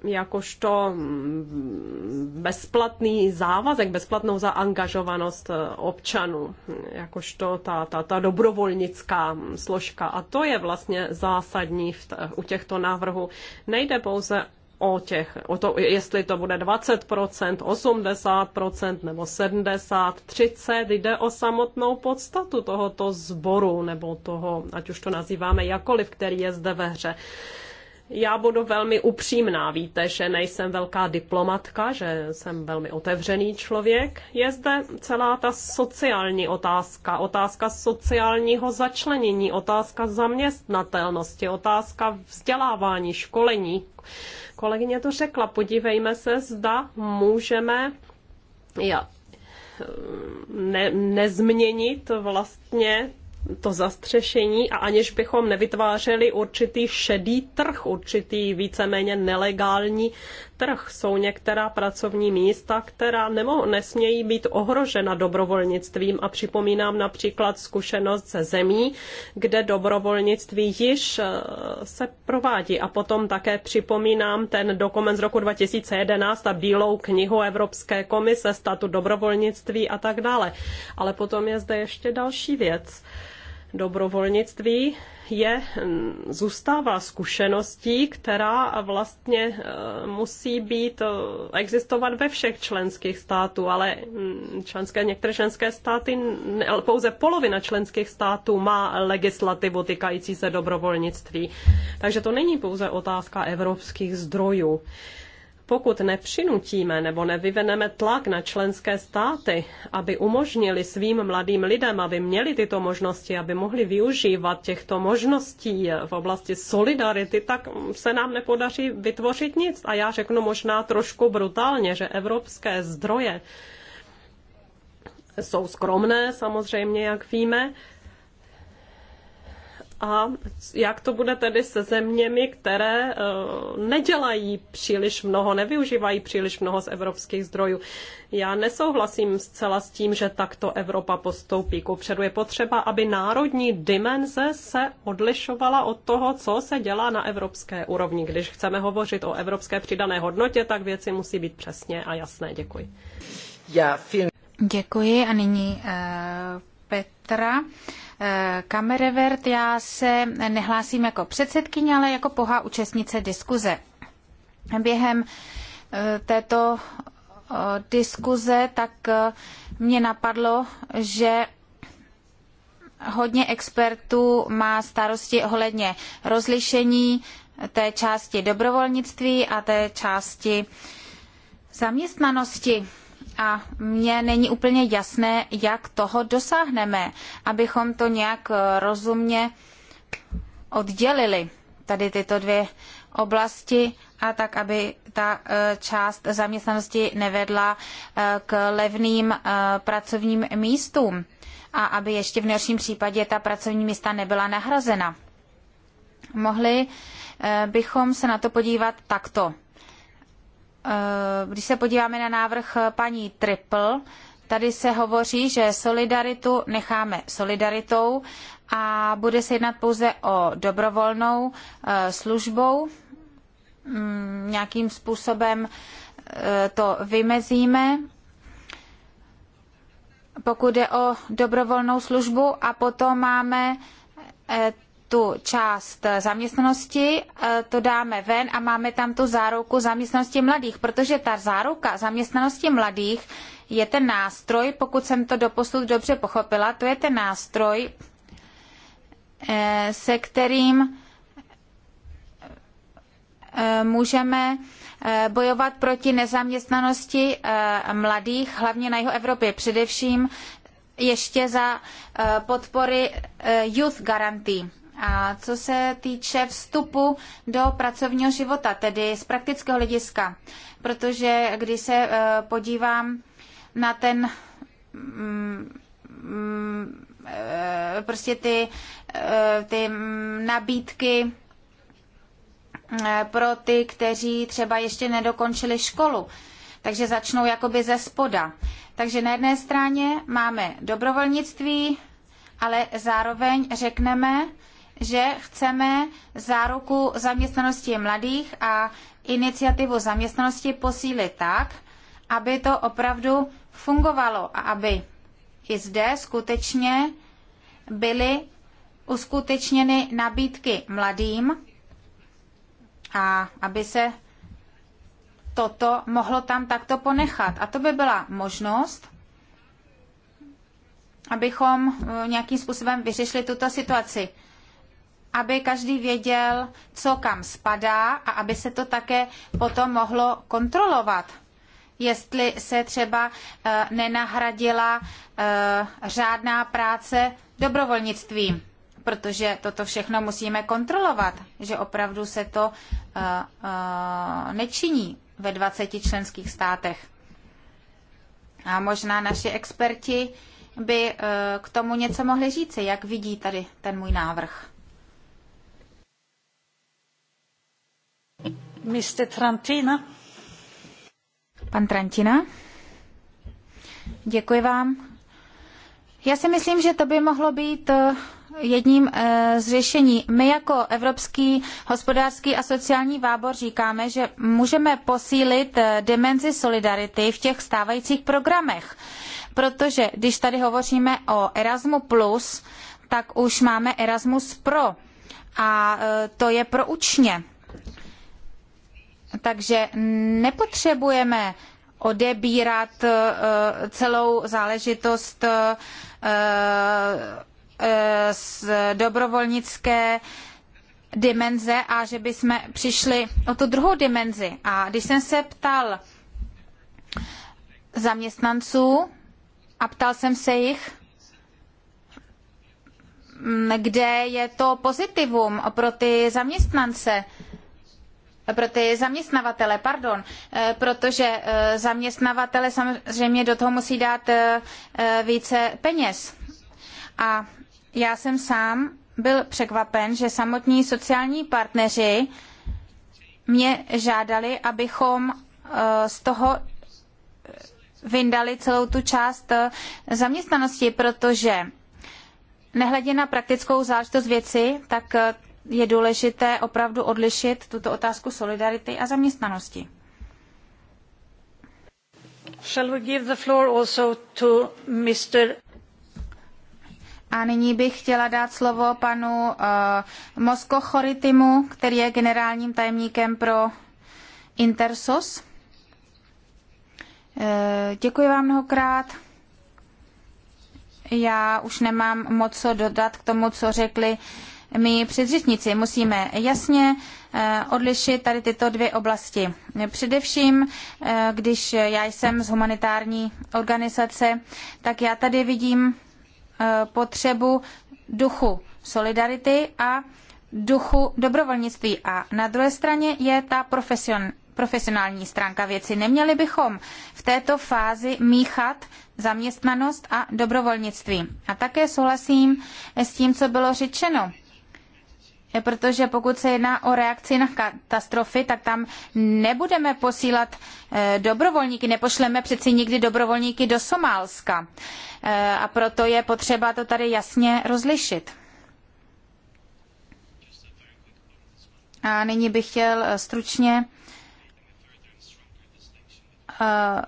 jakožto mm, bezplatný závazek, bezplatnou zaangažovanost eh, občanů, jakožto ta, ta, ta dobrovolnická mm, složka. A to je vlastně zásadní v t- u těchto návrhů. Nejde pouze o, těch, o to, jestli to bude 20%, 80% nebo 70%, 30%, jde o samotnou podstatu tohoto sboru nebo toho, ať už to nazýváme jakoliv, který je zde ve hře. Uh, já budu velmi upřímná. Víte, že nejsem velká diplomatka, že jsem velmi otevřený člověk. Je zde celá ta sociální otázka, otázka sociálního začlenění, otázka zaměstnatelnosti, otázka vzdělávání, školení. Kolegyně to řekla, podívejme se, zda můžeme ne, nezměnit vlastně to zastřešení a aniž bychom nevytvářeli určitý šedý trh, určitý víceméně nelegální trh. Jsou některá pracovní místa, která nemo, nesmějí být ohrožena dobrovolnictvím a připomínám například zkušenost ze zemí, kde dobrovolnictví již eh, se provádí a potom také připomínám ten dokument z roku 2011 a bílou knihu Evropské komise, statu dobrovolnictví a tak dále. Ale potom je zde ještě další věc dobrovolnictví je, mm, zůstává zkušeností, která vlastně e, musí být, e, existovat ve všech členských států, ale mm, členské, některé členské státy, pouze polovina členských států má legislativu týkající se dobrovolnictví. Takže to není pouze otázka evropských zdrojů. Pokud nepřinutíme nebo nevyveneme tlak na členské státy, aby umožnili svým mladým lidem, aby měli tyto možnosti, aby mohli využívat těchto možností v oblasti solidarity, tak se nám nepodaří vytvořit nic. A já řeknu možná trošku brutálně, že evropské zdroje jsou skromné samozřejmě, jak víme, a jak to bude tedy se zeměmi, které e, nedělají příliš mnoho, nevyužívají příliš mnoho z evropských zdrojů. Já nesouhlasím zcela s tím, že takto Evropa postoupí kupředu. Je potřeba, aby národní dimenze se odlišovala od toho, co se dělá na evropské úrovni. Když chceme hovořit o evropské přidané hodnotě, tak věci musí být přesně a jasné. Děkuji. Já, Děkuji a nyní uh Petra eh, Kamerevert. Já se nehlásím jako předsedkyně, ale jako pohá účastnice diskuze. Během eh, této eh, diskuze tak mě napadlo, že hodně expertů má starosti ohledně rozlišení té části dobrovolnictví a té části zaměstnanosti a mně není úplně jasné, jak toho dosáhneme, abychom to nějak eh, rozumně oddělili, tady tyto dvě oblasti, a tak, aby ta eh, část zaměstnanosti nevedla eh, k levným pracovním místům a aby ještě v nejhorším případě ta pracovní místa nebyla nahrazena. Mohli bychom se na to podívat takto. Eh, když se podíváme na návrh paní Triple, tady se hovoří, že solidaritu necháme solidaritou a bude se jednat pouze o dobrovolnou eh, službou. Mm, nějakým způsobem eh, to vymezíme, pokud jde o dobrovolnou službu a potom máme tu část zaměstnanosti, e, to dáme ven a máme tam tu záruku zaměstnanosti mladých, protože ta záruka zaměstnanosti mladých je ten nástroj, pokud jsem to doposud dobře pochopila, to je ten nástroj, e, se kterým e, můžeme bojovat proti nezaměstnanosti mladých, hlavně na jeho Evropě, především ještě za podpory Youth Guarantee. A co se týče vstupu do pracovního života, tedy z praktického hlediska, protože když se eh, podívám na ten mm, mm, eh, prostě ty, eh, ty nabídky pro ty, kteří třeba ještě nedokončili školu. Takže začnou jakoby ze spoda. Takže na jedné straně máme dobrovolnictví, ale zároveň řekneme, že chceme záruku zaměstnanosti mladých a iniciativu zaměstnanosti posílit tak, aby to opravdu fungovalo a aby i zde skutečně byly uskutečněny nabídky mladým a aby se toto mohlo tam takto ponechat. A to by byla možnost, abychom eh, nějakým způsobem vyřešili tuto situaci aby každý věděl, co kam spadá a aby se to také potom mohlo kontrolovat. Jestli se třeba e, nenahradila e, řádná práce dobrovolnictvím, protože toto všechno musíme kontrolovat, že opravdu se to e, nečiní ve 20 členských státech. A možná naši experti by k tomu něco mohli říci, jak vidí tady ten můj návrh. Mr. Trantina. Pan Trantina. Děkuji vám. Já si myslím, že to by mohlo být eh, jedním eh, z řešení. My jako Evropský hospodářský a sociální vábor říkáme, že můžeme posílit eh, dimenzi solidarity v těch stávajících programech. Protože když tady hovoříme o Erasmu+, tak už máme Erasmus Pro a to je pro učně takže nepotřebujeme odebírat eh, celou záležitost eh, eh, z dobrovolnické dimenze a že bychom přišli o tu druhou dimenzi. A když jsem se ptal zaměstnanců a ptal jsem se jich, mm, kde je to pozitivum pro ty zaměstnance, pro ty zaměstnavatele, pardon, eh, protože eh, zaměstnavatele samozřejmě do toho musí dát eh, více peněz. A já jsem sám byl překvapen, že samotní sociální partneři mě žádali, abychom z toho vyndali celou tu část zaměstnanosti, protože nehledě na praktickou záležitost věci, tak je důležité opravdu odlišit tuto otázku solidarity a zaměstnanosti. Shall we give the floor also to Mr. A nyní bych chtěla dát slovo panu uh, eh, Mosko Choritimu, který je generálním tajemníkem pro Intersos. Uh, děkuji vám mnohokrát. Já už nemám moc co dodat k tomu, co řekli uh, my předřečnici musíme jasně eh, odlišit tady tyto dvě oblasti. Především, eh, když já jsem z humanitární organizace, tak já tady vidím eh, potřebu duchu solidarity a duchu dobrovolnictví. A na druhé straně je ta profesion, profesionální stránka věci. Neměli bychom v této fázi míchat zaměstnanost a dobrovolnictví. A také souhlasím s tím, co bylo řečeno Eh, protože pokud se jedná o reakci na katastrofy, tak tam nebudeme posílat eh, dobrovolníky, nepošleme přeci nikdy dobrovolníky do Somálska. Eh, a proto je potřeba to tady jasně rozlišit. A nyní bych chtěl stručně Eh,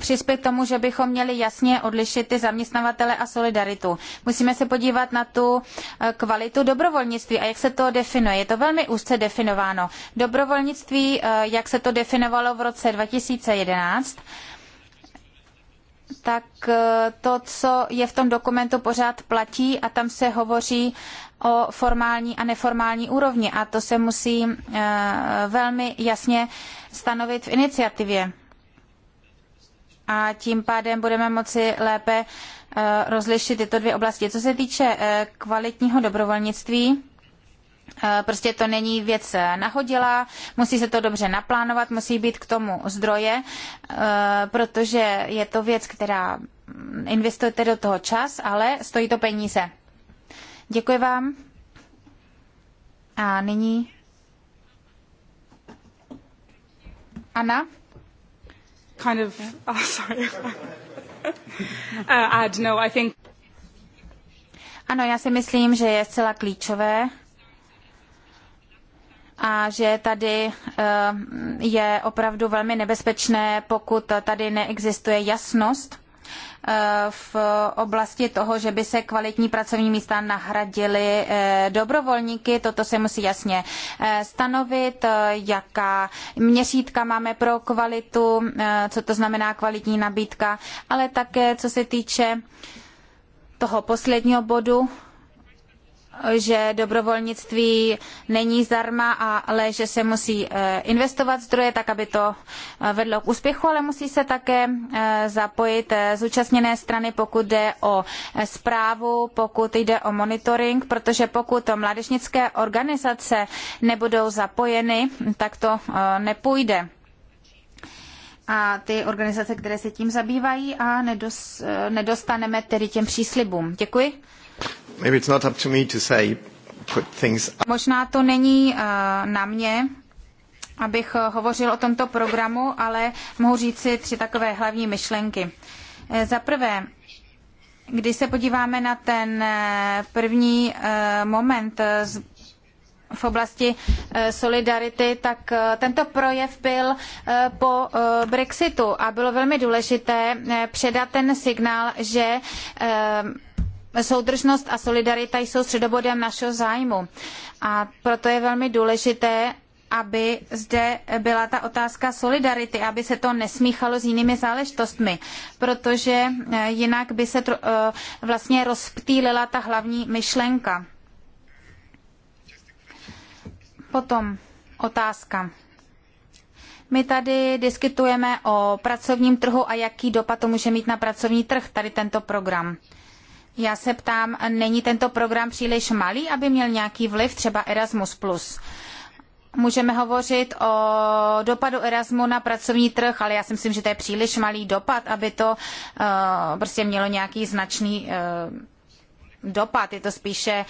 přispět k tomu, že bychom měli jasně odlišit ty zaměstnavatele a solidaritu. Musíme se podívat na tu eh, kvalitu dobrovolnictví a jak se to definuje. Je to velmi úzce definováno. Dobrovolnictví, eh, jak se to definovalo v roce 2011, tak to, co je v tom dokumentu, pořád platí a tam se hovoří o formální a neformální úrovni a to se musí velmi jasně stanovit v iniciativě a tím pádem budeme moci lépe eh, rozlišit tyto dvě oblasti. Co se týče eh, kvalitního dobrovolnictví, eh, Prostě to není věc nahodila, musí se to dobře naplánovat, musí být k tomu zdroje, protože je to věc, která mm, investujete do toho čas, ale stojí to peníze. Děkuji vám. A nyní. Ana? kind of, *laughs* oh, sorry. uh, add, no, I think... Ano, já si myslím, že je zcela klíčové, a že tady eh, je opravdu velmi nebezpečné, pokud tady neexistuje jasnost Eh, v oblasti toho, že by se kvalitní pracovní místa nahradily eh, dobrovolníky. Toto se musí jasně eh, stanovit, jaká měřítka máme pro kvalitu, co to znamená kvalitní nabídka, ale také co se týče toho posledního bodu, že dobrovolnictví není zdarma, ale že se musí eh, investovat zdroje tak, aby to eh, vedlo k úspěchu, ale musí se také eh, zapojit zúčastněné strany, pokud jde o správu, pokud jde o monitoring, protože pokud to mládežnické organizace nebudou zapojeny, tak to nepůjde. A ty organizace, které se tím zabývají a nedostaneme tedy těm příslibům. Děkuji. Možná to není uh, na mě, abych eh, hovořil o tomto programu, ale mohu říci tři takové hlavní myšlenky. Eh, za prvé, když se podíváme na ten první moment v oblasti solidarity, tak tento projev byl po Brexitu a bylo velmi důležité předat ten signál, že soudržnost a solidarita jsou středobodem našeho zájmu. A proto je velmi důležité, aby zde byla ta otázka solidarity, aby se to nesmíchalo s jinými záležitostmi, protože eh, jinak by se eh, vlastně rozptýlila ta hlavní myšlenka. Potom otázka. My tady diskutujeme o pracovním trhu a jaký dopad to může mít na pracovní trh, tady tento program. Já se ptám, není tento program příliš malý, aby měl nějaký vliv, třeba Erasmus+. Můžeme hovořit o dopadu Erasmu na pracovní trh, ale já si myslím, že to je příliš malý dopad, aby to uh, prostě mělo nějaký značný uh, dopad. Je to spíše,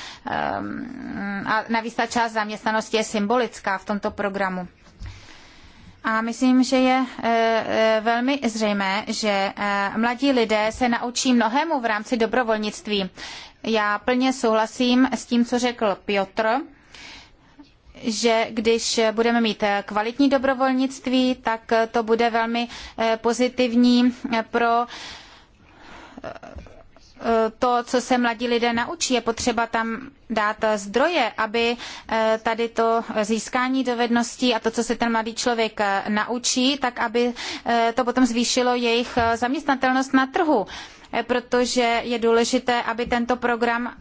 um, a navíc ta část zaměstnanosti je symbolická v tomto programu. A myslím, že je eh, eh, velmi zřejmé, že eh, mladí lidé se naučí mnohému v rámci dobrovolnictví. Já plně souhlasím s tím, co řekl Piotr, že když budeme mít kvalitní dobrovolnictví, tak to bude velmi pozitivní pro to, co se mladí lidé naučí. Je potřeba tam dát zdroje, aby eh, tady to získání dovedností a to, co se ten mladý člověk eh, naučí, tak aby eh, to potom zvýšilo jejich zaměstnatelnost na trhu. Protože je důležité, aby tento program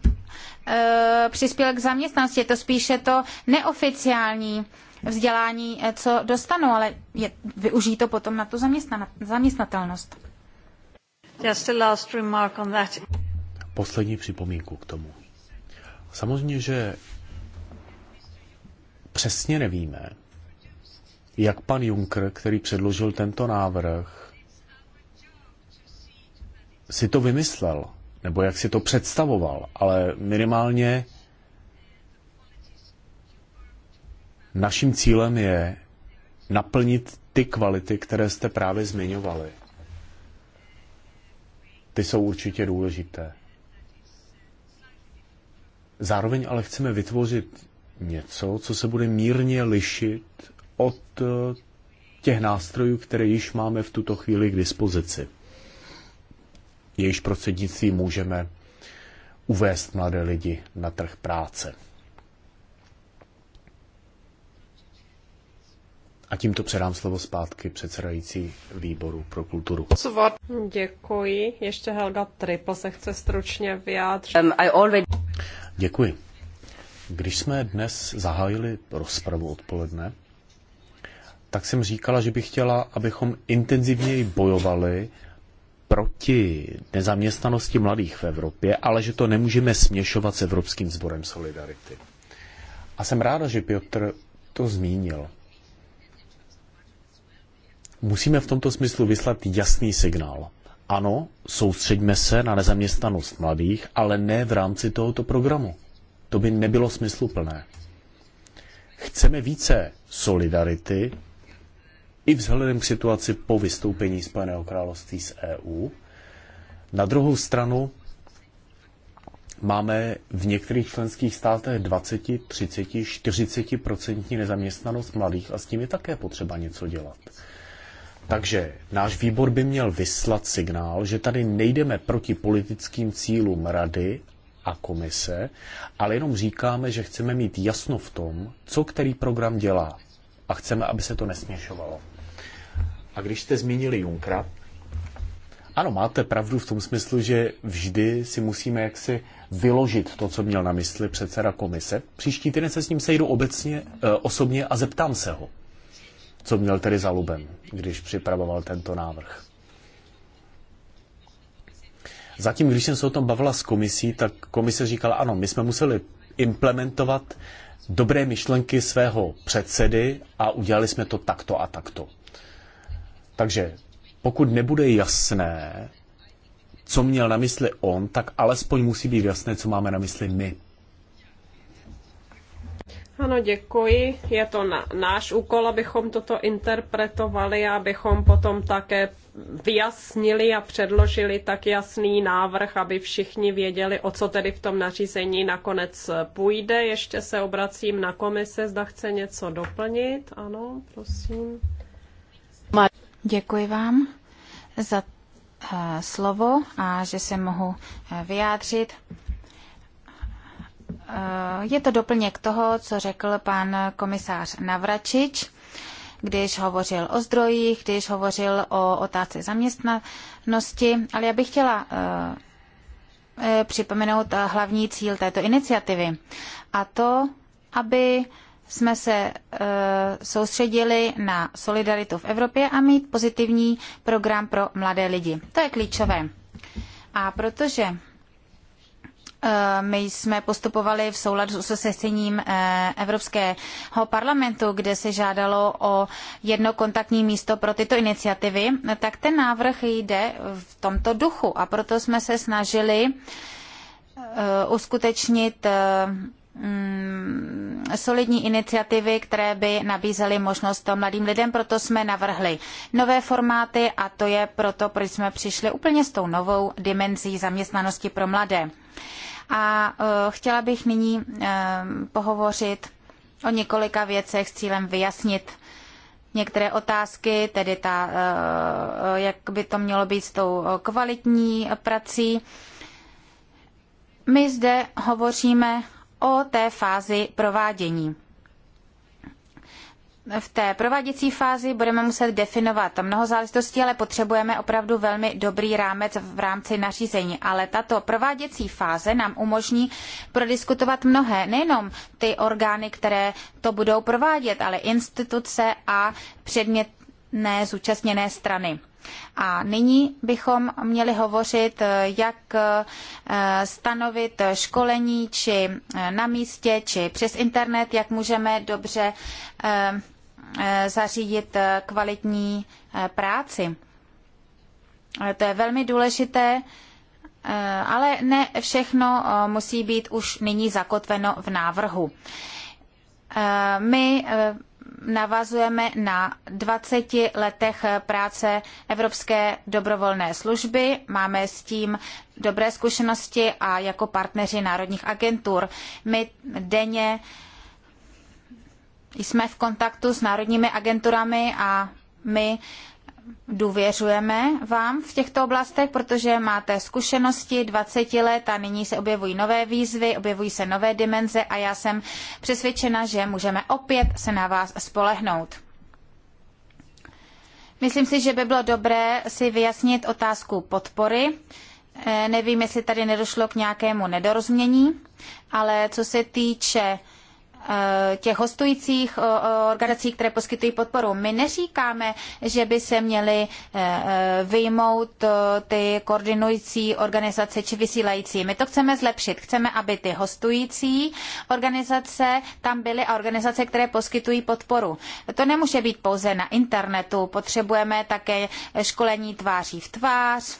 přispěl k zaměstnanosti. Je to spíše to neoficiální vzdělání, co dostanou, ale je, využijí to potom na tu zaměstnatelnost. Poslední připomínku k tomu. Samozřejmě, že přesně nevíme, jak pan Juncker, který předložil tento návrh, si to vymyslel, nebo jak si to představoval, ale minimálně naším cílem je naplnit ty kvality, které jste právě zmiňovali. Ty jsou určitě důležité. Zároveň ale chceme vytvořit něco, co se bude mírně lišit od eh, těch nástrojů, které již máme v tuto chvíli k dispozici. Jejíž prostřednictví můžeme uvést mladé lidi na trh práce. A tímto předám slovo zpátky předsedající výboru pro kulturu. Děkuji. Ještě Helga Triple se chce stručně vyjádřit. Um, I already... Děkuji. Když jsme dnes zahájili rozpravu odpoledne, tak jsem říkala, že bych chtěla, abychom intenzivněji bojovali proti nezaměstnanosti mladých v Evropě, ale že to nemůžeme směšovat s Evropským sborem Solidarity. A jsem ráda, že Piotr to zmínil. Musíme v tomto smyslu vyslat jasný signál. Ano, soustředíme se na nezaměstnanost mladých, ale ne v rámci tohoto programu. To by nebylo smysluplné. Chceme více solidarity i vzhledem k situaci po vystoupení Spojeného království z EU. Na druhou stranu máme v některých členských státech 20, 30, 40 nezaměstnanost mladých a s tím je také potřeba něco dělat. Takže náš výbor by měl vyslat signál, že tady nejdeme proti politickým cílům rady a komise, ale jenom říkáme, že chceme mít jasno v tom, co který program dělá. A chceme, aby se to nesměšovalo. A když jste zmínili Junkra, ano, máte pravdu v tom smyslu, že vždy si musíme jaksi vyložit to, co měl na mysli předseda komise. Příští týden se s ním sejdu obecně, eh, osobně a zeptám se ho co měl tedy za lubem, když připravoval tento návrh. Zatím, když jsem se o tom bavila s komisí, tak komise říkala, ano, my jsme museli implementovat dobré myšlenky svého předsedy a udělali jsme to takto a takto. Takže pokud nebude jasné, co měl na mysli on, tak alespoň musí být jasné, co máme na mysli my. Ano, děkuji. Je to na, náš úkol, abychom toto interpretovali a abychom potom také vyjasnili a předložili tak jasný návrh, aby všichni věděli, o co tedy v tom nařízení nakonec půjde. Ještě se obracím na komise, zda chce něco doplnit. Ano, prosím. Děkuji vám za eh, slovo a že se mohu eh, vyjádřit. Eh, je to doplněk toho, co řekl pan komisář Navračič, když hovořil o zdrojích, když hovořil o otázce zaměstnanosti, ale já bych chtěla eh, eh, připomenout hlavní cíl této iniciativy a to, aby jsme se soustředili na solidaritu v Evropě a mít pozitivní program pro mladé lidi. To je klíčové. A protože Eh, my jsme postupovali v souladu s usnesením eh, Evropského parlamentu, kde se žádalo o jedno kontaktní místo pro tyto iniciativy, tak ten návrh jde v tomto duchu a proto jsme se snažili eh, uskutečnit mm, solidní iniciativy, které by nabízely možnost to mladým lidem, proto jsme navrhli nové formáty a to je proto, proč jsme přišli úplně s tou novou dimenzí zaměstnanosti pro mladé. A eh, chtěla bych nyní eh, pohovořit o několika věcech s cílem vyjasnit některé otázky, tedy ta, eh, jak by to mělo být s tou kvalitní prací. My zde hovoříme o té fázi provádění v té prováděcí fázi budeme muset definovat mnoho záležitostí, ale potřebujeme opravdu velmi dobrý rámec v rámci nařízení. Ale tato prováděcí fáze nám umožní prodiskutovat mnohé, nejenom ty orgány, které to budou provádět, ale instituce a předmětné zúčastněné strany. A nyní bychom měli hovořit, jak eh, stanovit školení, či eh, na místě, či přes internet, jak můžeme dobře eh, Eh, zařídit eh, kvalitní eh, práci. To je velmi důležité, ale ne všechno musí být už nyní zakotveno v návrhu. My navazujeme na 20 letech práce Evropské dobrovolné služby. Máme s tím dobré zkušenosti a jako partneři národních agentur my denně uh, jsme v kontaktu s národními agenturami a my důvěřujeme vám v těchto oblastech, protože máte zkušenosti 20 let a nyní se objevují nové výzvy, objevují se nové dimenze a já jsem přesvědčena, že můžeme opět se na vás spolehnout. Myslím si, že by bylo dobré si vyjasnit otázku podpory. Eh, nevím, jestli tady nedošlo k nějakému nedorozumění, ale co se týče Eh, těch hostujících eh, organizací, které poskytují podporu. My neříkáme, že by se měly eh, vyjmout ty koordinující organizace či vysílající. My to chceme zlepšit. Chceme, aby ty hostující organizace tam byly a organizace, které poskytují podporu. To nemůže být pouze na internetu. Potřebujeme také školení tváří v tvář,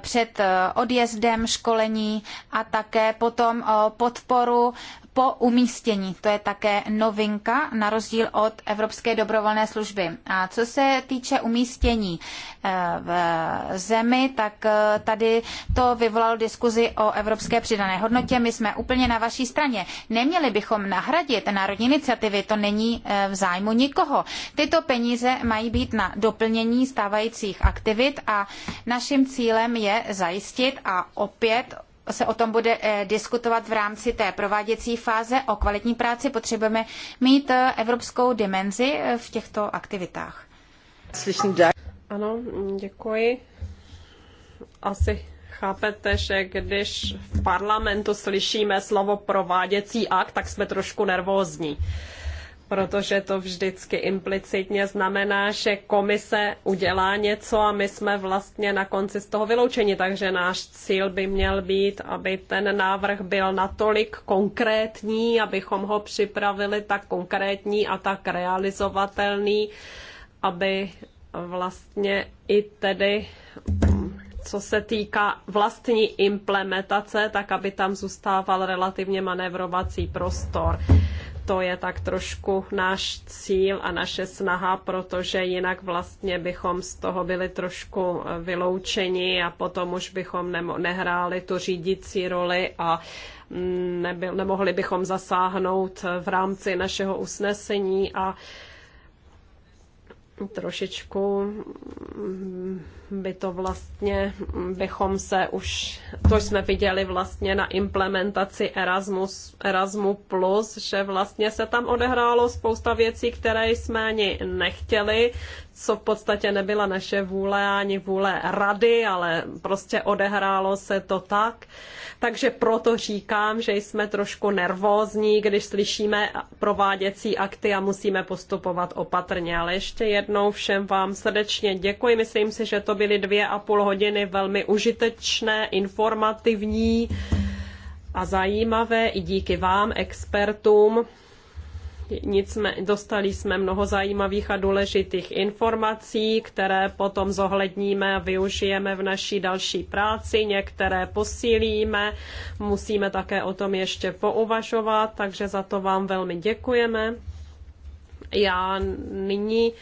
před odjezdem školení a také potom podporu po umístění. To je také novinka na rozdíl od Evropské dobrovolné služby. A co se týče umístění eh, v zemi, tak eh, tady to vyvolalo diskuzi o evropské přidané hodnotě. My jsme úplně na vaší straně. Neměli bychom nahradit národní iniciativy, to není eh, v zájmu nikoho. Tyto peníze mají být na doplnění stávajících aktivit a naším cílem je zajistit a opět se o tom bude eh, diskutovat v rámci té prováděcí fáze. O kvalitní práci potřebujeme mít eh, evropskou dimenzi eh, v těchto aktivitách. Slyším, Ano, děkuji. Asi chápete, že když v parlamentu slyšíme slovo prováděcí akt, tak jsme trošku nervózní protože to vždycky implicitně znamená, že komise udělá něco a my jsme vlastně na konci z toho vyloučeni, takže náš cíl by měl být, aby ten návrh byl natolik konkrétní, abychom ho připravili tak konkrétní a tak realizovatelný, aby vlastně i tedy co se týká vlastní implementace, tak aby tam zůstával relativně manévrovací prostor to je tak trošku náš cíl a naše snaha, protože jinak vlastně bychom z toho byli trošku eh, vyloučeni a potom už bychom nehráli tu řídící roli a mm, nebyl, nemohli bychom zasáhnout eh, v rámci našeho usnesení a trošičku mm, by to vlastně, mm, bychom se už, to jsme viděli vlastně na implementaci Erasmus, Erasmu+, plus, že vlastně se tam odehrálo spousta věcí, které jsme ani nechtěli, co v podstatě nebyla naše vůle ani vůle rady, ale prostě odehrálo se to tak. Takže proto říkám, že jsme trošku nervózní, když slyšíme prováděcí akty a musíme postupovat opatrně. Ale ještě jednou všem vám srdečně děkuji. Myslím si, že to byly dvě a půl hodiny velmi užitečné, informativní a zajímavé i díky vám, expertům. Nicmé, dostali jsme mnoho zajímavých a důležitých informací, které potom zohledníme a využijeme v naší další práci, některé posílíme, musíme také o tom ještě pouvažovat, takže za to vám velmi děkujeme. Já nyní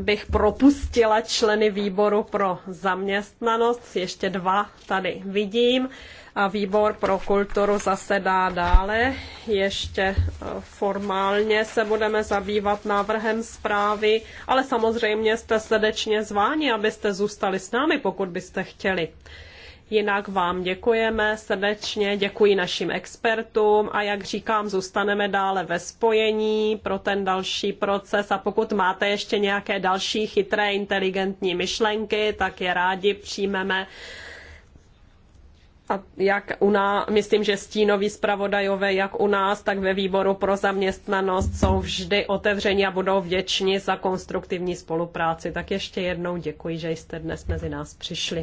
bych propustila členy výboru pro zaměstnanost, ještě dva tady vidím a výbor pro kulturu zasedá dále. Ještě eh, formálně se budeme zabývat návrhem zprávy, ale samozřejmě jste srdečně zváni, abyste zůstali s námi, pokud byste chtěli. Jinak vám děkujeme srdečně, děkuji našim expertům a jak říkám, zůstaneme dále ve spojení pro ten další proces a pokud máte ještě nějaké další chytré, inteligentní myšlenky, tak je rádi přijmeme a jak u nás, myslím, že stínoví zpravodajové, jak u nás, tak ve výboru pro zaměstnanost jsou vždy otevření a budou vděční za konstruktivní spolupráci. Tak ještě jednou děkuji, že jste dnes mezi nás přišli.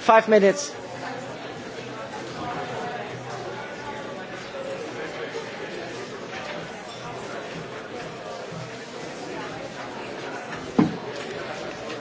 Five minutes.